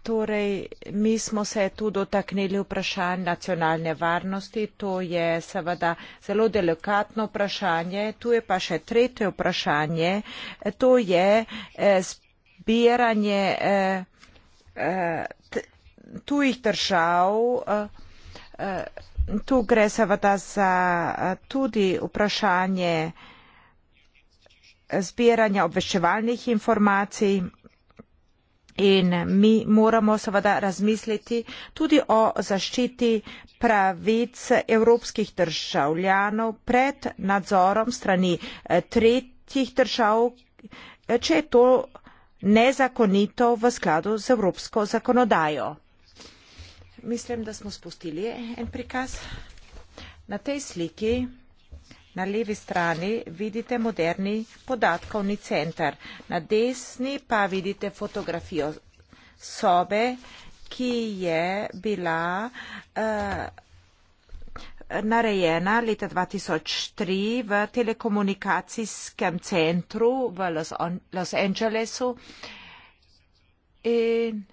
torej mi smo se tu dotaknili vprašanj nacionalne varnosti, to je seveda zelo delikatno vprašanje, tu je pa še tretje vprašanje, to je eh, zbiranje eh, eh, tujih držav, tu gre seveda za tudi vprašanje zbiranja obveščevalnih informacij, In mi moramo seveda razmisliti tudi o zaščiti pravic evropskih državljanov pred nadzorom strani eh, tretjih držav, eh, če je to nezakonito v skladu z evropsko zakonodajo. Mislim, da smo spustili en prikaz. Na tej sliki Na levi strani vidite moderni podatkovni center. Na desni pa vidite fotografijo sobe, ki je bila uh, narejena leta 2003 v telekomunikacijskem centru v Los, on, Los Angelesu. In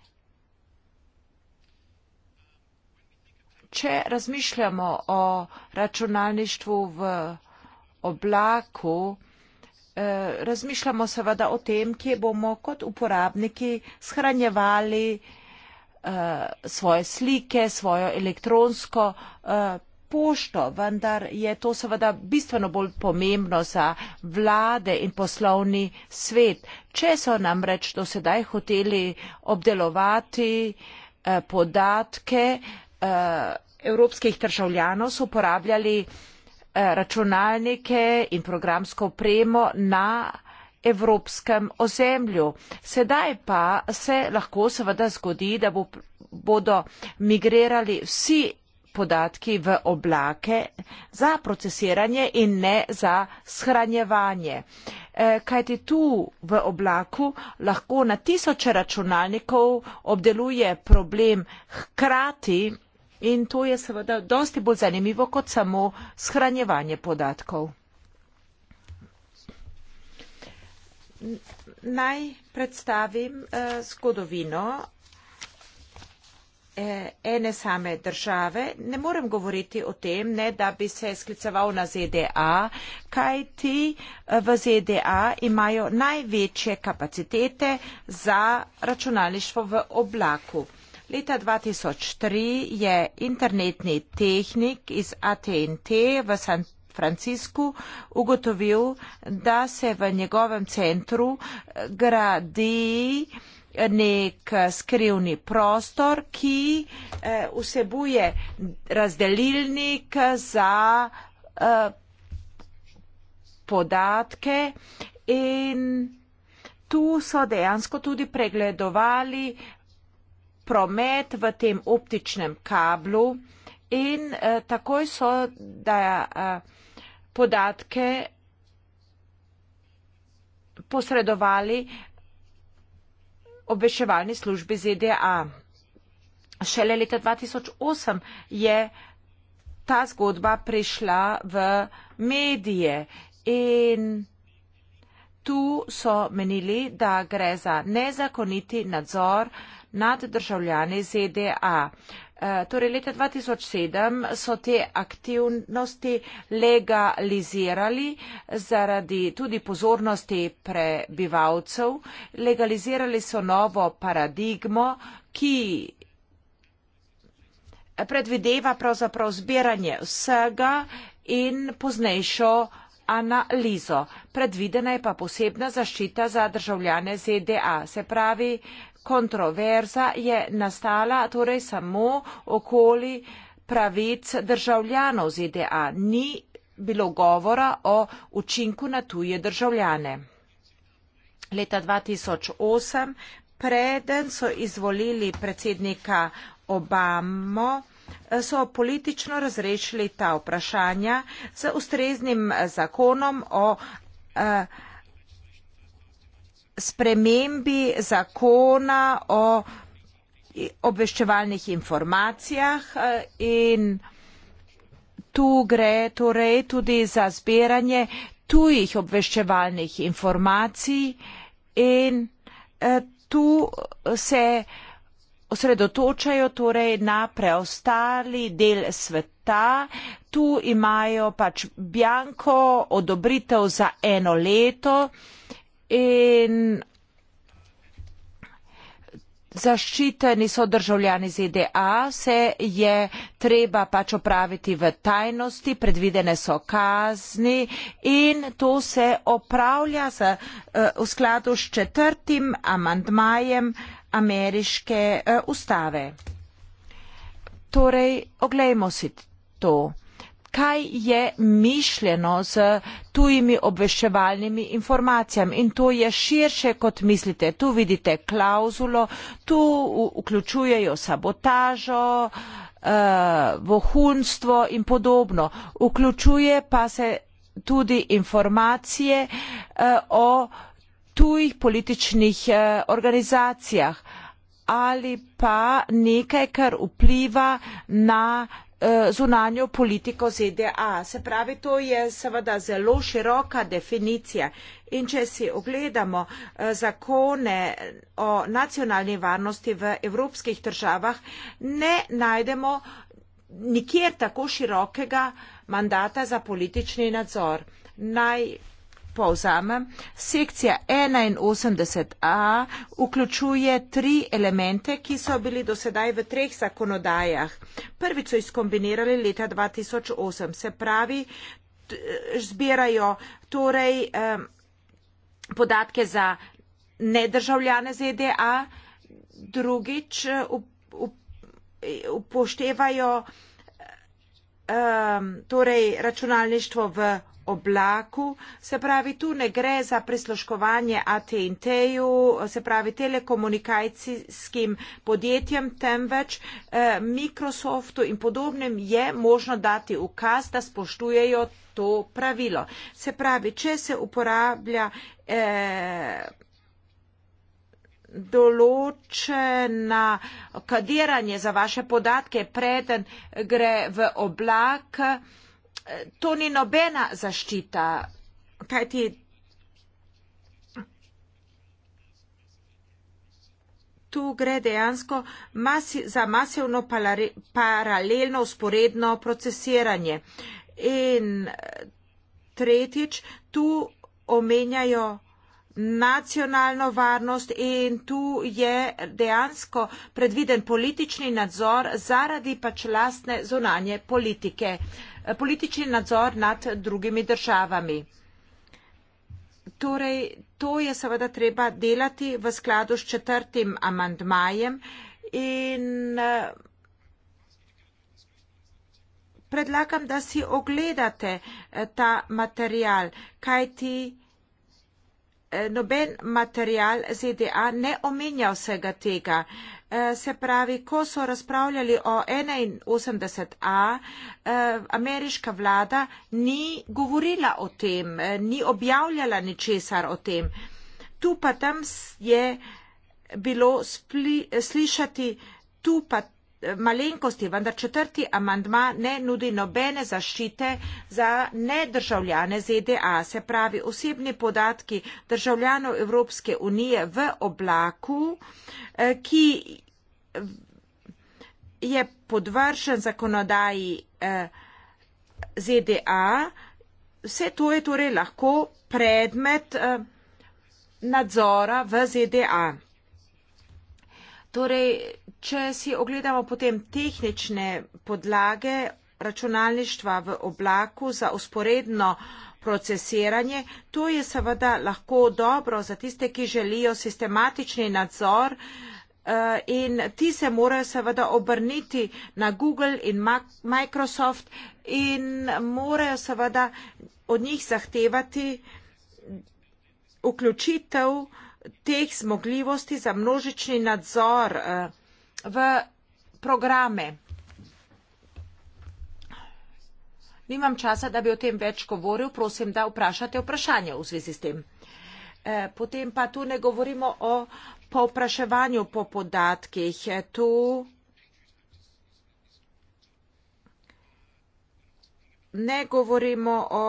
če razmišljamo o računalništvu v oblaku, eh, razmišljamo seveda o tem, kje bomo kot uporabniki shranjevali eh, svoje slike, svojo elektronsko eh, pošto, vendar je to seveda bistveno bolj pomembno za vlade in poslovni svet. Če so namreč do sedaj hoteli obdelovati podatke evropskih državljanov, so uporabljali Eh, računalnike in programsko opremo na evropskem ozemlju. Sedaj pa se lahko seveda zgodi, da bo, bodo migrirali vsi podatki v oblake za procesiranje in ne za shranjevanje. Eh, kajti tu v oblaku lahko na tisoče računalnikov obdeluje problem hkrati, In to je seveda dosti bolj zanimivo kot samo shranjevanje podatkov. Naj predstavim eh, zgodovino eh, ene same države. Ne morem govoriti o tem, ne, da bi se skliceval na ZDA, kaj ti eh, v ZDA imajo največje kapacitete za računalništvo v oblaku. Leta 2003 je internetni tehnik iz AT&T v San Francisku ugotovil, da se v njegovem centru gradi nek skrivni prostor, ki eh, vsebuje razdelilnik za eh, podatke in tu so dejansko tudi pregledovali promet v tem optičnem kablu in uh, takoj so, da uh, podatke posredovali obveševalni službi ZDA. Šele leta 2008 je ta zgodba prišla v medije in tu so menili, da gre za nezakoniti nadzor uh, nad državljane ZDA. Eh, torej, leta 2007 so te aktivnosti legalizirali zaradi tudi pozornosti prebivalcev. Legalizirali so novo paradigmo, ki predvideva pravzaprav zbiranje vsega in poznejšo analizo. Predvidena je pa posebna zaščita za državljane ZDA. Se pravi, kontroverza je nastala torej samo okoli pravic državljanov ZDA. Ni bilo govora o učinku na tuje državljane. Leta 2008, preden so izvolili predsednika Obamo, so politično razrešili ta vprašanja z ustreznim zakonom o eh, spremembi zakona o obveščevalnih informacijah eh, in tu gre torej tudi za zbiranje tujih obveščevalnih informacij in eh, tu se osredotočajo torej na preostali del sveta. Tu imajo pač bjanko odobritev za eno leto in zaščiteni so državljani ZDA, se je treba pač opraviti v tajnosti, predvidene so kazni in to se opravlja z, eh, v skladu s četrtim amandmajem ameriške eh, ustave. Torej, oglejmo si to kaj je mišljeno s tujimi obveščevalnimi informacijami in to je širše kot mislite tu vidite klauzulo tu vključujejo sabotažo eh, vohunstvo in podobno vključuje pa se tudi informacije eh, o tujih političnih eh, organizacijah ali pa nekaj kar vpliva na Eh, zunanjo politiko ZDA. Se pravi, to je seveda zelo široka definicija. In če si ogledamo eh, zakone o nacionalni varnosti v evropskih državah, ne najdemo nikjer tako širokega mandata za politični nadzor. Naj povzamem, sekcija 81a vključuje tri elemente, ki so bili do sedaj v treh zakonodajah. Prvič so izkombinirali leta 2008, se pravi, zbirajo torej podatke za nedržavljane ZDA, drugič upoštevajo torej računalništvo v oblaku, se pravi, tu ne gre za prisluškovanje AT&T-ju, se pravi, telekomunikacijskim podjetjem, temveč eh, Microsoftu in podobnim je možno dati ukaz, da spoštujejo to pravilo. Se pravi, če se uporablja eh, določena kadiranje za vaše podatke preden gre v oblak, eh, to ni nobena zaščita, kaj ti tu gre dejansko masi, za masivno paralelno usporedno procesiranje. In tretjič, tu omenjajo nacionalno varnost in tu je dejansko predviden politični nadzor zaradi pač lastne zunanje politike. Uh, politični nadzor nad drugimi državami. Torej, to je seveda treba delati v skladu s četrtim amandmajem in eh, predlagam, da si ogledate eh, ta material, kaj ti eh, noben material ZDA ne omenja vsega tega. Eh, se pravi, ko so razpravljali o 81a, eh, ameriška vlada ni govorila o tem, eh, ni objavljala ničesar o tem. Tu pa tam je bilo spli, slišati, tu pa malenkosti, vendar četrti amandma ne nudi nobene zaščite za nedržavljane ZDA. Se pravi, osebni podatki državljanov Evropske unije v oblaku, eh, ki je podvršen zakonodaji eh, ZDA, vse to je torej lahko predmet eh, nadzora v ZDA. Torej, če si ogledamo potem tehnične podlage računalništva v oblaku za usporedno procesiranje, to je seveda lahko dobro za tiste, ki želijo sistematični nadzor eh, in ti se morajo seveda obrniti na Google in Microsoft in morajo seveda od njih zahtevati vključitev teh zmogljivosti za množični nadzor eh, v programe. Nimam časa, da bi o tem več govoril, prosim, da vprašate vprašanje v zvezi s tem. Eh, potem pa tu ne govorimo o povpraševanju po podatkih. Eh, tu ne govorimo o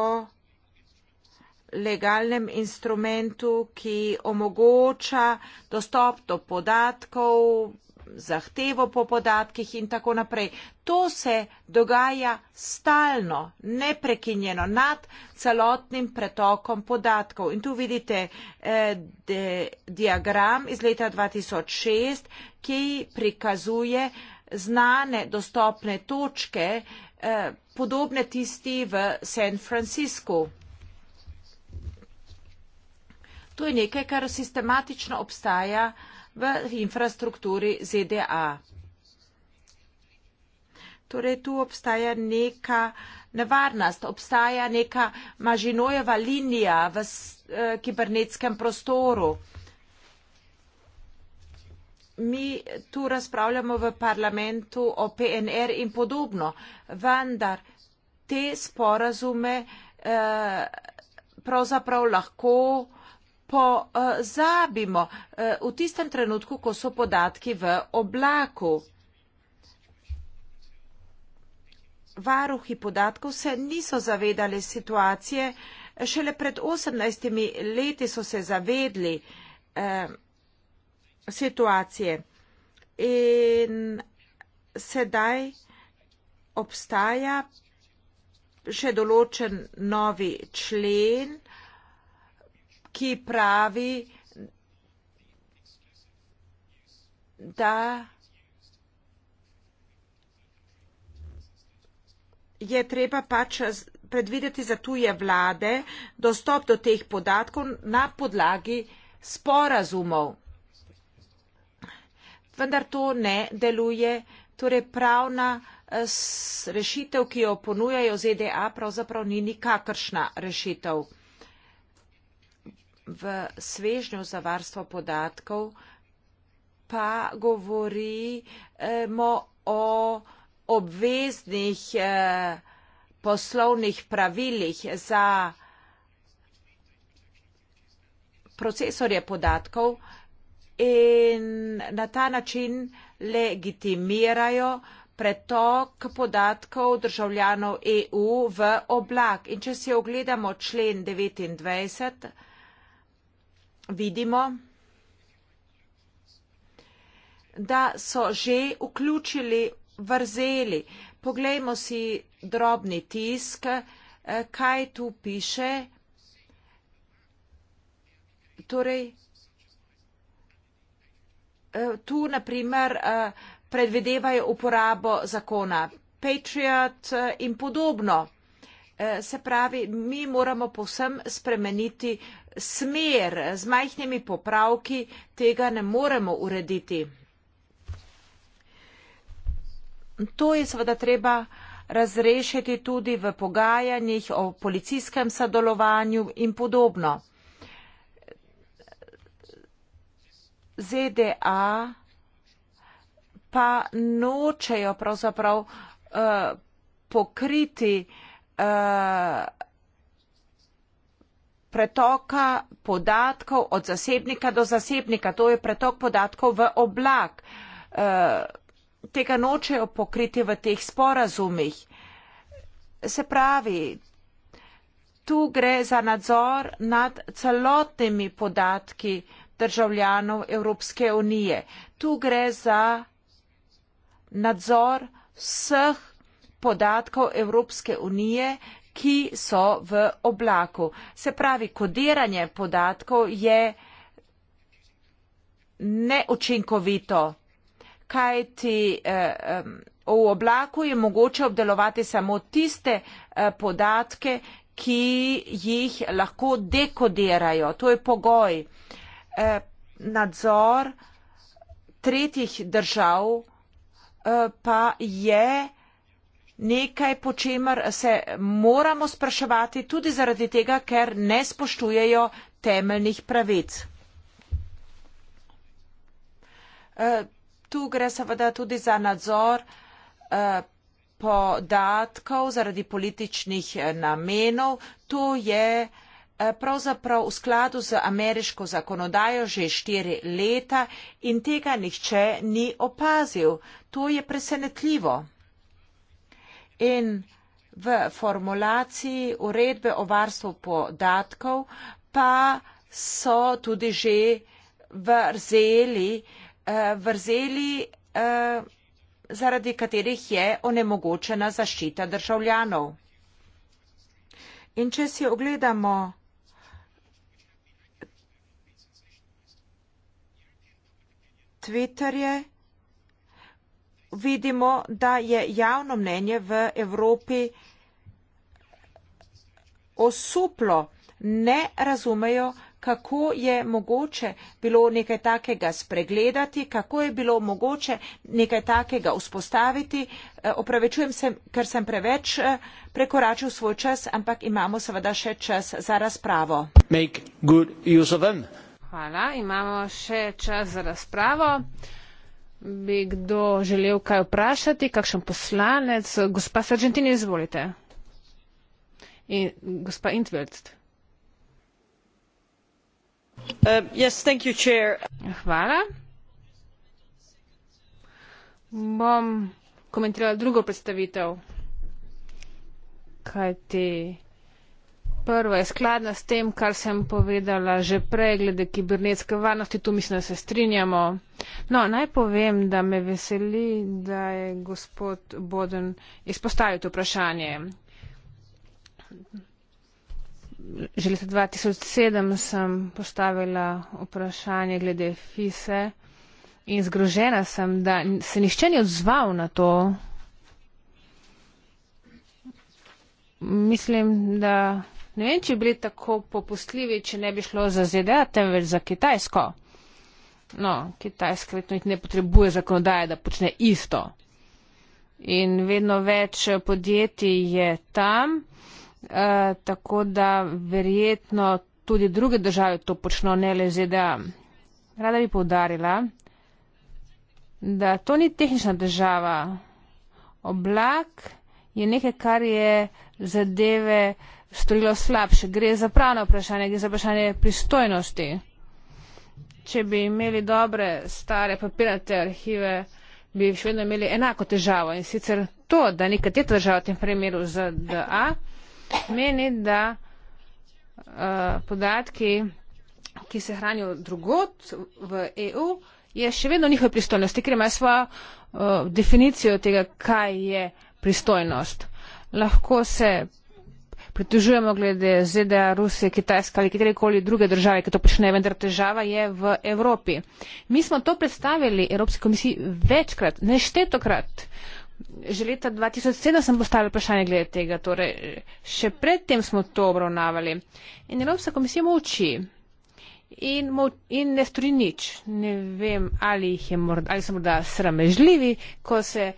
legalnem instrumentu, ki omogoča dostop do podatkov, zahtevo po podatkih in tako naprej. To se dogaja stalno, neprekinjeno nad celotnim pretokom podatkov. In tu vidite eh, de, diagram iz leta 2006, ki prikazuje znane dostopne točke, eh, podobne tisti v San Franciscu. To je nekaj, kar sistematično obstaja v infrastrukturi ZDA. Torej, tu obstaja neka nevarnost, obstaja neka mažinojeva linija v eh, kibernetskem prostoru. Mi tu razpravljamo v parlamentu o PNR in podobno, vendar te sporazume eh, pravzaprav lahko eh, pozabimo eh, v tistem trenutku, ko so podatki v oblaku. Varuhi podatkov se niso zavedali situacije, šele pred 18 leti so se zavedli eh, situacije in sedaj obstaja še določen novi člen, ki pravi, da je treba pač predvideti za tuje vlade dostop do teh podatkov na podlagi sporazumov. Vendar to ne deluje, torej pravna eh, rešitev, ki jo ponujajo ZDA, pravzaprav ni nikakršna rešitev v svežnju za varstvo podatkov pa govorimo o obveznih eh, poslovnih pravilih za procesorje podatkov in na ta način legitimirajo pretok podatkov državljanov EU v oblak. In če si ogledamo člen 29, vidimo, da so že vključili vrzeli. Poglejmo si drobni tisk, eh, kaj tu piše. Torej, eh, tu naprimer eh, predvidevajo uporabo zakona Patriot in podobno. Eh, se pravi, mi moramo povsem spremeniti smer. Z majhnimi popravki tega ne moremo urediti. To je seveda treba razrešiti tudi v pogajanjih o policijskem sodelovanju in podobno. ZDA pa nočejo pravzaprav uh, pokriti uh, Eh, pretoka podatkov od zasebnika do zasebnika. To je pretok podatkov v oblak. Eh, tega nočejo pokriti v teh sporazumih. Se pravi, tu gre za nadzor nad celotnimi podatki državljanov Evropske unije. Tu gre za nadzor vseh podatkov Evropske unije, ki so v oblaku. Se pravi, kodiranje podatkov je neučinkovito, kaj ti eh, eh, v oblaku je mogoče obdelovati samo tiste eh, podatke, ki jih lahko dekodirajo. To je pogoj. Eh, nadzor tretjih držav eh, pa je nekaj, po čemer se moramo spraševati, tudi zaradi tega, ker ne spoštujejo temeljnih pravic. E, tu gre seveda tudi za nadzor e, podatkov zaradi političnih e, namenov. To je pravzaprav v skladu z ameriško zakonodajo že štiri leta in tega nihče ni opazil. To je presenetljivo in v formulaciji uredbe o varstvu podatkov pa so tudi že vrzeli, eh, vrzeli eh, zaradi katerih je onemogočena zaščita državljanov. In če si ogledamo Twitterje, vidimo, da je javno mnenje v Evropi osuplo, ne razumejo, kako je mogoče bilo nekaj takega spregledati, kako je bilo mogoče nekaj takega vzpostaviti. Eh, Opravečujem se, ker sem preveč eh, prekoračil svoj čas, ampak imamo seveda še čas za razpravo. Hvala, imamo še čas za razpravo. Bi kdo želel kaj vprašati, kakšen poslanec? Gospa Sargentini, izvolite. In, gospa Intveld. Uh, yes, thank you, chair. Hvala. Bom komentirala drugo predstavitev. Kaj ti? Te prva je skladna s tem, kar sem povedala že prej glede kibernetske varnosti, tu mislim, da se strinjamo. No, naj povem, da me veseli, da je gospod Boden izpostavil to vprašanje. Že leta 2007 sem postavila vprašanje glede FISE in zgrožena sem, da se nišče ni odzval na to. Mislim, da ne vem, če bi bili tako popustljivi, če ne bi šlo za ZDA, temveč za Kitajsko. No, Kitajska vedno ne potrebuje zakonodaje, da počne isto. In vedno več podjetij je tam, eh, tako da verjetno tudi druge države to počno, ne le ZDA. Rada bi povdarila, da to ni tehnična država. Oblak je nekaj, kar je zadeve storilo slabše. Gre za pravno vprašanje, gre za vprašanje pristojnosti. Če bi imeli dobre, stare papirnate arhive, bi še vedno imeli enako težavo. In sicer to, da nekatere države v tem primeru ZDA meni, da uh, podatki, ki se hranijo drugot v EU, je še vedno njihove pristojnosti, ker imajo svojo uh, definicijo tega, kaj je pristojnost. Lahko se pritožujemo glede ZDA, Rusije, Kitajske ali katerekoli druge države, ki to počne, vendar težava je v Evropi. Mi smo to predstavili Evropski komisiji večkrat, neštetokrat. Že leta 2007 sem postavil vprašanje glede tega, torej še predtem smo to obravnavali. In Evropska komisija moči in, in ne stori nič. Ne vem, ali, morda, ali so morda sramežljivi, ko se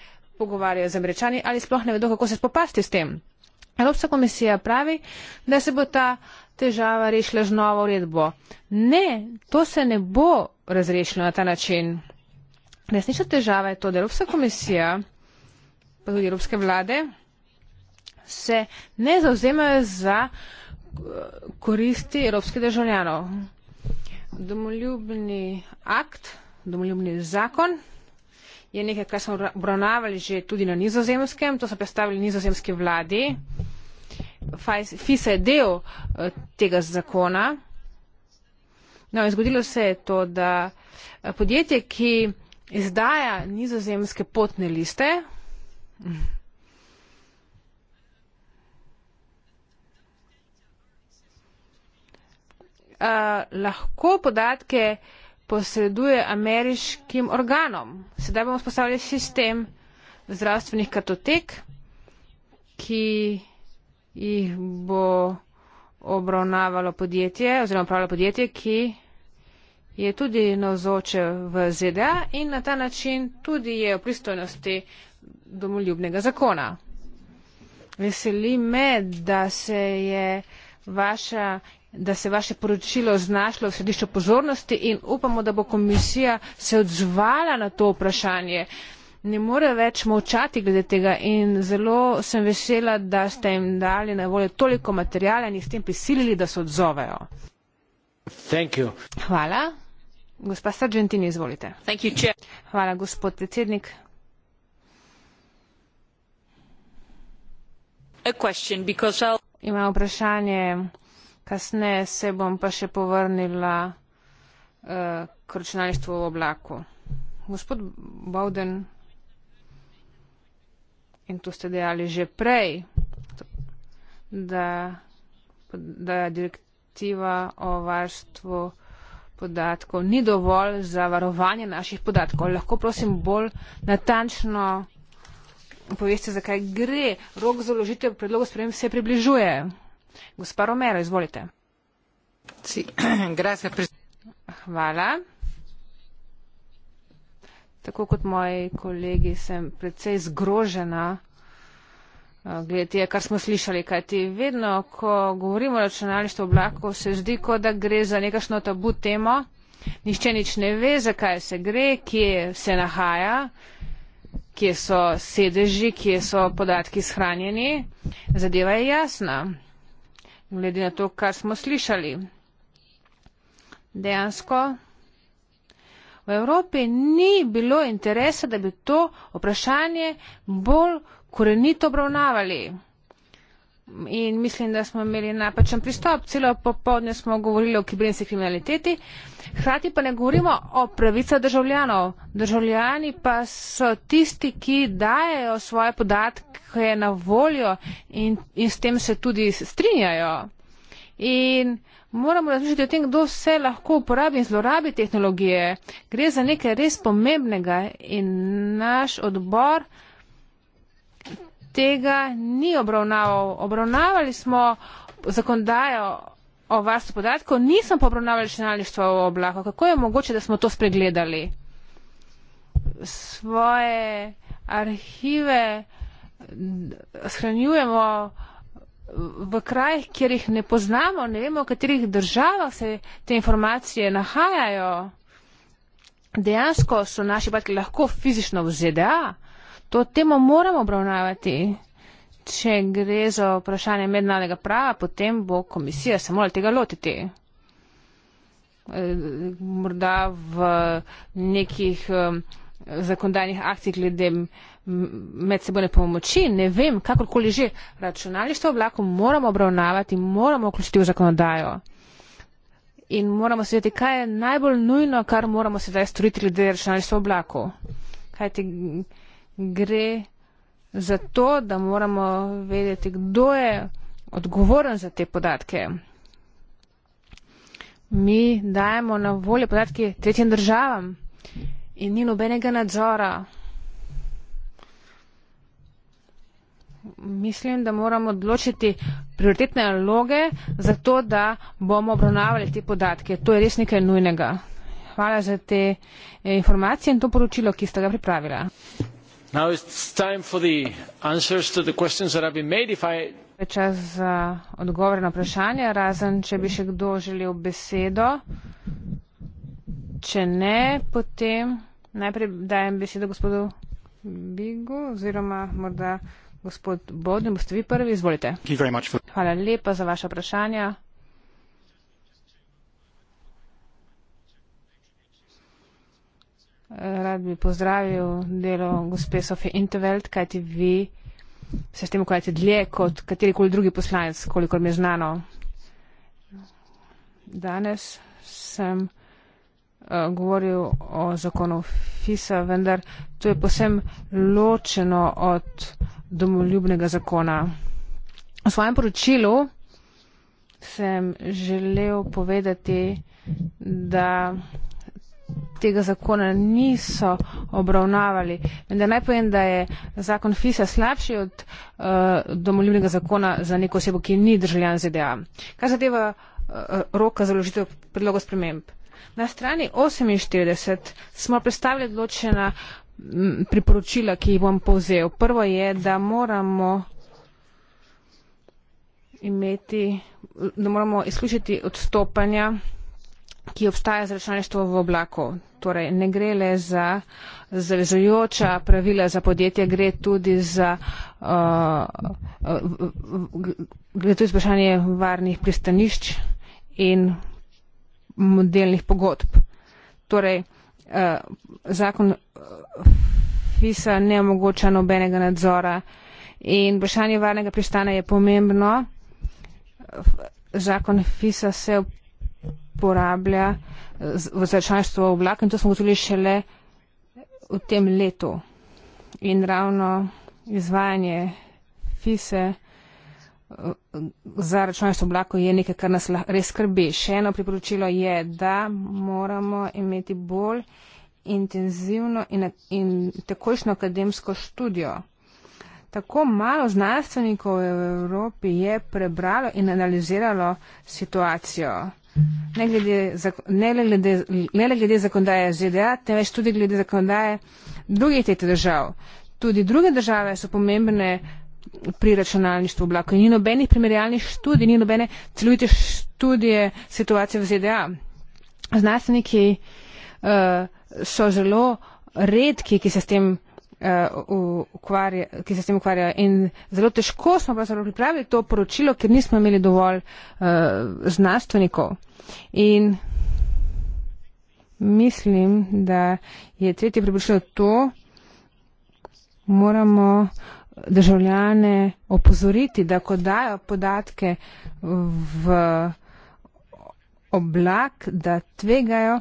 pogovarjajo z američani, ali sploh ne vedo, kako se spopasti s tem. Evropska komisija pravi, da se bo ta težava rešila z novo uredbo. Ne, to se ne bo razrešilo na ta način. Resnična težava je to, da Evropska komisija, pa tudi Evropske vlade, se ne zauzemajo za eh, koristi evropskih državljanov. Domoljubni akt, domoljubni zakon je nekaj, kar smo obravnavali že tudi na nizozemskem, to so predstavili nizozemski vladi. FISA je del eh, tega zakona. No, zgodilo se je to, da eh, podjetje, ki izdaja nizozemske potne liste, eh, lahko podatke uh, posreduje ameriškim organom. Sedaj bomo spostavili sistem zdravstvenih katotek, ki jih bo obravnavalo podjetje oziroma upravljalo podjetje, ki je tudi navzoče v ZDA in na ta način tudi je v pristojnosti domoljubnega zakona. Veseli me, da se je vaša da se je vaše poročilo znašlo v središču pozornosti in upamo, da bo komisija se odzvala na to vprašanje. Ne more več molčati glede tega in zelo sem vesela, da ste jim dali na voljo toliko materijala in jih s tem prisilili, da se odzovejo. Hvala. Gospa Sargentini, izvolite. You, Hvala, gospod predsednik. Question, imam vprašanje, kasneje se bom pa še povrnila uh, k računalništvu v oblaku. Gospod Bowden, in to ste dejali že prej, da, da direktiva o varstvu podatkov ni dovolj za varovanje naših podatkov. Lahko prosim bolj natančno poveste, zakaj gre. Rok za vložitev predlogov sprememb se približuje gospa romero izvolite hvala tako kot moji kolegi sem precej zgrožena eh, glede tega kar smo slišali kajti vedno ko govorimo o računalništvu oblaku se zdi kot da gre za nekakšno tabu temo nihče nič ne ve zakaj se gre kje se nahaja kje so sedeži kje so podatki shranjeni zadeva je jasna glede na to, kar smo slišali. Dejansko v Evropi ni bilo interesa, da bi to vprašanje bolj korenito obravnavali in mislim, da smo imeli napačen pristop. Celo popodne smo govorili o kibernetski kriminaliteti, hkrati pa ne govorimo o pravicah državljanov. Državljani pa so tisti, ki dajejo svoje podatke na voljo in, in s tem se tudi strinjajo. In moramo razmišljati o tem, kdo vse lahko uporabi in zlorabi tehnologije. Gre za nekaj res pomembnega in naš odbor tega ni obravnaval. Obravnavali smo zakondajo o varstvu podatkov, nisem pa obravnavali računalništva v oblaku. Kako je mogoče, da smo to spregledali? Svoje arhive mm, shranjujemo v krajih, kjer jih ne poznamo, ne vemo, v katerih državah se te informacije nahajajo. Dejansko so naši podatki lahko fizično v ZDA. To temo moramo obravnavati. Če gre za vprašanje mednarodnega prava, potem bo komisija se morala tega lotiti. E, morda v nekih um, zakondajnih akcijah glede medsebojne pomoči, ne vem, kakorkoli že, računalništvo vlako moramo obravnavati, moramo vključiti v zakonodajo. In moramo se vedeti, kaj je najbolj nujno, kar moramo sedaj storiti glede računalništva vlako. Kaj ti. Te gre za to, da moramo vedeti, kdo je odgovoren za te podatke. Mi dajemo na voljo podatke tretjim državam in ni nobenega nadzora. Mislim, da moramo odločiti prioritetne naloge za to, da bomo obravnavali te podatke. To je res nekaj nujnega. Hvala za te eh, informacije in to poročilo, ki ste ga pripravila now it is time for the answers to the questions that have been made if i čas za odgovor na vprašanje, razen če bi še kdo želel besedo. Če ne, potem najprej dajem besedo gospodu Bigu oziroma morda gospod Bodin, boste vi prvi, izvolite. Hvala lepa za vaše vprašanje. rad bi pozdravil delo gospe Sofie Intervelt, kajti vi se s tem ukvarjate dlje kot katerikoli drugi poslanec, kolikor mi je znano. Danes sem eh, govoril o zakonu FISA, vendar to je posem ločeno od domoljubnega zakona. V svojem poročilu sem želel povedati, da tega zakona niso obravnavali. Vendar naj povem, da je zakon FISA slabši od uh, domoljubnega zakona za neko osebo, ki ni državljan ZDA. Kar zadeva uh, eh, roka za ložitev predloga sprememb. Na strani 48 smo predstavili odločena priporočila, ki jih bom povzel. Prvo je, da moramo imeti, da moramo izključiti odstopanja ki obstaja za računalništvo v oblaku. Torej, ne gre le za zavezujoča pravila za podjetje, gre tudi za vprašanje uh, uh, varnih pristanišč in modelnih pogodb. Torej, uh, zakon uh, FISA ne omogoča nobenega nadzora in vprašanje varnega pristana je pomembno. Zakon FISA se porablja v računalništvo oblak in to smo ugotovili šele v tem letu. In ravno izvajanje FISE eh, za računalništvo oblako je nekaj, kar nas res skrbi. Še eno priporočilo je, da moramo imeti bolj intenzivno in, in takošno akademsko študijo. Tako malo znanstvenikov v Evropi je prebralo in analiziralo situacijo ne, glede, ne, le glede, ne le glede zakonodaje ZDA, temveč tudi glede zakonodaje drugih teh držav. Tudi druge države so pomembne pri računalništvu oblaka. Ni nobenih primerjalnih študij, ni nobene celovite študije situacije v ZDA. Znanstveniki uh, so zelo redki, ki se s tem Uh, ukvarja, ki se s tem ukvarjajo. In zelo težko smo pravzaprav pripravili to poročilo, ker nismo imeli dovolj uh, znanstvenikov. In mislim, da je tretje priporočilo to, moramo državljane opozoriti, da ko dajo podatke v oblak, da tvegajo,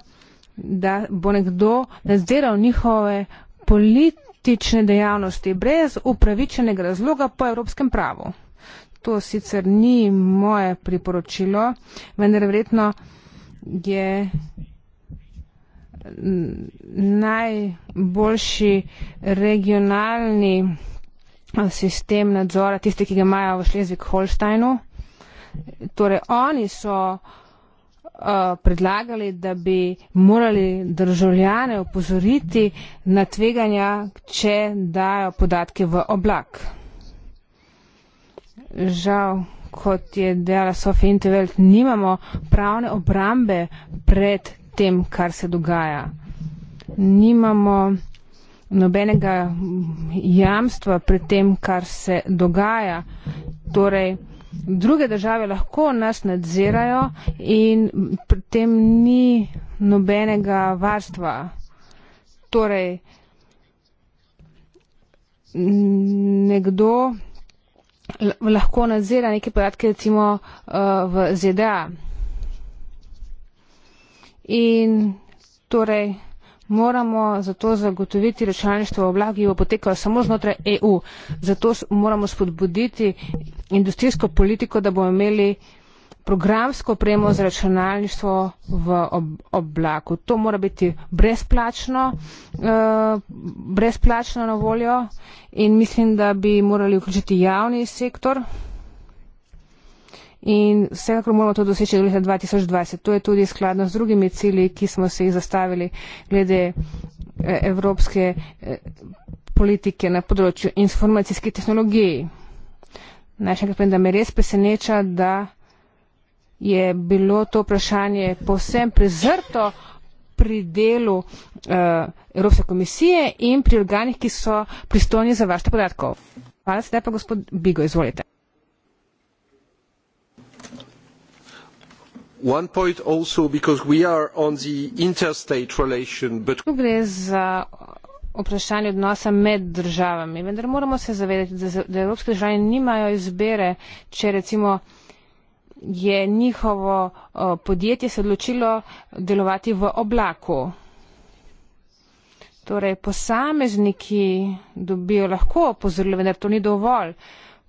da bo nekdo nadziral njihove politike politične dejavnosti brez upravičenega razloga po evropskem pravu. To sicer ni moje priporočilo, vendar verjetno je najboljši regionalni sistem nadzora, tisti, ki ga imajo v Šlezvik-Holsteinu. Torej, oni so Uh, predlagali, da bi morali državljane opozoriti na tveganja, če dajo podatke v oblak. Žal, kot je dejala Sofia Intervelt, nimamo pravne obrambe pred tem, kar se dogaja. Nimamo nobenega jamstva pred tem, kar se dogaja. Torej, druge države lahko nas nadzirajo in pri tem ni nobenega varstva. Torej, nekdo lahko nadzira neke podatke, recimo eh, v ZDA. In torej, moramo zato zagotoviti računalništvo oblak, ki bo potekalo samo znotraj EU. Zato moramo spodbuditi industrijsko politiko, da bomo imeli programsko opremo za računalništvo v ob oblaku. To mora biti brezplačno, eh, brezplačno na voljo in mislim, da bi morali vključiti javni sektor in vsekakor moramo to doseči do leta 2020. To je tudi skladno z drugimi cilji, ki smo se jih zastavili glede eh, evropske eh, politike na področju informacijske tehnologije. Naj še enkrat povem, da me res preseneča, da je bilo to vprašanje povsem prezrto pri delu uh, Evropske komisije in pri organih, ki so pristojni za vašte podatkov. Hvala se lepa, gospod Bigo, izvolite. one point also because we are on the interstate relation but gre za vprašanje odnosa med državami vendar moramo se zavedati da, da evropske države nimajo izbere če recimo je njihovo podjetje se odločilo delovati v oblaku torej posamezniki dobijo lahko opozorilo vendar to ni dovolj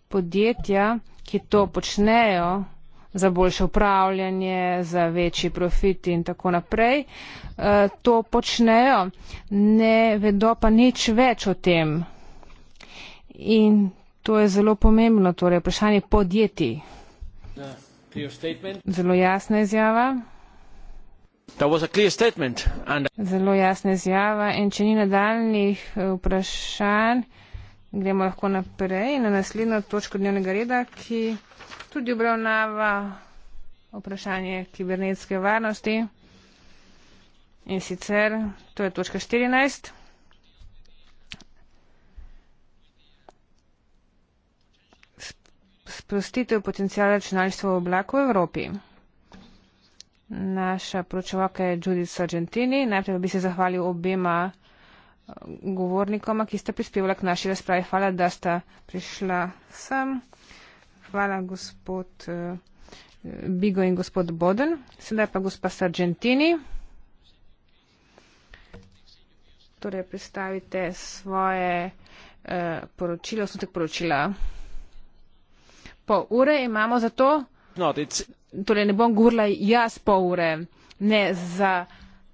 podjetja ki to počnejo za boljše upravljanje, za večji profit in tako naprej. Eh, to počnejo, ne vedo pa nič več o tem. In to je zelo pomembno, torej vprašanje podjetij. Zelo jasna izjava. And... Zelo jasna izjava in če ni nadaljnih eh, vprašanj, gremo lahko naprej na naslednjo točko dnevnega reda, ki tudi obravnava vprašanje kibernetske varnosti. In sicer, to je točka 14. Sprostitev potencijala računalništva v oblaku v Evropi. Naša pročevalka je Judith Sargentini. Najprej bi se zahvalil obema eh, govornikoma, ki sta prispevala k naši razpravi. Hvala, da sta prišla sem hvala, gospod eh, Bigo in gospod Boden. Sedaj pa gospa Sargentini. Torej, predstavite svoje eh, poročilo, osnutek poročila. Pol ure imamo za to. No, torej, ne bom govorila jaz pol ure. Ne, za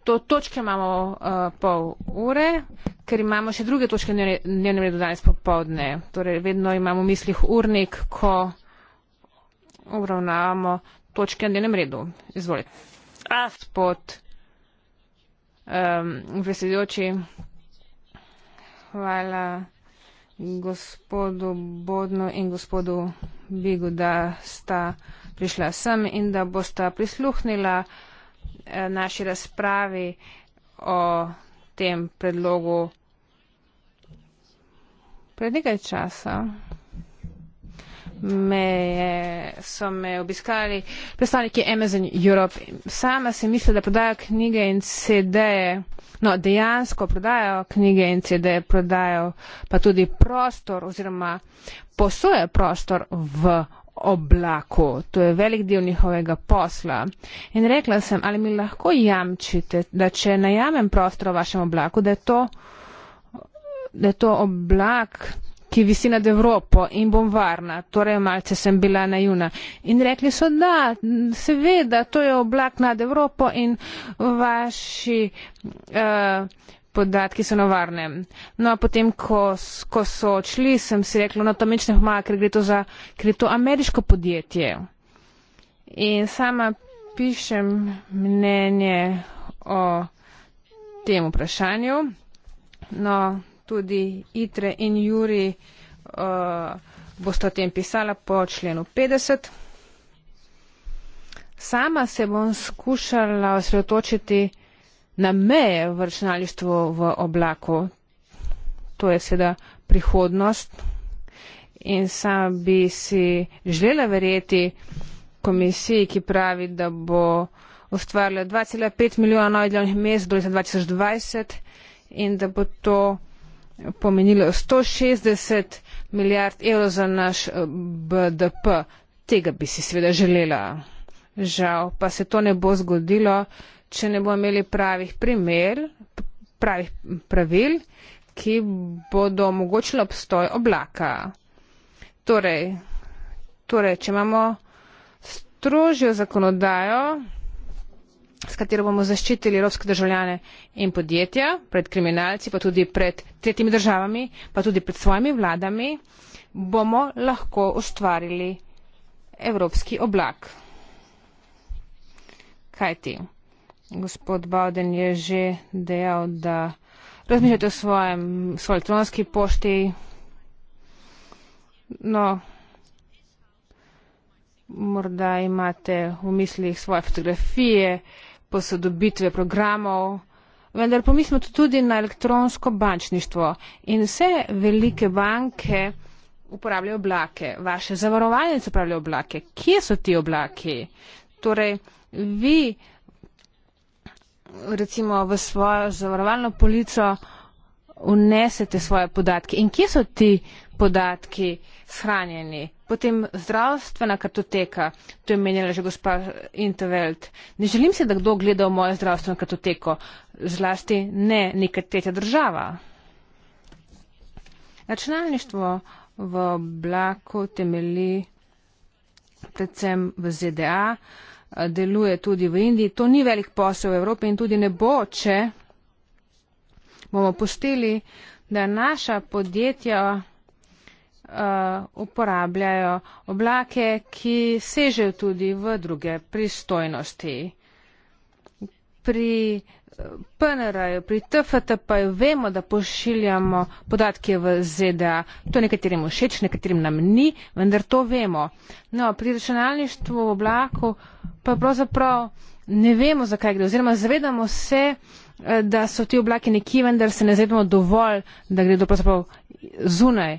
to točke imamo eh, pol ure, ker imamo še druge točke dnevnem redu danes popovdne. Torej, vedno imamo v mislih urnik, ko obravnavamo točke na dnevnem redu. Izvolite. Gospod um, predsedujoči, hvala gospodu Bodnu in gospodu Bigu, da sta prišla sem in da bosta prisluhnila eh, naši razpravi o tem predlogu pred nekaj časa me je, so me obiskali predstavniki Amazon Europe. Sama sem mislila, da prodajo knjige in CD-je. No, dejansko prodajo knjige in CD-je, prodajo pa tudi prostor oziroma posoje prostor v oblaku. To je velik del njihovega posla. In rekla sem, ali mi lahko jamčite, da če najamem prostor v vašem oblaku, da je to, da je to oblak ki visi nad Evropo in bom varna, torej malce sem bila najuna. In rekli so, da, seveda, to je oblak nad Evropo in vaši uh, podatki so na varnem. No, potem, ko, ko so odšli, sem si rekla, no, to nič ne pomaga, ker gre to za, ker je to ameriško podjetje. In sama pišem mnenje o tem vprašanju. No, tudi Itre in Juri uh, eh, boste o tem pisala po členu 50. Sama se bom skušala osredotočiti na meje v računalništvu v oblaku. To je seveda prihodnost in sam bi si želela verjeti komisiji, ki pravi, da bo ustvarila 2,5 milijona novih delovnih mest do leta 2020 in da bo to pomenilo 160 milijard evrov za naš eh, BDP. Tega bi si seveda želela. Žal pa se to ne bo zgodilo, če ne bomo imeli pravih primer, pravih pravil, ki bodo omogočili obstoj oblaka. Torej, torej če imamo strožjo zakonodajo, s katero bomo zaščitili evropske državljane in podjetja pred kriminalci, pa tudi pred tretjimi državami, pa tudi pred svojimi vladami, bomo lahko ustvarili evropski oblak. Kaj ti? Gospod Bauden je že dejal, da razmišljate o svojem svoj elektronski pošti. No, morda imate v mislih svoje fotografije, uh, posodobitve programov, vendar pomislimo tudi na elektronsko bančništvo. In vse velike banke uporabljajo oblake, vaše zavarovalnice uporabljajo oblake. Kje so ti oblaki? Torej, vi recimo v svojo zavarovalno polico unesete svoje podatke in kje so ti podatki shranjeni. Potem zdravstvena kartoteka, to je menjala že gospa Intervelt. Ne želim si, da kdo gleda v mojo zdravstveno kartoteko, zlasti ne neka tretja država. Računalništvo v oblaku temeli predvsem v ZDA, deluje tudi v Indiji. To ni velik posel v Evropi in tudi ne bo, če bomo pustili, da naša podjetja uh, uporabljajo oblake, ki sežejo tudi v druge pristojnosti. Pri uh, PNR-ju, pri TFTP-ju vemo, da pošiljamo podatke v ZDA. To nekaterim všeč, nekaterim nam ni, vendar to vemo. No, pri računalništvu v oblaku pa pravzaprav ne vemo, zakaj gre. Oziroma zavedamo se, Eh, da so ti oblaki nekje, vendar se ne zavedamo dovolj, da gredo pravzaprav zunaj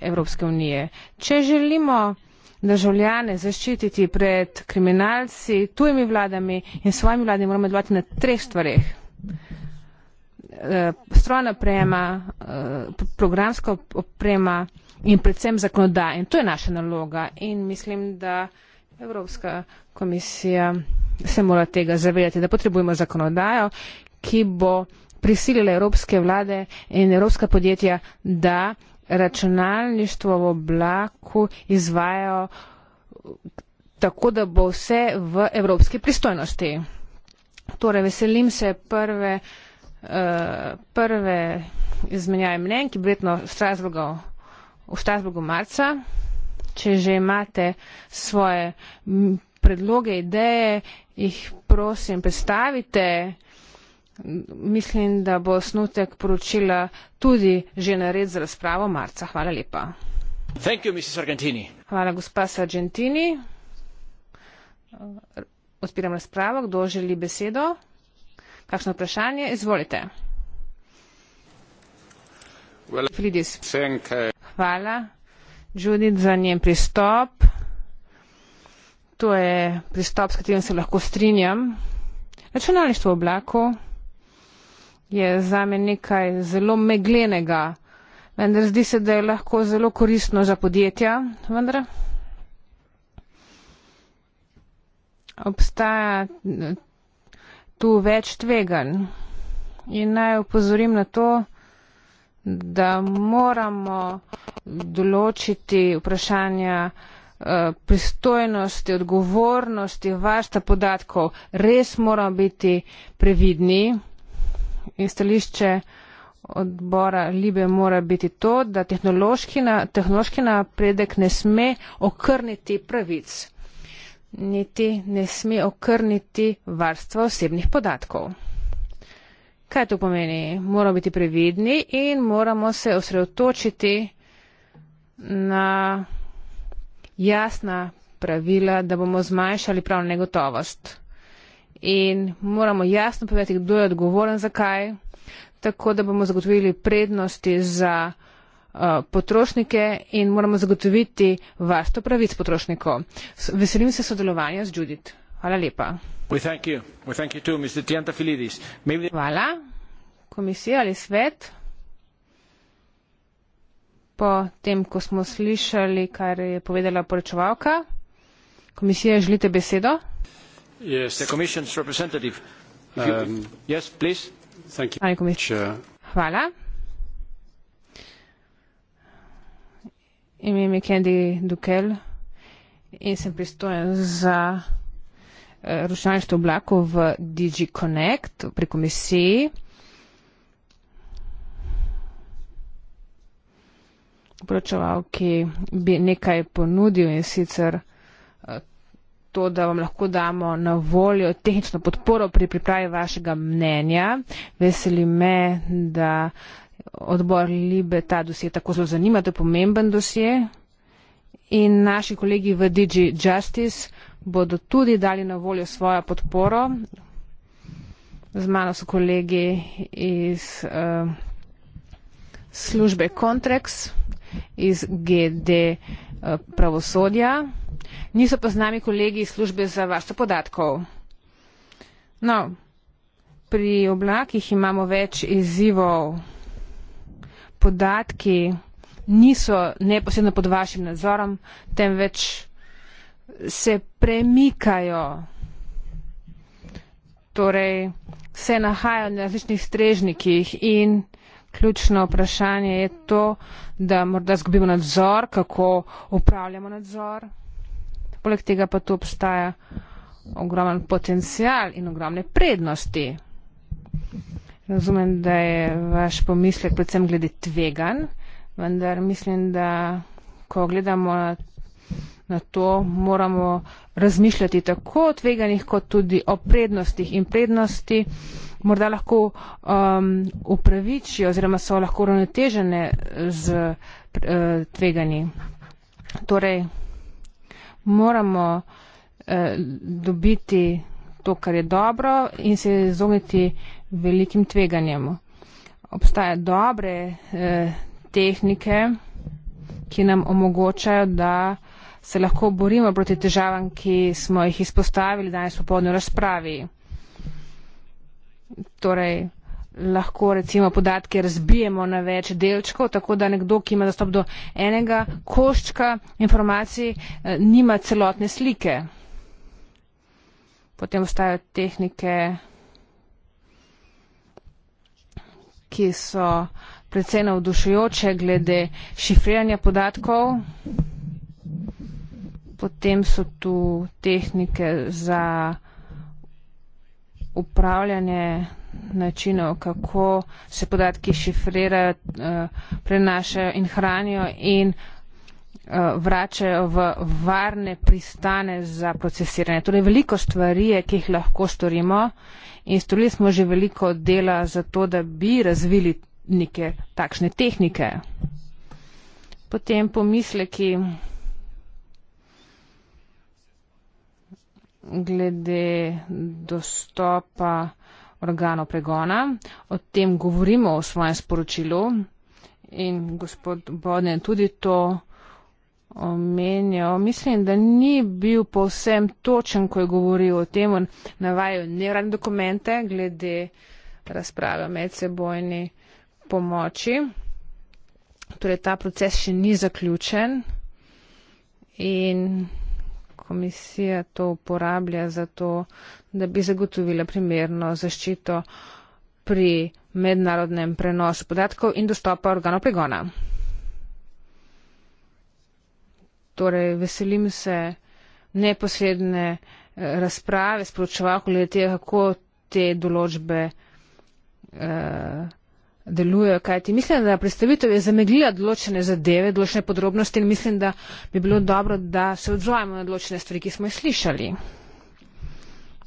Evropske unije. Če želimo državljane zaščititi pred kriminalci, tujimi vladami in svojimi vladami, moramo delovati na treh stvareh. Eh, strojna oprema, eh, programska oprema in predvsem zakonodaja. In to je naša naloga in mislim, da Evropska komisija se mora tega zavedati, da potrebujemo zakonodajo, ki bo prisilila evropske vlade in evropska podjetja, da računalništvo v oblaku izvajo tako, da bo vse v evropski pristojnosti. Torej, veselim se prve, uh, prve izmenjave mnen, ki verjetno v Strasburgu marca. Če že imate svoje predloge, ideje, jih prosim predstavite. Mislim, da bo snutek poročila tudi že nared za razpravo marca. Hvala lepa. You, Hvala, gospa Sargentini. Odpiram razpravo. Kdo želi besedo? Kakšno vprašanje? Izvolite. Well, uh, Hvala, Judith, za njen pristop. To je pristop, s katerim se lahko strinjam. Računalništvo v oblaku je za me nekaj zelo meglenega. Vendar zdi se, da je lahko zelo koristno za podjetja. Vendar. Obstaja eh, tu več tvegan. In naj upozorim na to, da moramo določiti vprašanja eh, pristojnosti, odgovornosti, varsta podatkov. Res moramo biti previdni in stališče odbora Libe mora biti to, da tehnološki, na, tehnološki napredek ne sme okrniti pravic, niti ne sme okrniti varstva osebnih podatkov. Kaj to pomeni? Moramo biti previdni in moramo se osredotočiti na jasna pravila, da bomo zmanjšali pravno negotovost in moramo jasno povedati, kdo je odgovoren za kaj, tako da bomo zagotovili prednosti za uh, potrošnike in moramo zagotoviti varstvo pravic potrošnikov. Veselim se sodelovanja z Judith. Hvala lepa. Hvala. Komisija ali svet? Po tem, ko smo slišali, kar je povedala poročevalka, komisija, želite besedo? Yes, the Commission's representative. Um, yes, please. Thank you. Commissioner. Hvala. Ime mi Candy Dukel in sem pristojen za eh, rušalništvo oblako v DigiConnect pri komisiji. Pročevalki bi nekaj ponudil in sicer to, da vam lahko damo na voljo tehnično podporo pri pripravi vašega mnenja. Veseli me, da odbor Libe ta dosje tako zelo zanima, da je pomemben dosje. In naši kolegi v DG Justice bodo tudi dali na voljo svojo podporo. Z mano so kolegi iz uh, službe Contrex, iz GD uh, eh, pravosodja niso pa z nami kolegi iz službe za varstvo podatkov. No, pri oblakih imamo več izzivov. Podatki niso neposredno pod vašim nadzorom, temveč se premikajo. Torej, se nahajajo na različnih strežnikih in ključno vprašanje je to, da morda zgubimo nadzor, kako upravljamo nadzor. Poleg tega pa tu obstaja ogromen potencial in ogromne prednosti. Razumem, da je vaš pomislek predvsem glede tvegan, vendar mislim, da ko gledamo na to, moramo razmišljati tako o tveganih, kot tudi o prednostih in prednosti. Morda lahko um, upravičijo oziroma so lahko ravnotežene z uh, tveganji. Torej, moramo eh, dobiti to, kar je dobro in se izogniti velikim tveganjem. Obstaja dobre eh, tehnike, ki nam omogočajo, da se lahko borimo proti težavam, ki smo jih izpostavili danes v podnjo razpravi. Torej, lahko recimo podatke razbijemo na več delčkov, tako da nekdo, ki ima dostop do enega koščka informacij, eh, nima celotne slike. Potem ostajajo tehnike, ki so predvsej navdušujoče glede šifriranja podatkov. Potem so tu tehnike za upravljanje načinov, kako se podatki šifrirajo, eh, prenašajo in hranijo in eh, vračajo v varne pristane za procesiranje. Torej veliko stvari je, ki jih lahko storimo in storili smo že veliko dela za to, da bi razvili neke takšne tehnike. Potem pomisleki glede dostopa organov pregona. O tem govorimo v svojem sporočilu in gospod Bodne tudi to omenjal. Mislim, da ni bil povsem točen, ko je govoril o tem, on navajal nevrane dokumente glede razprave o medsebojni pomoči. Torej, ta proces še ni zaključen. In komisija to uporablja za to, da bi zagotovila primerno zaščito pri mednarodnem prenosu podatkov in dostopa organov pregona. Torej, veselim se neposredne eh, razprave, sporočeval, kako te določbe eh, delujejo. Kajti mislim, da predstavitev je zameglila določene zadeve, določene podrobnosti in mislim, da bi bilo dobro, da se odzovemo na določene stvari, ki smo jih slišali.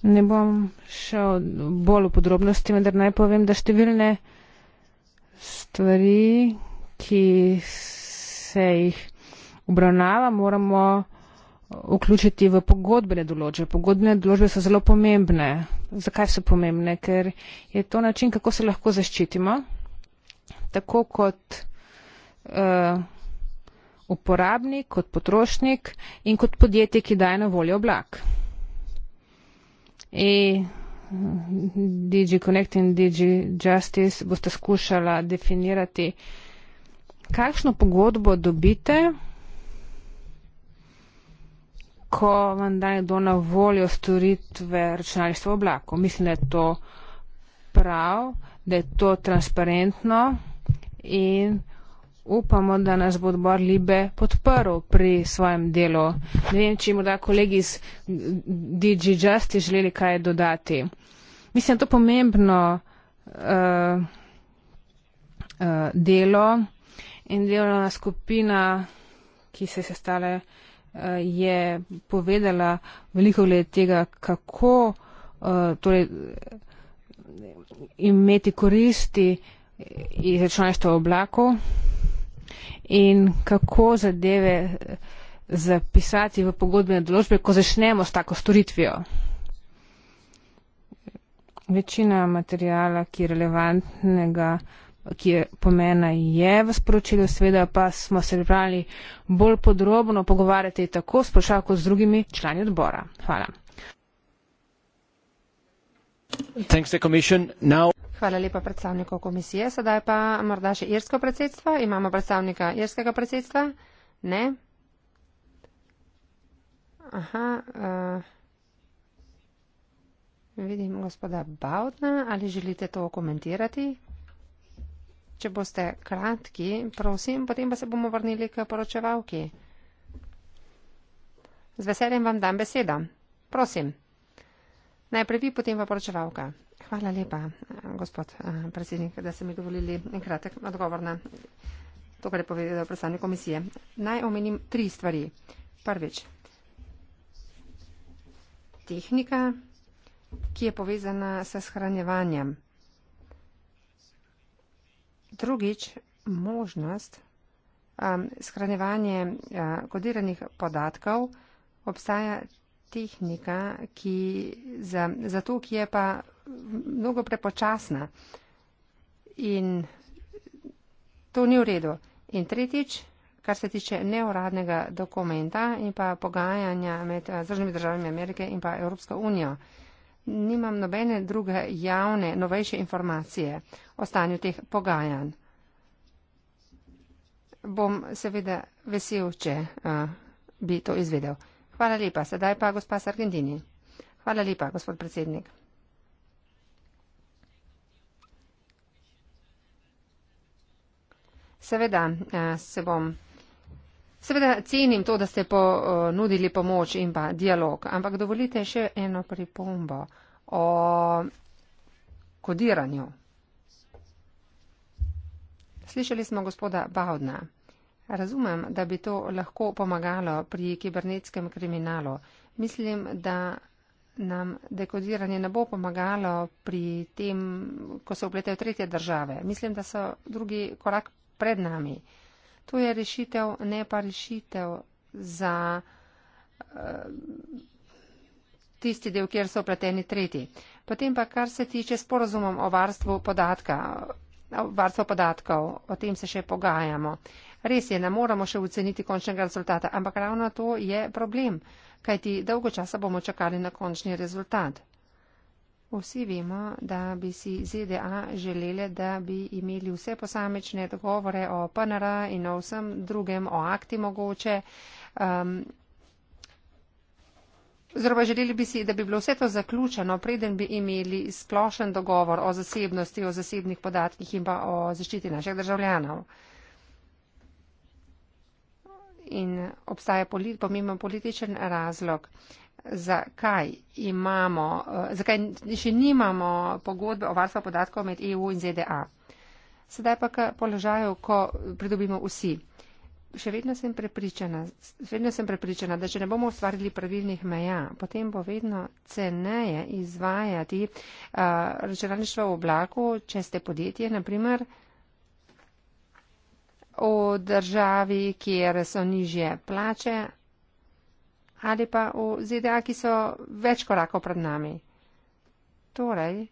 Ne bom šel bolj v podrobnosti, vendar naj povem, da številne stvari, ki se jih obravnava, moramo vključiti v pogodbene določbe. Pogodbene določbe so zelo pomembne. Zakaj so pomembne? Ker je to način, kako se lahko zaščitimo tako kot uh, uporabnik, kot potrošnik in kot podjetje, ki daje na voljo oblak. E, in DigiConnect in DigiJustice boste skušala definirati, kakšno pogodbo dobite, ko vam da nekdo na voljo storitve računalništva v oblaku. Mislim, da je to prav, da je to transparentno in upamo, da nas bo odbor Libe podprl pri svojem delu. Ne vem, če mu da kolegi iz DG Justi želeli kaj dodati. Mislim, to pomembno uh, uh, delo in delovna skupina, ki se je sestala, uh, je povedala veliko glede tega, kako uh, torej, imeti koristi uh, iz računalništva v oblaku in kako zadeve eh, zapisati v pogodbene določbe, ko začnemo s tako storitvijo. Večina materijala, ki je relevantnega, ki je pomena, je v sporočilu, seveda pa smo se pripravili bolj podrobno pogovarjati tako s prošalko z drugimi člani odbora. Hvala. Hvala lepa predstavnikov komisije. Sedaj pa morda še irsko predsedstvo. Imamo predstavnika irskega predsedstva? Ne. Aha. Uh, vidim gospoda Bautna. Ali želite to komentirati? Če boste kratki, prosim, potem pa se bomo vrnili k poročevalki. Z veseljem vam dam besedo. Prosim. Najprej vi, potem pa poročevalka. Hvala lepa, gospod eh, predsednik, da ste mi dovolili kratek odgovor na to, kar je povedal predstavnik komisije. Naj omenim tri stvari. Prvič, tehnika, ki je povezana s shranjevanjem. Drugič, možnost um, eh, shranjevanja um, eh, kodiranih podatkov obstaja tehnika, ki za, za to, ki je pa mnogo prepočasna. In to ni v redu. In tretjič, kar se tiče neuradnega dokumenta in pa pogajanja med eh, Združenimi državami Amerike in pa Evropsko unijo. Nimam nobene druge javne, novejše informacije o stanju teh pogajanj. Bom seveda vesel, če uh, bi to izvedel. Hvala lepa. Sedaj pa gospa Sargentini. Hvala lepa, gospod predsednik. Seveda eh, se bom. Seveda cenim to, da ste ponudili eh, pomoč in pa dialog, ampak dovolite še eno pripombo o kodiranju. Slišali smo gospoda Baudna. Razumem, da bi to lahko pomagalo pri kibernetskem kriminalu. Mislim, da nam dekodiranje ne bo pomagalo pri tem, ko se upletejo tretje države. Mislim, da so drugi korak pred nami. To je rešitev, ne pa rešitev za uh, tisti del, kjer so upleteni tretji. Potem pa, kar se tiče sporozumom o varstvu podatka, o varstvu podatkov, o tem se še pogajamo. Uh, Res je, ne moremo še oceniti končnega rezultata, ampak ravno to je problem, kajti dolgo časa bomo čakali na končni rezultat. Vsi vemo, da bi si ZDA želeli, da bi imeli vse posamečne dogovore o PNR in o vsem drugem, o akti mogoče. Um, Zroba želeli bi si, da bi bilo vse to zaključeno, preden bi imeli splošen dogovor o zasebnosti, o zasebnih podatkih in pa o zaščiti naših državljanov in obstaja polit, pomemben političen razlog, zakaj, imamo, eh, zakaj še nimamo pogodbe o varstvu podatkov med EU in ZDA. Sedaj pa k položaju, ko pridobimo vsi. Še vedno sem prepričana, vedno sem prepričana, da če ne bomo ustvarili pravilnih meja, potem bo vedno ceneje izvajati uh, računalništvo v oblaku, če ste podjetje, naprimer, v državi, kjer so nižje plače, ali pa v ZDA, ki so več korakov pred nami. Torej,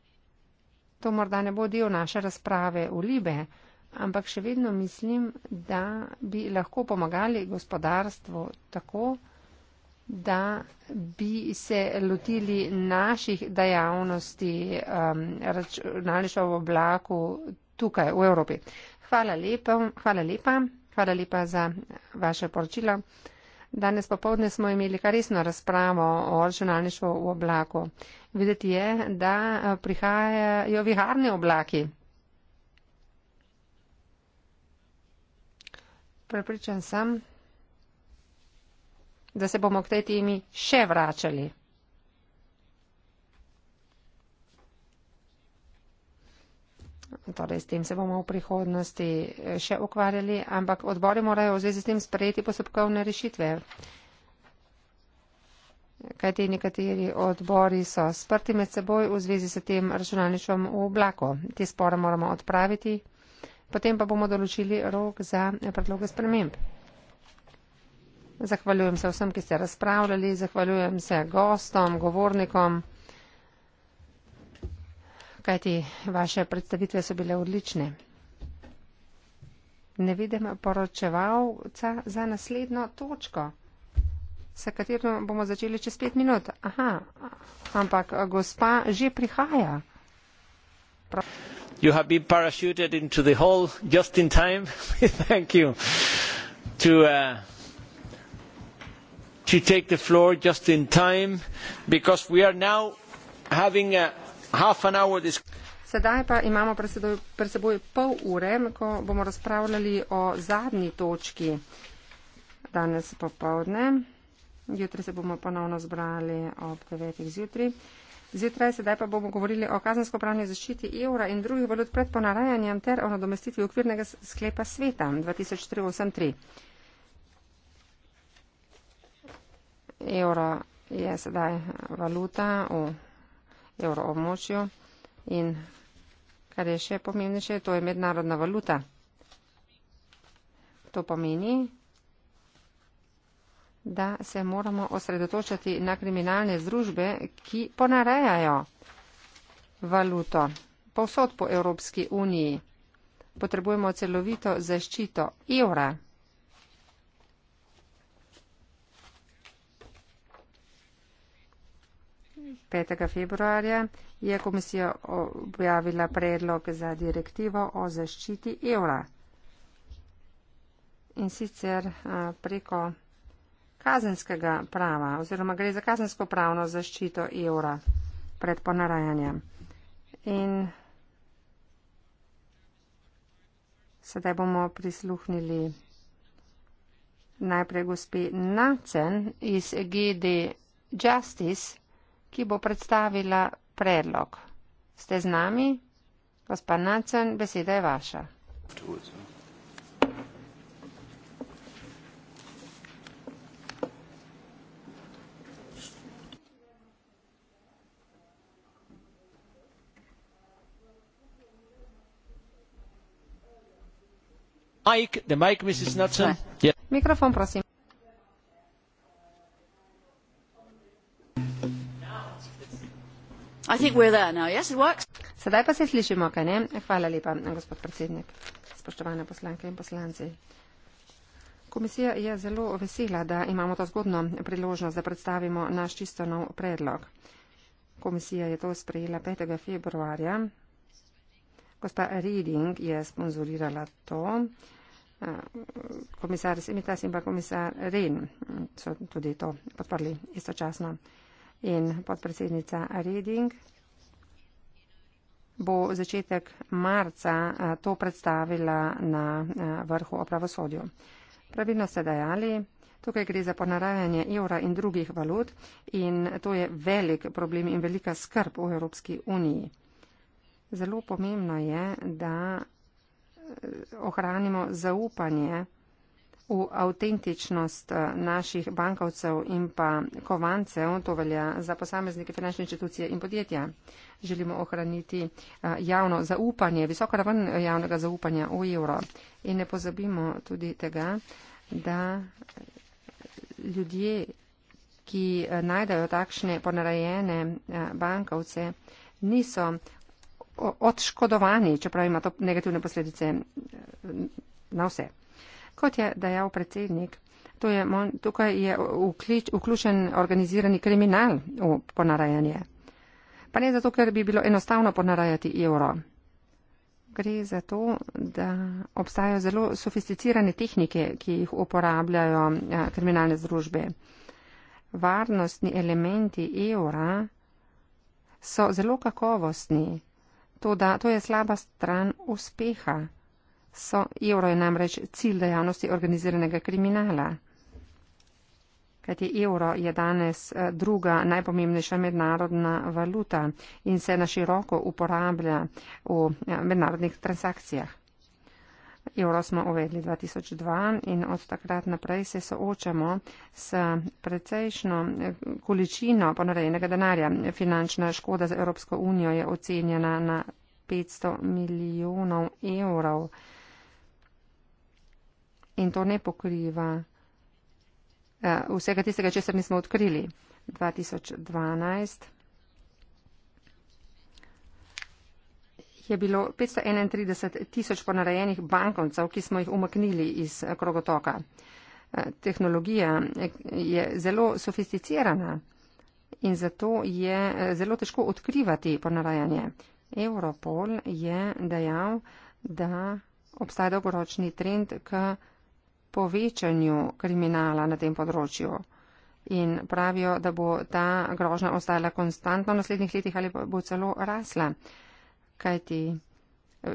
to morda ne bo del naše razprave v Libe, ampak še vedno mislim, da bi lahko pomagali gospodarstvu tako, da bi se lotili naših dejavnosti um, računalništva v oblaku tukaj v Evropi. Hvala lepa, hvala lepa, hvala lepa za vaše poročilo. Danes popovdne smo imeli kar resno razpravo o računalništvu v oblaku. Videti je, da prihajajo viharni oblaki. Prepričan sem, da se bomo k tej temi še vračali. Torej, s tem se bomo v prihodnosti eh, še ukvarjali, ampak odbori morajo v zvezi s tem sprejeti posebkovne rešitve. Kaj ti nekateri odbori so sprti med seboj v zvezi s tem računalničkom v oblaku. Te spore moramo odpraviti, potem pa bomo določili rok za predloge sprememb. Zahvaljujem se vsem, ki ste razpravljali, zahvaljujem se gostom, govornikom kajti vaše predstavitve so bile odlične. Ne vidim poročevalca za naslednjo točko, s katero bomo začeli čez pet minut. Aha, ampak gospa že prihaja. Prav. You have been parachuted into the hall just in time. Thank you. To, uh, to take the floor just in time because we are now having a Sedaj pa imamo pred seboj pol ure, ko bomo razpravljali o zadnji točki danes popovdne. Jutri se bomo ponovno zbrali ob 9. zjutraj. Zjutraj sedaj pa bomo govorili o kazensko-pravni zaščiti evra in drugih valut pred ponarajanjem ter o nadomestitvi okvirnega sklepa sveta 2003. Evro je sedaj valuta v evroobmočju in kar je še pomembnejše, to je mednarodna valuta. To pomeni, da se moramo osredotočati na kriminalne združbe, ki ponarejajo valuto povsod po Evropski uniji. Potrebujemo celovito zaščito evra. 5. februarja je komisija objavila predlog za direktivo o zaščiti evra. In sicer preko kazenskega prava oziroma gre za kazensko pravno zaščito evra pred ponarajanjem. In sedaj bomo prisluhnili najprej gospe Nacen iz GD Justice, ki bo predstavila predlog. Ste z nami? Gospa Nacen, beseda je vaša. Mike, the mic, Mrs. Nutson. Yeah. Mikrofon, prosim. Sedaj pa se slišimo, kaj ne? Hvala lepa, gospod predsednik. Spoštovane poslanke in poslanci. Komisija je zelo vesela, da imamo to zgodno priložnost, da predstavimo naš čisto nov predlog. Komisija je to sprejela 5. februarja. Gospa Reading je sponzorirala to. Eh, komisar Semitas in pa komisar Rehn so tudi to podprli istočasno in podpredsednica Reding bo začetek marca to predstavila na vrhu o pravosodju. Pravilno ste dejali, tukaj gre za ponaravanje evra in drugih valut in to je velik problem in velika skrb v Evropski uniji. Zelo pomembno je, da ohranimo zaupanje v avtentičnost eh, naših bankovcev in pa kovancev, to velja za posameznike, finančne inštitucije in podjetja. Želimo ohraniti eh, javno zaupanje, visoko raven eh, javnega zaupanja v evro. In ne pozabimo tudi tega, da ljudje, ki najdajo takšne ponarejene bankovce, niso odškodovani, čeprav ima to negativne posledice na vse kot je dejal predsednik. Je, tukaj je vklič, vključen organizirani kriminal v ponarajanje. Pa ne zato, ker bi bilo enostavno ponarajati evro. Gre za to, da obstajajo zelo sofisticirane tehnike, ki jih uporabljajo kriminalne združbe. Varnostni elementi evra so zelo kakovostni, to, da, to je slaba stran uspeha so evro je namreč cilj dejavnosti organiziranega kriminala. Kajti evro je danes eh, druga najpomembnejša mednarodna valuta in se na široko uporablja v eh, mednarodnih transakcijah. Evro smo uvedli 2002 in od takrat naprej se soočamo s precejšno eh, količino ponarejenega denarja. Finančna škoda za Evropsko unijo je ocenjena na 500 milijonov evrov in to ne pokriva uh, vsega tistega, česar nismo odkrili. 2012 je bilo 531 tisoč ponarejenih bankovcev, ki smo jih umaknili iz eh, krogotoka. Eh, tehnologija je zelo sofisticirana in zato je zelo težko odkrivati ponarajanje. Europol je dejal, da obstaja dolgoročni trend k povečanju kriminala na tem področju. In pravijo, da bo ta grožnja ostala konstantno v naslednjih letih ali pa bo celo rasla. Kajti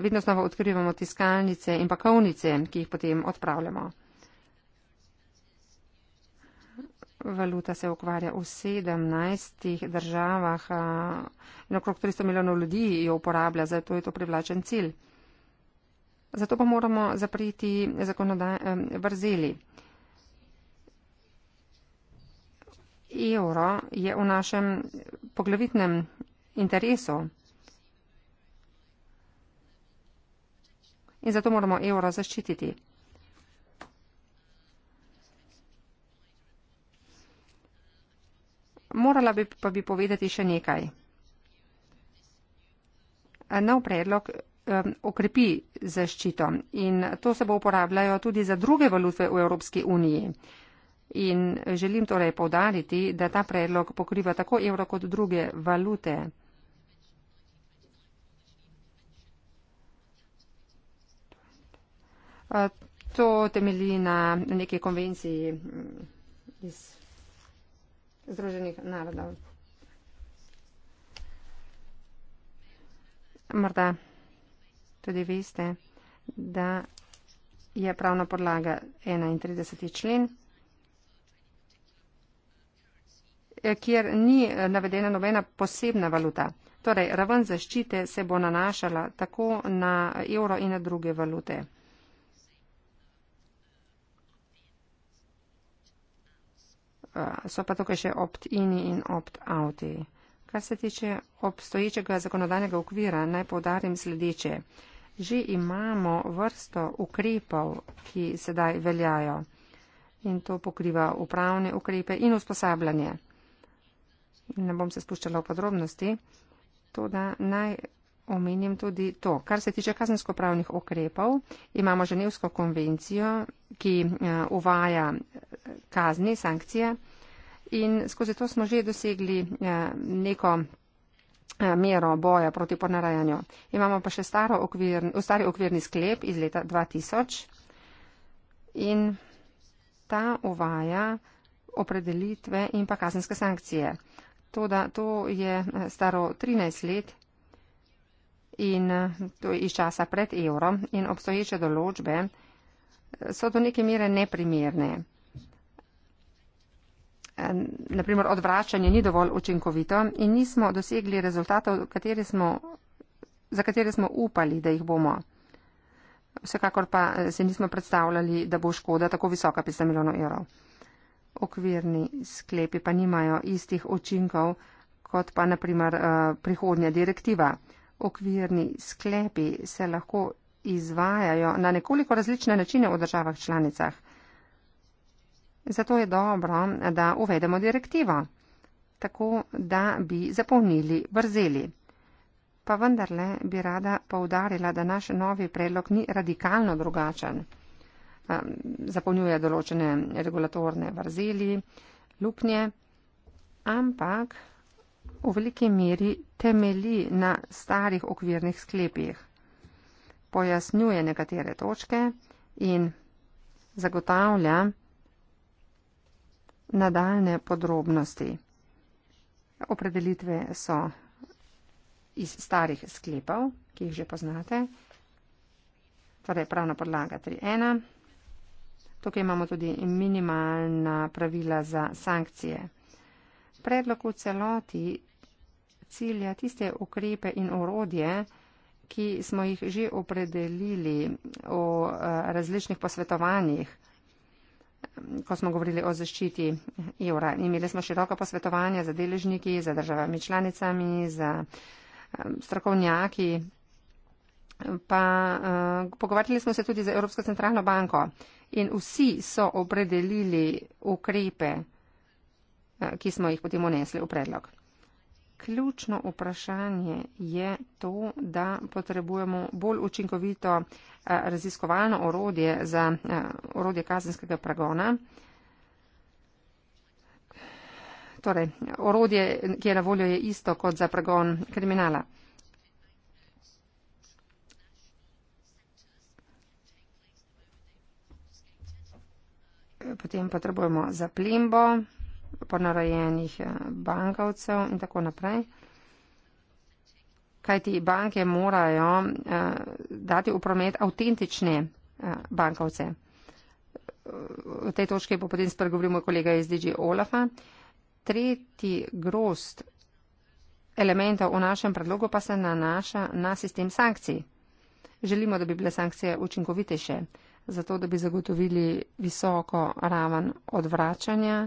vedno znova odkrivamo tiskalnice in pakovnice, ki jih potem odpravljamo. Valuta se ukvarja v 17 državah in okrog 300 milijonov ljudi jo uporablja, zato je to privlačen cilj. Zato pa moramo zapriti vrzeli. Evro je v našem poglavitnem interesu. In zato moramo evro zaščititi. Morala bi pa bi povedati še nekaj. Nov predlog Um, okrepi zaščito in to se bo uporabljalo tudi za druge valute v Evropski uniji. In želim torej povdariti, da ta predlog pokriva tako evro kot druge valute. To temelji na neki konvenciji mm, iz Združenih narodov. Morda tudi veste, da je pravna podlaga 31. člen, eh, kjer ni eh, navedena nobena posebna valuta. Torej, raven zaščite se bo nanašala tako na evro in na druge valute. Eh, so pa tukaj še opt-ini in opt-outi. Kar se tiče obstoječega zakonodajnega okvira, naj povdarim sledeče že imamo vrsto ukrepov, ki sedaj veljajo. In to pokriva upravne ukrepe in usposabljanje. Ne bom se spuščala v podrobnosti, to da naj omenim tudi to. Kar se tiče kazensko-pravnih ukrepov, imamo Ženevsko konvencijo, ki eh, uvaja eh, kazni, sankcije in skozi to smo že dosegli eh, neko Eh, mero boja proti ponarajanju. Imamo pa še okvirn, stari okvirni sklep iz leta 2000 in ta uvaja opredelitve in pa kazenske sankcije. Toda to je eh, staro 13 let in eh, to je iz časa pred evro in obstoječe določbe so do neke mere neprimerne naprimer odvračanje ni dovolj učinkovito in nismo dosegli rezultatov, katere smo, za katere smo upali, da jih bomo. Vsekakor pa eh, se nismo predstavljali, da bo škoda tako visoka 500 milijonov evrov. Okvirni sklepi pa nimajo istih učinkov, kot pa naprimer eh, prihodnja direktiva. Okvirni sklepi se lahko izvajajo na nekoliko različne načine v državah članicah. Zato je dobro, da uvedemo direktivo, tako da bi zapolnili brzeli. Pa vendarle bi rada poudarila, da naš novi predlog ni radikalno drugačen. Zapolnjuje določene regulatorne vrzeli, lupnje, ampak v veliki meri temeli na starih okvirnih sklepih. Pojasnjuje nekatere točke in zagotavlja, nadaljne podrobnosti. Opredelitve so iz starih sklepov, ki jih že poznate. Torej, pravna podlaga 3.1. Tukaj imamo tudi minimalna pravila za sankcije. Predlog v celoti cilja tiste ukrepe in orodje, ki smo jih že opredelili v eh, različnih posvetovanjih ko smo govorili o zaščiti evra. Imeli smo široko posvetovanje za deležniki, za državami članicami, za eh, strokovnjaki, pa uh, pogovarjali smo se tudi z Evropsko centralno banko in vsi so opredelili ukrepe, uh, ki smo jih potem unesli v predlog ključno vprašanje je to, da potrebujemo bolj učinkovito eh, raziskovalno orodje za eh, orodje kazenskega pregona. Torej, orodje, ki je na voljo, je isto kot za pregon kriminala. Potem potrebujemo zaplimbo ponarejenih eh, bankovcev in tako naprej. Kaj ti banke morajo uh, dati v promet avtentične uh, bankovce. V tej točki pa potem spregovorimo kolega iz DG Olafa. Tretji grost elementov v našem predlogu pa se nanaša na sistem sankcij. Želimo, da bi bile sankcije učinkovitejše, zato da bi zagotovili visoko raven odvračanja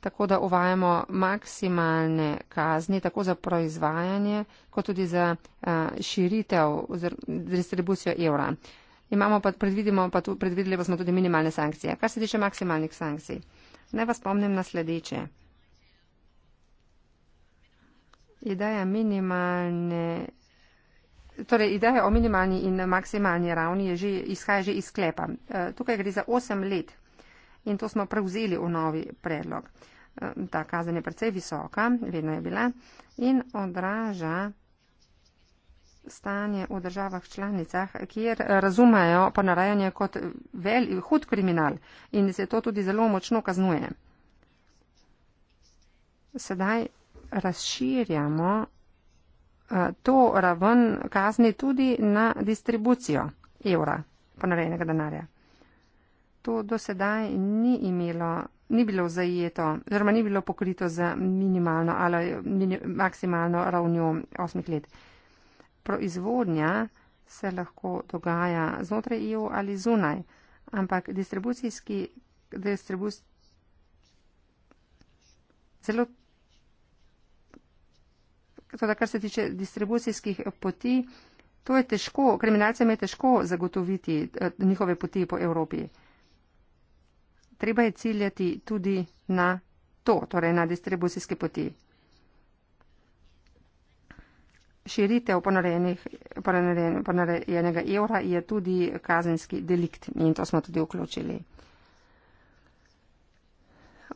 tako da uvajamo maksimalne kazni tako za proizvajanje, kot tudi za eh, širitev oziroma distribucijo evra. Imamo pa, predvidimo pa tudi, predvideli pa smo tudi minimalne sankcije. Kar se tiče maksimalnih sankcij, naj vas spomnim na sledeče. Ideja minimalne. Torej, ideja o minimalni in maksimalni ravni je že, izhaja že iz sklepa. Eh, tukaj gre za 8 let in to smo prevzeli v novi predlog. Eh, ta kazen je precej visoka, vedno je bila, in odraža stanje v državah članicah, kjer razumejo ponarajanje kot vel, hud kriminal in se to tudi zelo močno kaznuje. Sedaj razširjamo eh, to raven kazni tudi na distribucijo evra ponarejenega denarja to do sedaj ni imelo, ni bilo zajeto, oziroma ni bilo pokrito z minimalno ali mini, maksimalno ravnjo osmih let. Proizvodnja se lahko dogaja znotraj EU ali zunaj, ampak distribucijski, distribuc... zelo. Teda, kar se tiče distribucijskih poti, to je težko, kriminalcem je težko zagotoviti eh, njihove poti po Evropi treba je ciljati tudi na to, torej na distribucijske poti. Širitev ponarejenega evra je tudi kazenski delikt in to smo tudi vključili.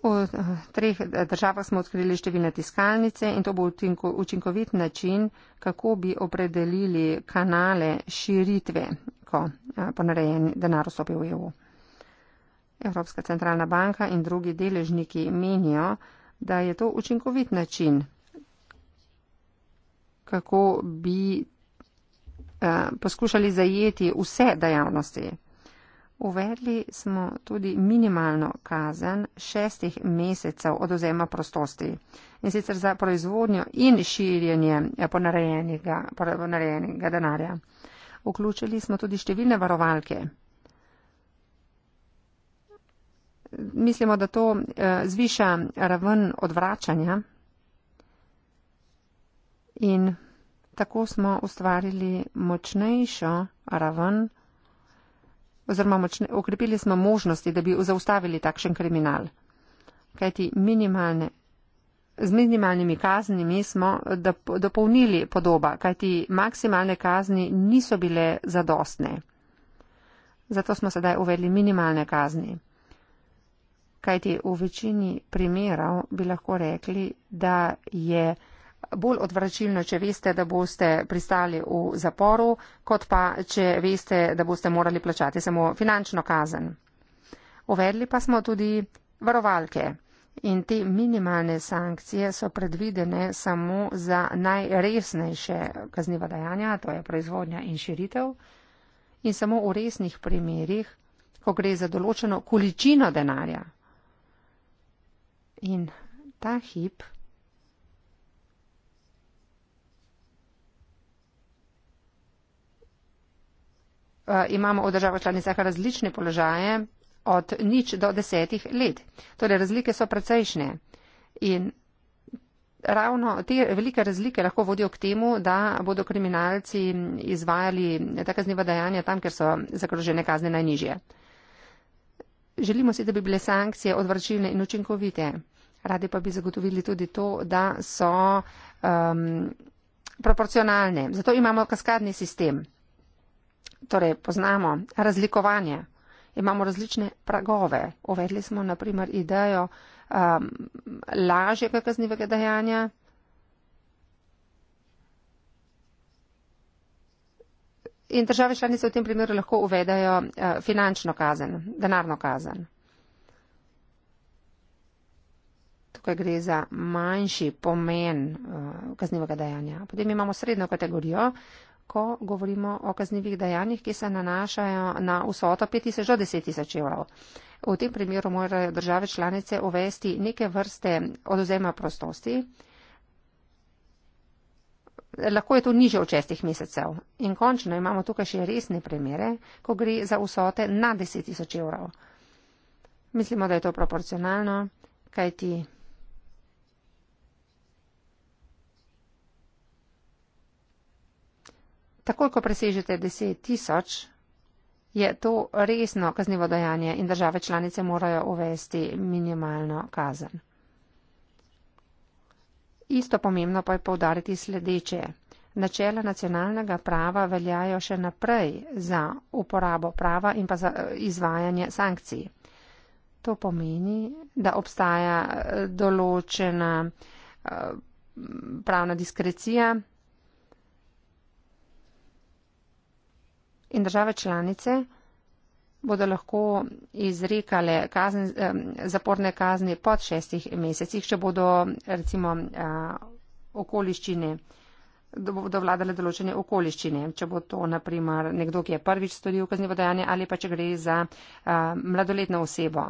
V treh državah smo odkrili številne tiskalnice in to bo učinkovit način, kako bi opredelili kanale širitve, ko eh, ponarejen denar vstopi v EU. Evropska centralna banka in drugi deležniki menijo, da je to učinkovit način, kako bi eh, poskušali zajeti vse dejavnosti. Uvedli smo tudi minimalno kazen šestih mesecev odozema prostosti in sicer za proizvodnjo in širjenje eh, ponarejenega, ponarejenega denarja. Vključili smo tudi številne varovalke. mislimo, da to eh, zviša raven odvračanja in tako smo ustvarili močnejšo raven oziroma močne, okrepili smo možnosti, da bi zaustavili takšen kriminal. Kajti minimalne, z minimalnimi kaznimi smo eh, dopolnili podoba, kajti maksimalne kazni niso bile zadostne. Zato smo sedaj uvedli minimalne kazni kajti v večini primerov bi lahko rekli, da je bolj odvračilno, če veste, da boste pristali v zaporu, kot pa, če veste, da boste morali plačati samo finančno kazen. Uvedli pa smo tudi varovalke. In te minimalne sankcije so predvidene samo za najresnejše kazniva dejanja, to je proizvodnja in širitev, in samo v resnih primerjih, ko gre za določeno količino denarja, In ta hip eh, imamo v državah članicah različne položaje od nič do desetih let. Torej, razlike so precejšnje. In ravno te velike razlike lahko vodijo k temu, da bodo kriminalci izvajali ta kazniva dejanja tam, ker so zakrožene kazne najnižje. Želimo si, da bi bile sankcije odvračilne in učinkovite. Radi pa bi zagotovili tudi to, da so um, proporcionalne. Zato imamo kaskadni sistem. Torej, poznamo razlikovanje. Imamo različne pragove. Uvedli smo naprimer idejo um, lažjega kaznivega dejanja. In države članice v tem primeru lahko uvedajo uh, finančno kazen, denarno kazen. tukaj gre za manjši pomen eh, kaznivega dejanja. Potem imamo srednjo kategorijo, ko govorimo o kaznivih dejanjih, ki se nanašajo na vsoto 5000 do 10 tisoč evrov. V tem primeru morajo države članice uvesti neke vrste odozema prostosti. Lahko je to niže od šestih mesecev. In končno imamo tukaj še resne primere, ko gre za vsote na 10 tisoč evrov. Mislimo, da je to proporcionalno, kajti Takoj, ko presežete 10 tisoč, je to resno kaznivo dojanje in države članice morajo uvesti minimalno kazen. Isto pomembno pa je povdariti sledeče. Načela nacionalnega prava veljajo še naprej za uporabo prava in pa za eh, izvajanje sankcij. To pomeni, da obstaja eh, določena eh, pravna diskrecija in države članice bodo lahko izrekale kazen, zaporne kazni pod šestih mesecih, če bodo recimo okoliščine, bodo vladale določene okoliščine, če bo to naprimer nekdo, ki je prvič storil kaznivo dejanje ali pa če gre za mladoletno osebo.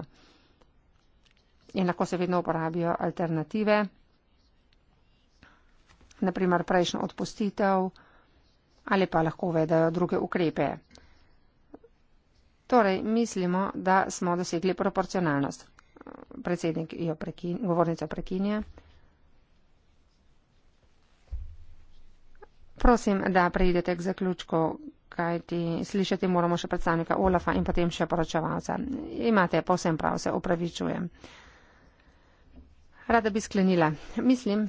In lahko se vedno uporabijo alternative, naprimer prejšnjo odpustitev ali pa lahko uvedajo druge ukrepe. Torej, mislimo, da smo dosegli proporcionalnost. Predsednik jo prekin, govornico prekinja. Prosim, da preidete k zaključku, kajti slišati moramo še predstavnika Olafa in potem še poročevalca. Imate posem prav, se upravičujem. Rada bi sklenila. Mislim,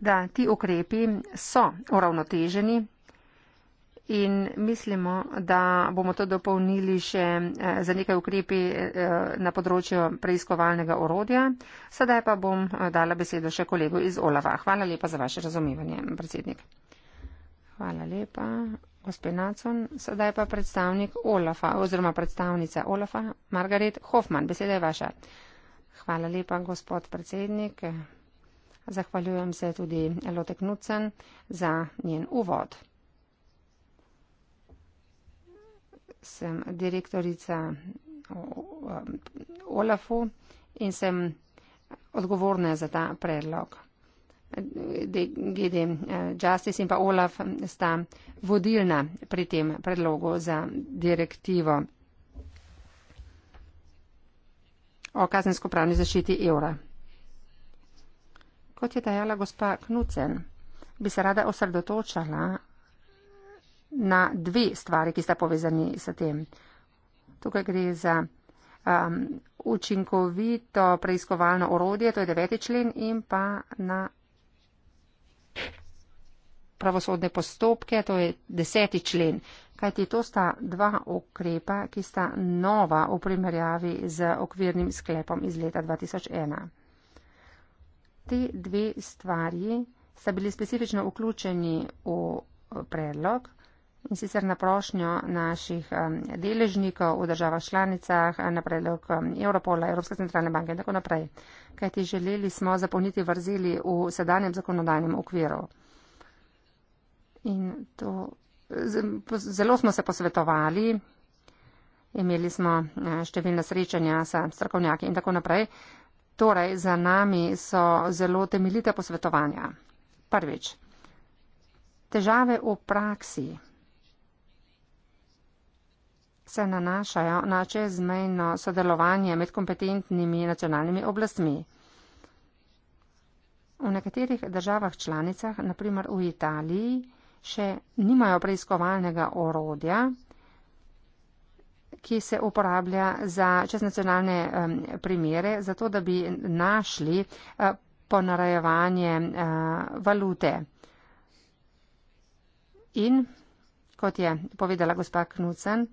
da ti ukrepi so uravnoteženi in mislimo, da bomo to dopolnili še eh, za nekaj ukrepi eh, eh, na področju preiskovalnega orodja. Sedaj pa bom dala besedo še kolegu iz Olava. Hvala lepa za vaše razumevanje, predsednik. Hvala lepa, gospod Nacon. Sedaj pa predstavnik Olafa oziroma predstavnica Olafa, Margaret Hoffman. Beseda je vaša. Hvala lepa, gospod predsednik. Zahvaljujem se tudi Lote Knudsen za njen uvod. Sem direktorica OLAF-u in sem odgovorna za ta predlog. GD eh, Justice in pa OLAF sta vodilna pri tem predlogu za direktivo o kazensko-pravni zaščiti evra. Kot je dejala gospa Knucen, bi se rada osredotočala na dve stvari, ki sta povezani s tem. Tukaj gre za um, učinkovito preiskovalno orodje, to je deveti člen, in pa na pravosodne postopke, to je deseti člen. Kajti to sta dva okrepa, ki sta nova v primerjavi z okvirnim sklepom iz leta 2001 te dve stvari sta bili specifično vključeni v predlog in sicer na prošnjo naših um, deležnikov v državah članicah, na predlog um, Europola, Evropske centralne banke in tako naprej. Kaj ti želeli smo zapolniti vrzeli v sedanjem zakonodajnem okviru. In to zelo smo se posvetovali, imeli smo uh, številna srečanja s strokovnjaki in tako naprej. Torej, za nami so zelo temeljite posvetovanja. Prvič, težave v praksi se nanašajo na čezmejno sodelovanje med kompetentnimi nacionalnimi oblastmi. V nekaterih državah članicah, naprimer v Italiji, še nimajo preiskovalnega orodja, ki se uporablja za čestnacionalne um, primere, zato da bi našli uh, eh, ponarajevanje uh, eh, valute. In, kot je povedala gospa Knucen,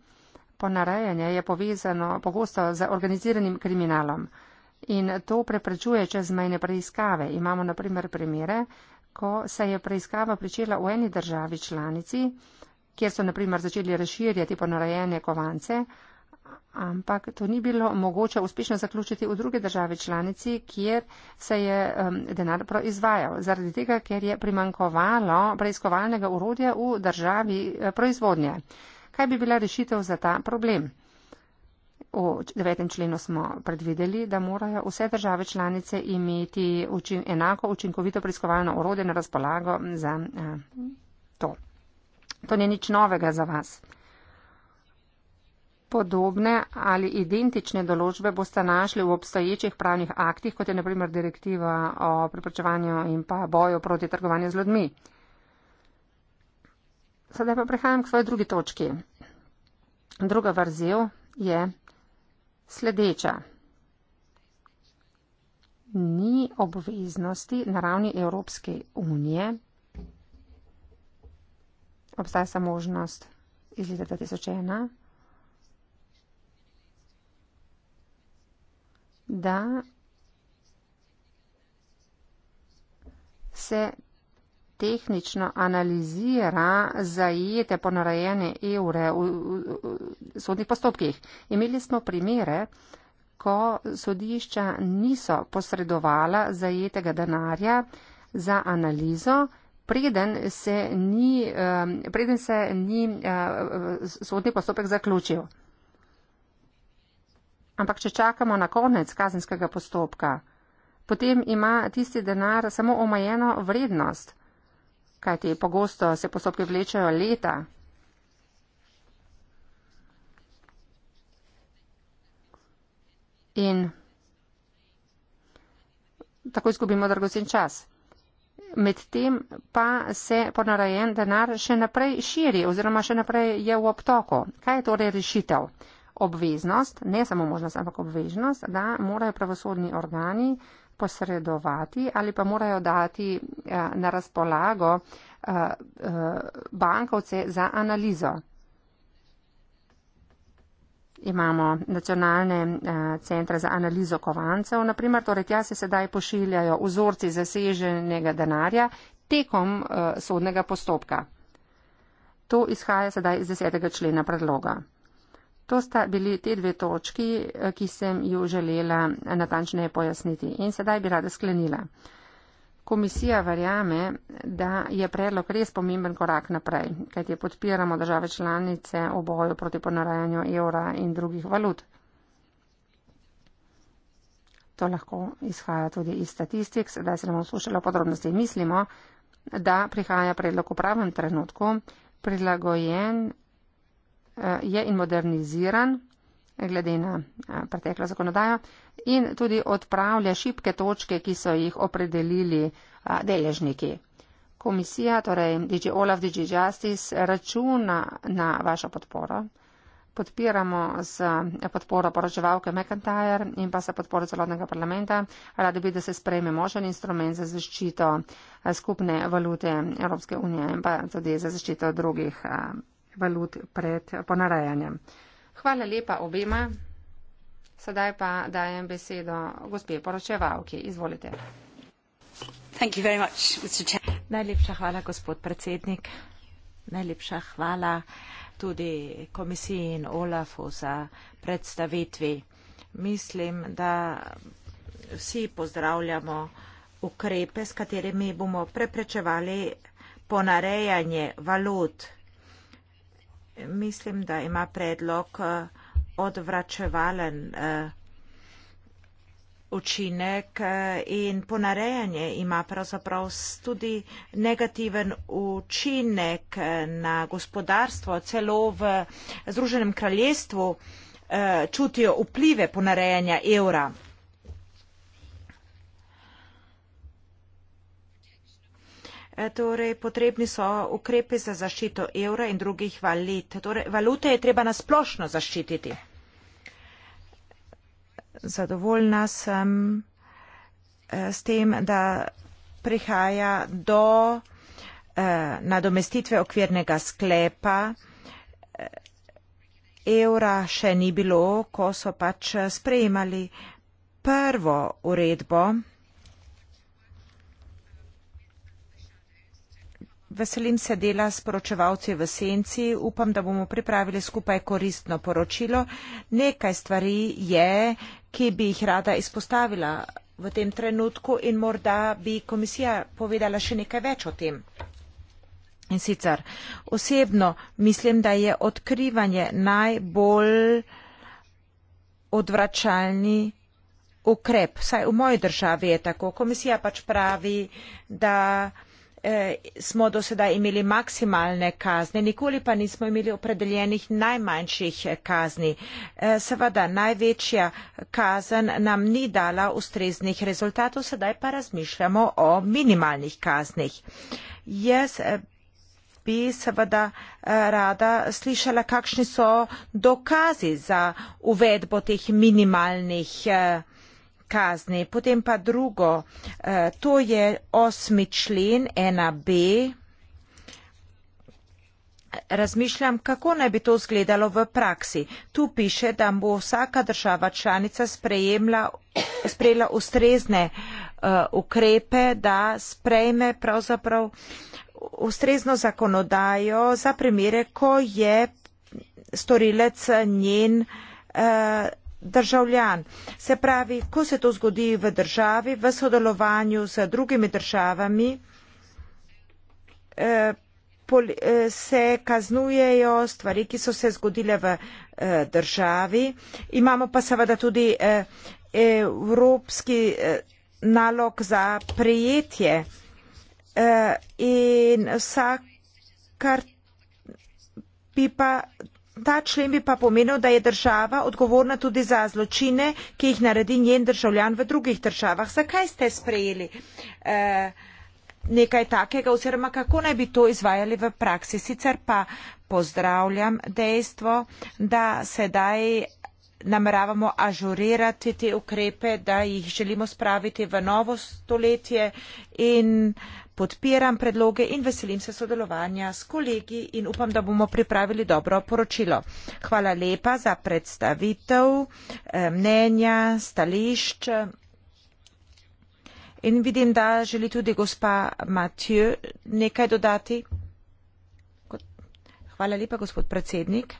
ponarajanje je povezano pogosto z organiziranim kriminalom in to preprečuje čezmejne preiskave. Imamo naprimer primere, ko se je preiskava pričela v eni državi članici, kjer so naprimer začeli razširjati ponarejene kovance, ampak to ni bilo mogoče uspešno zaključiti v druge države članici, kjer se je um, denar proizvajal, zaradi tega, ker je primankovalo preiskovalnega urodja v državi eh, proizvodnje. Kaj bi bila rešitev za ta problem? V devetem členu smo predvideli, da morajo vse države članice imeti učin, enako učinkovito preiskovalno urode na razpolago za. Eh, To ni nič novega za vas. Podobne ali identične določbe boste našli v obstoječih pravnih aktih, kot je naprimer direktiva o preprečevanju in pa boju proti trgovanju z ljudmi. Sedaj pa prehajam k svoji drugi točki. Druga vrzel je sledeča. Ni obveznosti na ravni Evropske unije obstaja samo možnost iz leta 2001, da se tehnično analizira zajete ponarejene evre v, v, v, v sodnih postopkih. Imeli smo primere, ko sodišča niso posredovala zajetega denarja za analizo, preden se ni, preden se ni sodni postopek zaključil. Ampak če čakamo na konec kazenskega postopka, potem ima tisti denar samo omajeno vrednost, kajti pogosto se postopki vlečajo leta. In tako izgubimo dragocen čas medtem pa se ponarejen denar še naprej širi oziroma še naprej je v obtoku. Kaj je torej rešitev? Obveznost, ne samo možnost, ampak obveznost, da morajo pravosodni organi posredovati ali pa morajo dati eh, na razpolago eh, eh, bankovce za analizo imamo nacionalne eh, centre za analizo kovancev, naprimer, torej tja se sedaj pošiljajo vzorci zaseženega denarja tekom eh, sodnega postopka. To izhaja sedaj iz desetega člena predloga. To sta bili te dve točki, eh, ki sem ju želela natančneje pojasniti in sedaj bi rada sklenila. Komisija verjame, da je predlog res pomemben korak naprej, kajti podpiramo države članice v boju proti ponarajanju evra in drugih valut. To lahko izhaja tudi iz statistik, sedaj se bomo slušali podrobnosti. Mislimo, da prihaja predlog v pravem trenutku, prilagojen eh, je in moderniziran glede na eh, preteklo zakonodajo in tudi odpravlja šibke točke, ki so jih opredelili eh, deležniki. Komisija, torej DG Olaf, DG Justice, računa na vašo podporo. Podpiramo z eh, podporo poročevalke McIntyre in pa sa podporo celotnega parlamenta. Radi bi, da se sprejme močen instrument za zaščito skupne valute Evropske unije in pa tudi za zaščito drugih valut pred ponarejanjem. Hvala lepa obema. Sedaj pa dajem besedo gospe poročevalki. Izvolite. Much, Najlepša hvala, gospod predsednik. Najlepša hvala tudi komisiji in Olafu za predstavitvi. Mislim, da vsi pozdravljamo ukrepe, s katerimi bomo preprečevali ponarejanje valut mislim, da ima predlog eh, odvračevalen eh, učinek eh, in ponarejanje ima pravzaprav tudi negativen učinek na gospodarstvo. Celo v Združenem kraljestvu čutijo vplive ponarejanja evra. E, torej, potrebni so ukrepi za zaščito evra in drugih valit. Torej, valute je treba nasplošno zaščititi. Zadovoljna sem e, s tem, da prihaja do e, nadomestitve okvirnega sklepa. Evra še ni bilo, ko so pač sprejemali prvo uredbo. veselim se dela s poročevalci v senci, upam, da bomo pripravili skupaj koristno poročilo. Nekaj stvari je, ki bi jih rada izpostavila v tem trenutku in morda bi komisija povedala še nekaj več o tem. In sicer osebno mislim, da je odkrivanje najbolj odvračalni ukrep. Vsaj v moji državi je tako. Komisija pač pravi, da eh, smo do sedaj imeli maksimalne kazne, nikoli pa nismo imeli opredeljenih najmanjših eh, kazni. Eh, seveda, največja kazen nam ni dala ustreznih rezultatov, sedaj pa razmišljamo o minimalnih kaznih. Jaz eh, bi seveda eh, rada slišala, kakšni so dokazi za uvedbo teh minimalnih eh, kazni. Potem pa drugo, eh, to je osmi člen 1b. Razmišljam, kako naj bi to izgledalo v praksi. Tu piše, da bo vsaka država članica sprejela ustrezne uh, ukrepe, da sprejme pravzaprav ustrezno zakonodajo za primere, ko je storilec njen uh, državljan. Se pravi, ko se to zgodi v državi, v sodelovanju z drugimi državami, eh, eh, se kaznujejo stvari, ki so se zgodile v eh, državi. Imamo pa seveda tudi evropski nalog za prijetje in vsak, kar bi pa ta člen bi pa pomenil, da je država odgovorna tudi za zločine, ki jih naredi njen državljan v drugih državah. Zakaj ste sprejeli eh, nekaj takega oziroma kako naj bi to izvajali v praksi? Sicer pa pozdravljam dejstvo, da sedaj nameravamo ažurirati te ukrepe, da jih želimo spraviti v novo stoletje in podpiram predloge in veselim se sodelovanja s kolegi in upam, da bomo pripravili dobro poročilo. Hvala lepa za predstavitev eh, mnenja, stališč. In vidim, da želi tudi gospa Matiju nekaj dodati. Hvala lepa, gospod predsednik.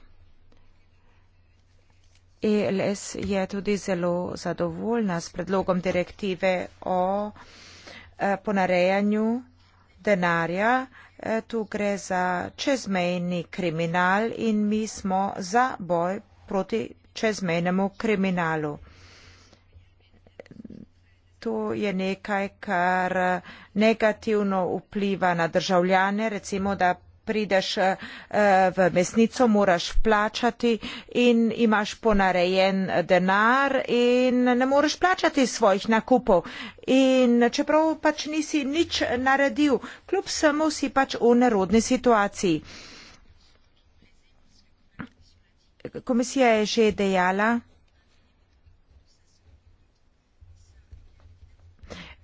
ELS je tudi zelo zadovoljna s predlogom direktive o Eh, ponarejanju denarja. Eh, tu gre za čezmejni kriminal in mi smo za boj proti čezmejnemu kriminalu. To je nekaj, kar negativno vpliva na državljane, recimo, da prideš eh, v mesnico, moraš plačati in imaš ponarejen denar in ne moreš plačati svojih nakupov. In čeprav pač nisi nič naredil, kljub samo si pač v nerodni situaciji. Komisija je že dejala,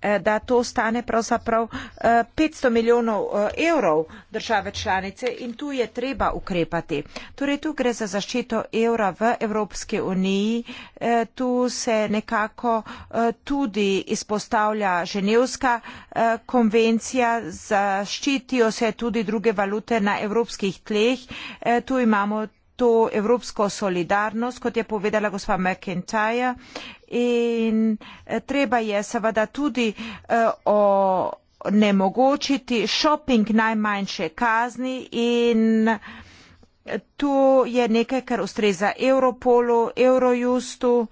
Eh, da to stane pravzaprav 500 eh, milijonov eh, evrov države članice in tu je treba ukrepati. Torej tu gre za zaščito evra v Evropski uniji, tu se nekako tudi izpostavlja Ženevska konvencija, zaščitijo se tudi druge valute na evropskih tleh, tu imamo to evropsko solidarnost, kot je povedala gospa McIntyre. In eh, treba je seveda tudi uh, eh, o nemogočiti šoping najmanjše kazni in eh, to je nekaj, kar ustreza Europolu, Eurojustu,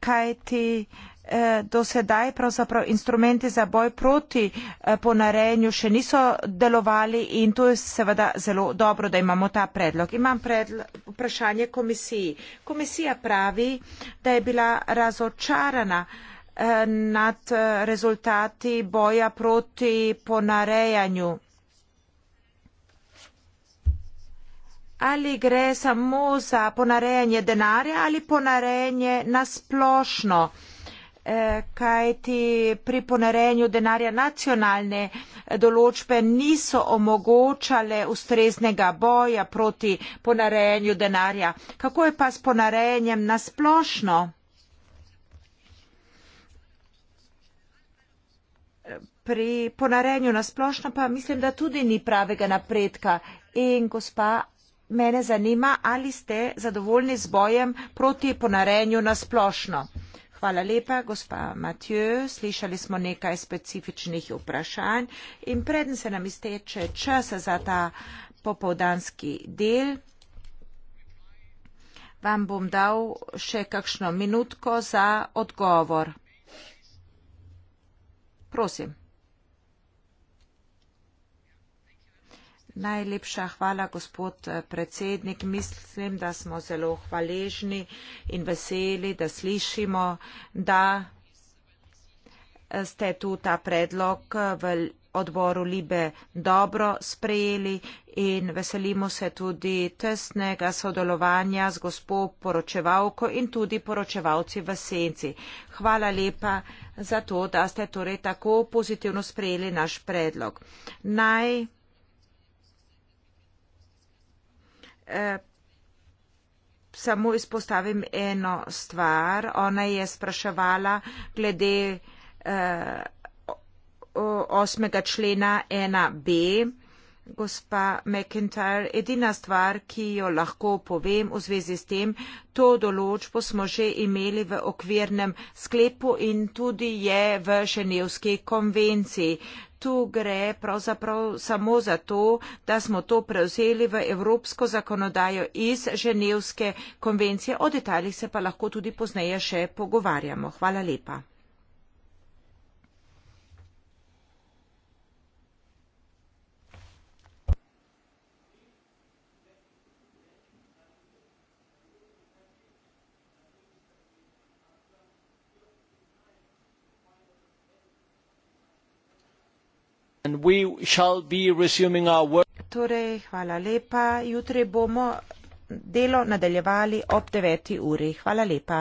kajti uh, Eh, do sedaj pravzaprav instrumenti za boj proti eh, ponarejanju še niso delovali in to je seveda zelo dobro, da imamo ta predlog. Imam predlog, vprašanje komisiji. Komisija pravi, da je bila razočarana eh, nad rezultati boja proti ponarejanju. Ali gre samo za ponarejanje denarja ali ponarejanje nasplošno? splošno? Eh, kajti pri ponarejanju denarja nacionalne eh, določbe niso omogočale ustreznega boja proti ponarejanju denarja. Kako je pa s ponarejanjem nasplošno? Pri ponarejanju nasplošno pa mislim, da tudi ni pravega napredka. In gospa, mene zanima, ali ste zadovoljni z bojem proti ponarejanju nasplošno. Hvala lepa, gospa Matjo. Slišali smo nekaj specifičnih vprašanj in preden se nam izteče čas za ta popovdanski del, vam bom dal še kakšno minutko za odgovor. Prosim. Najlepša hvala, gospod eh, predsednik. Mislim, da smo zelo hvaležni in veseli, da slišimo, da eh, ste tu ta predlog eh, v odboru Libe dobro sprejeli in veselimo se tudi tesnega sodelovanja z gospo poročevalko in tudi poročevalci v senci. Hvala lepa za to, da ste torej tako pozitivno sprejeli naš predlog. Naj Eh, samo izpostavim eno stvar. Ona je spraševala glede eh, osmega člena 1b. Gospa McIntyre, edina stvar, ki jo lahko povem v zvezi s tem, to določbo smo že imeli v okvirnem sklepu in tudi je v Ženevski konvenciji. Tu gre pravzaprav samo za to, da smo to prevzeli v evropsko zakonodajo iz Ženevske konvencije. O detaljih se pa lahko tudi pozneje še pogovarjamo. Hvala lepa. Torej, hvala lepa. Jutri bomo delo nadaljevali ob deveti uri. Hvala lepa.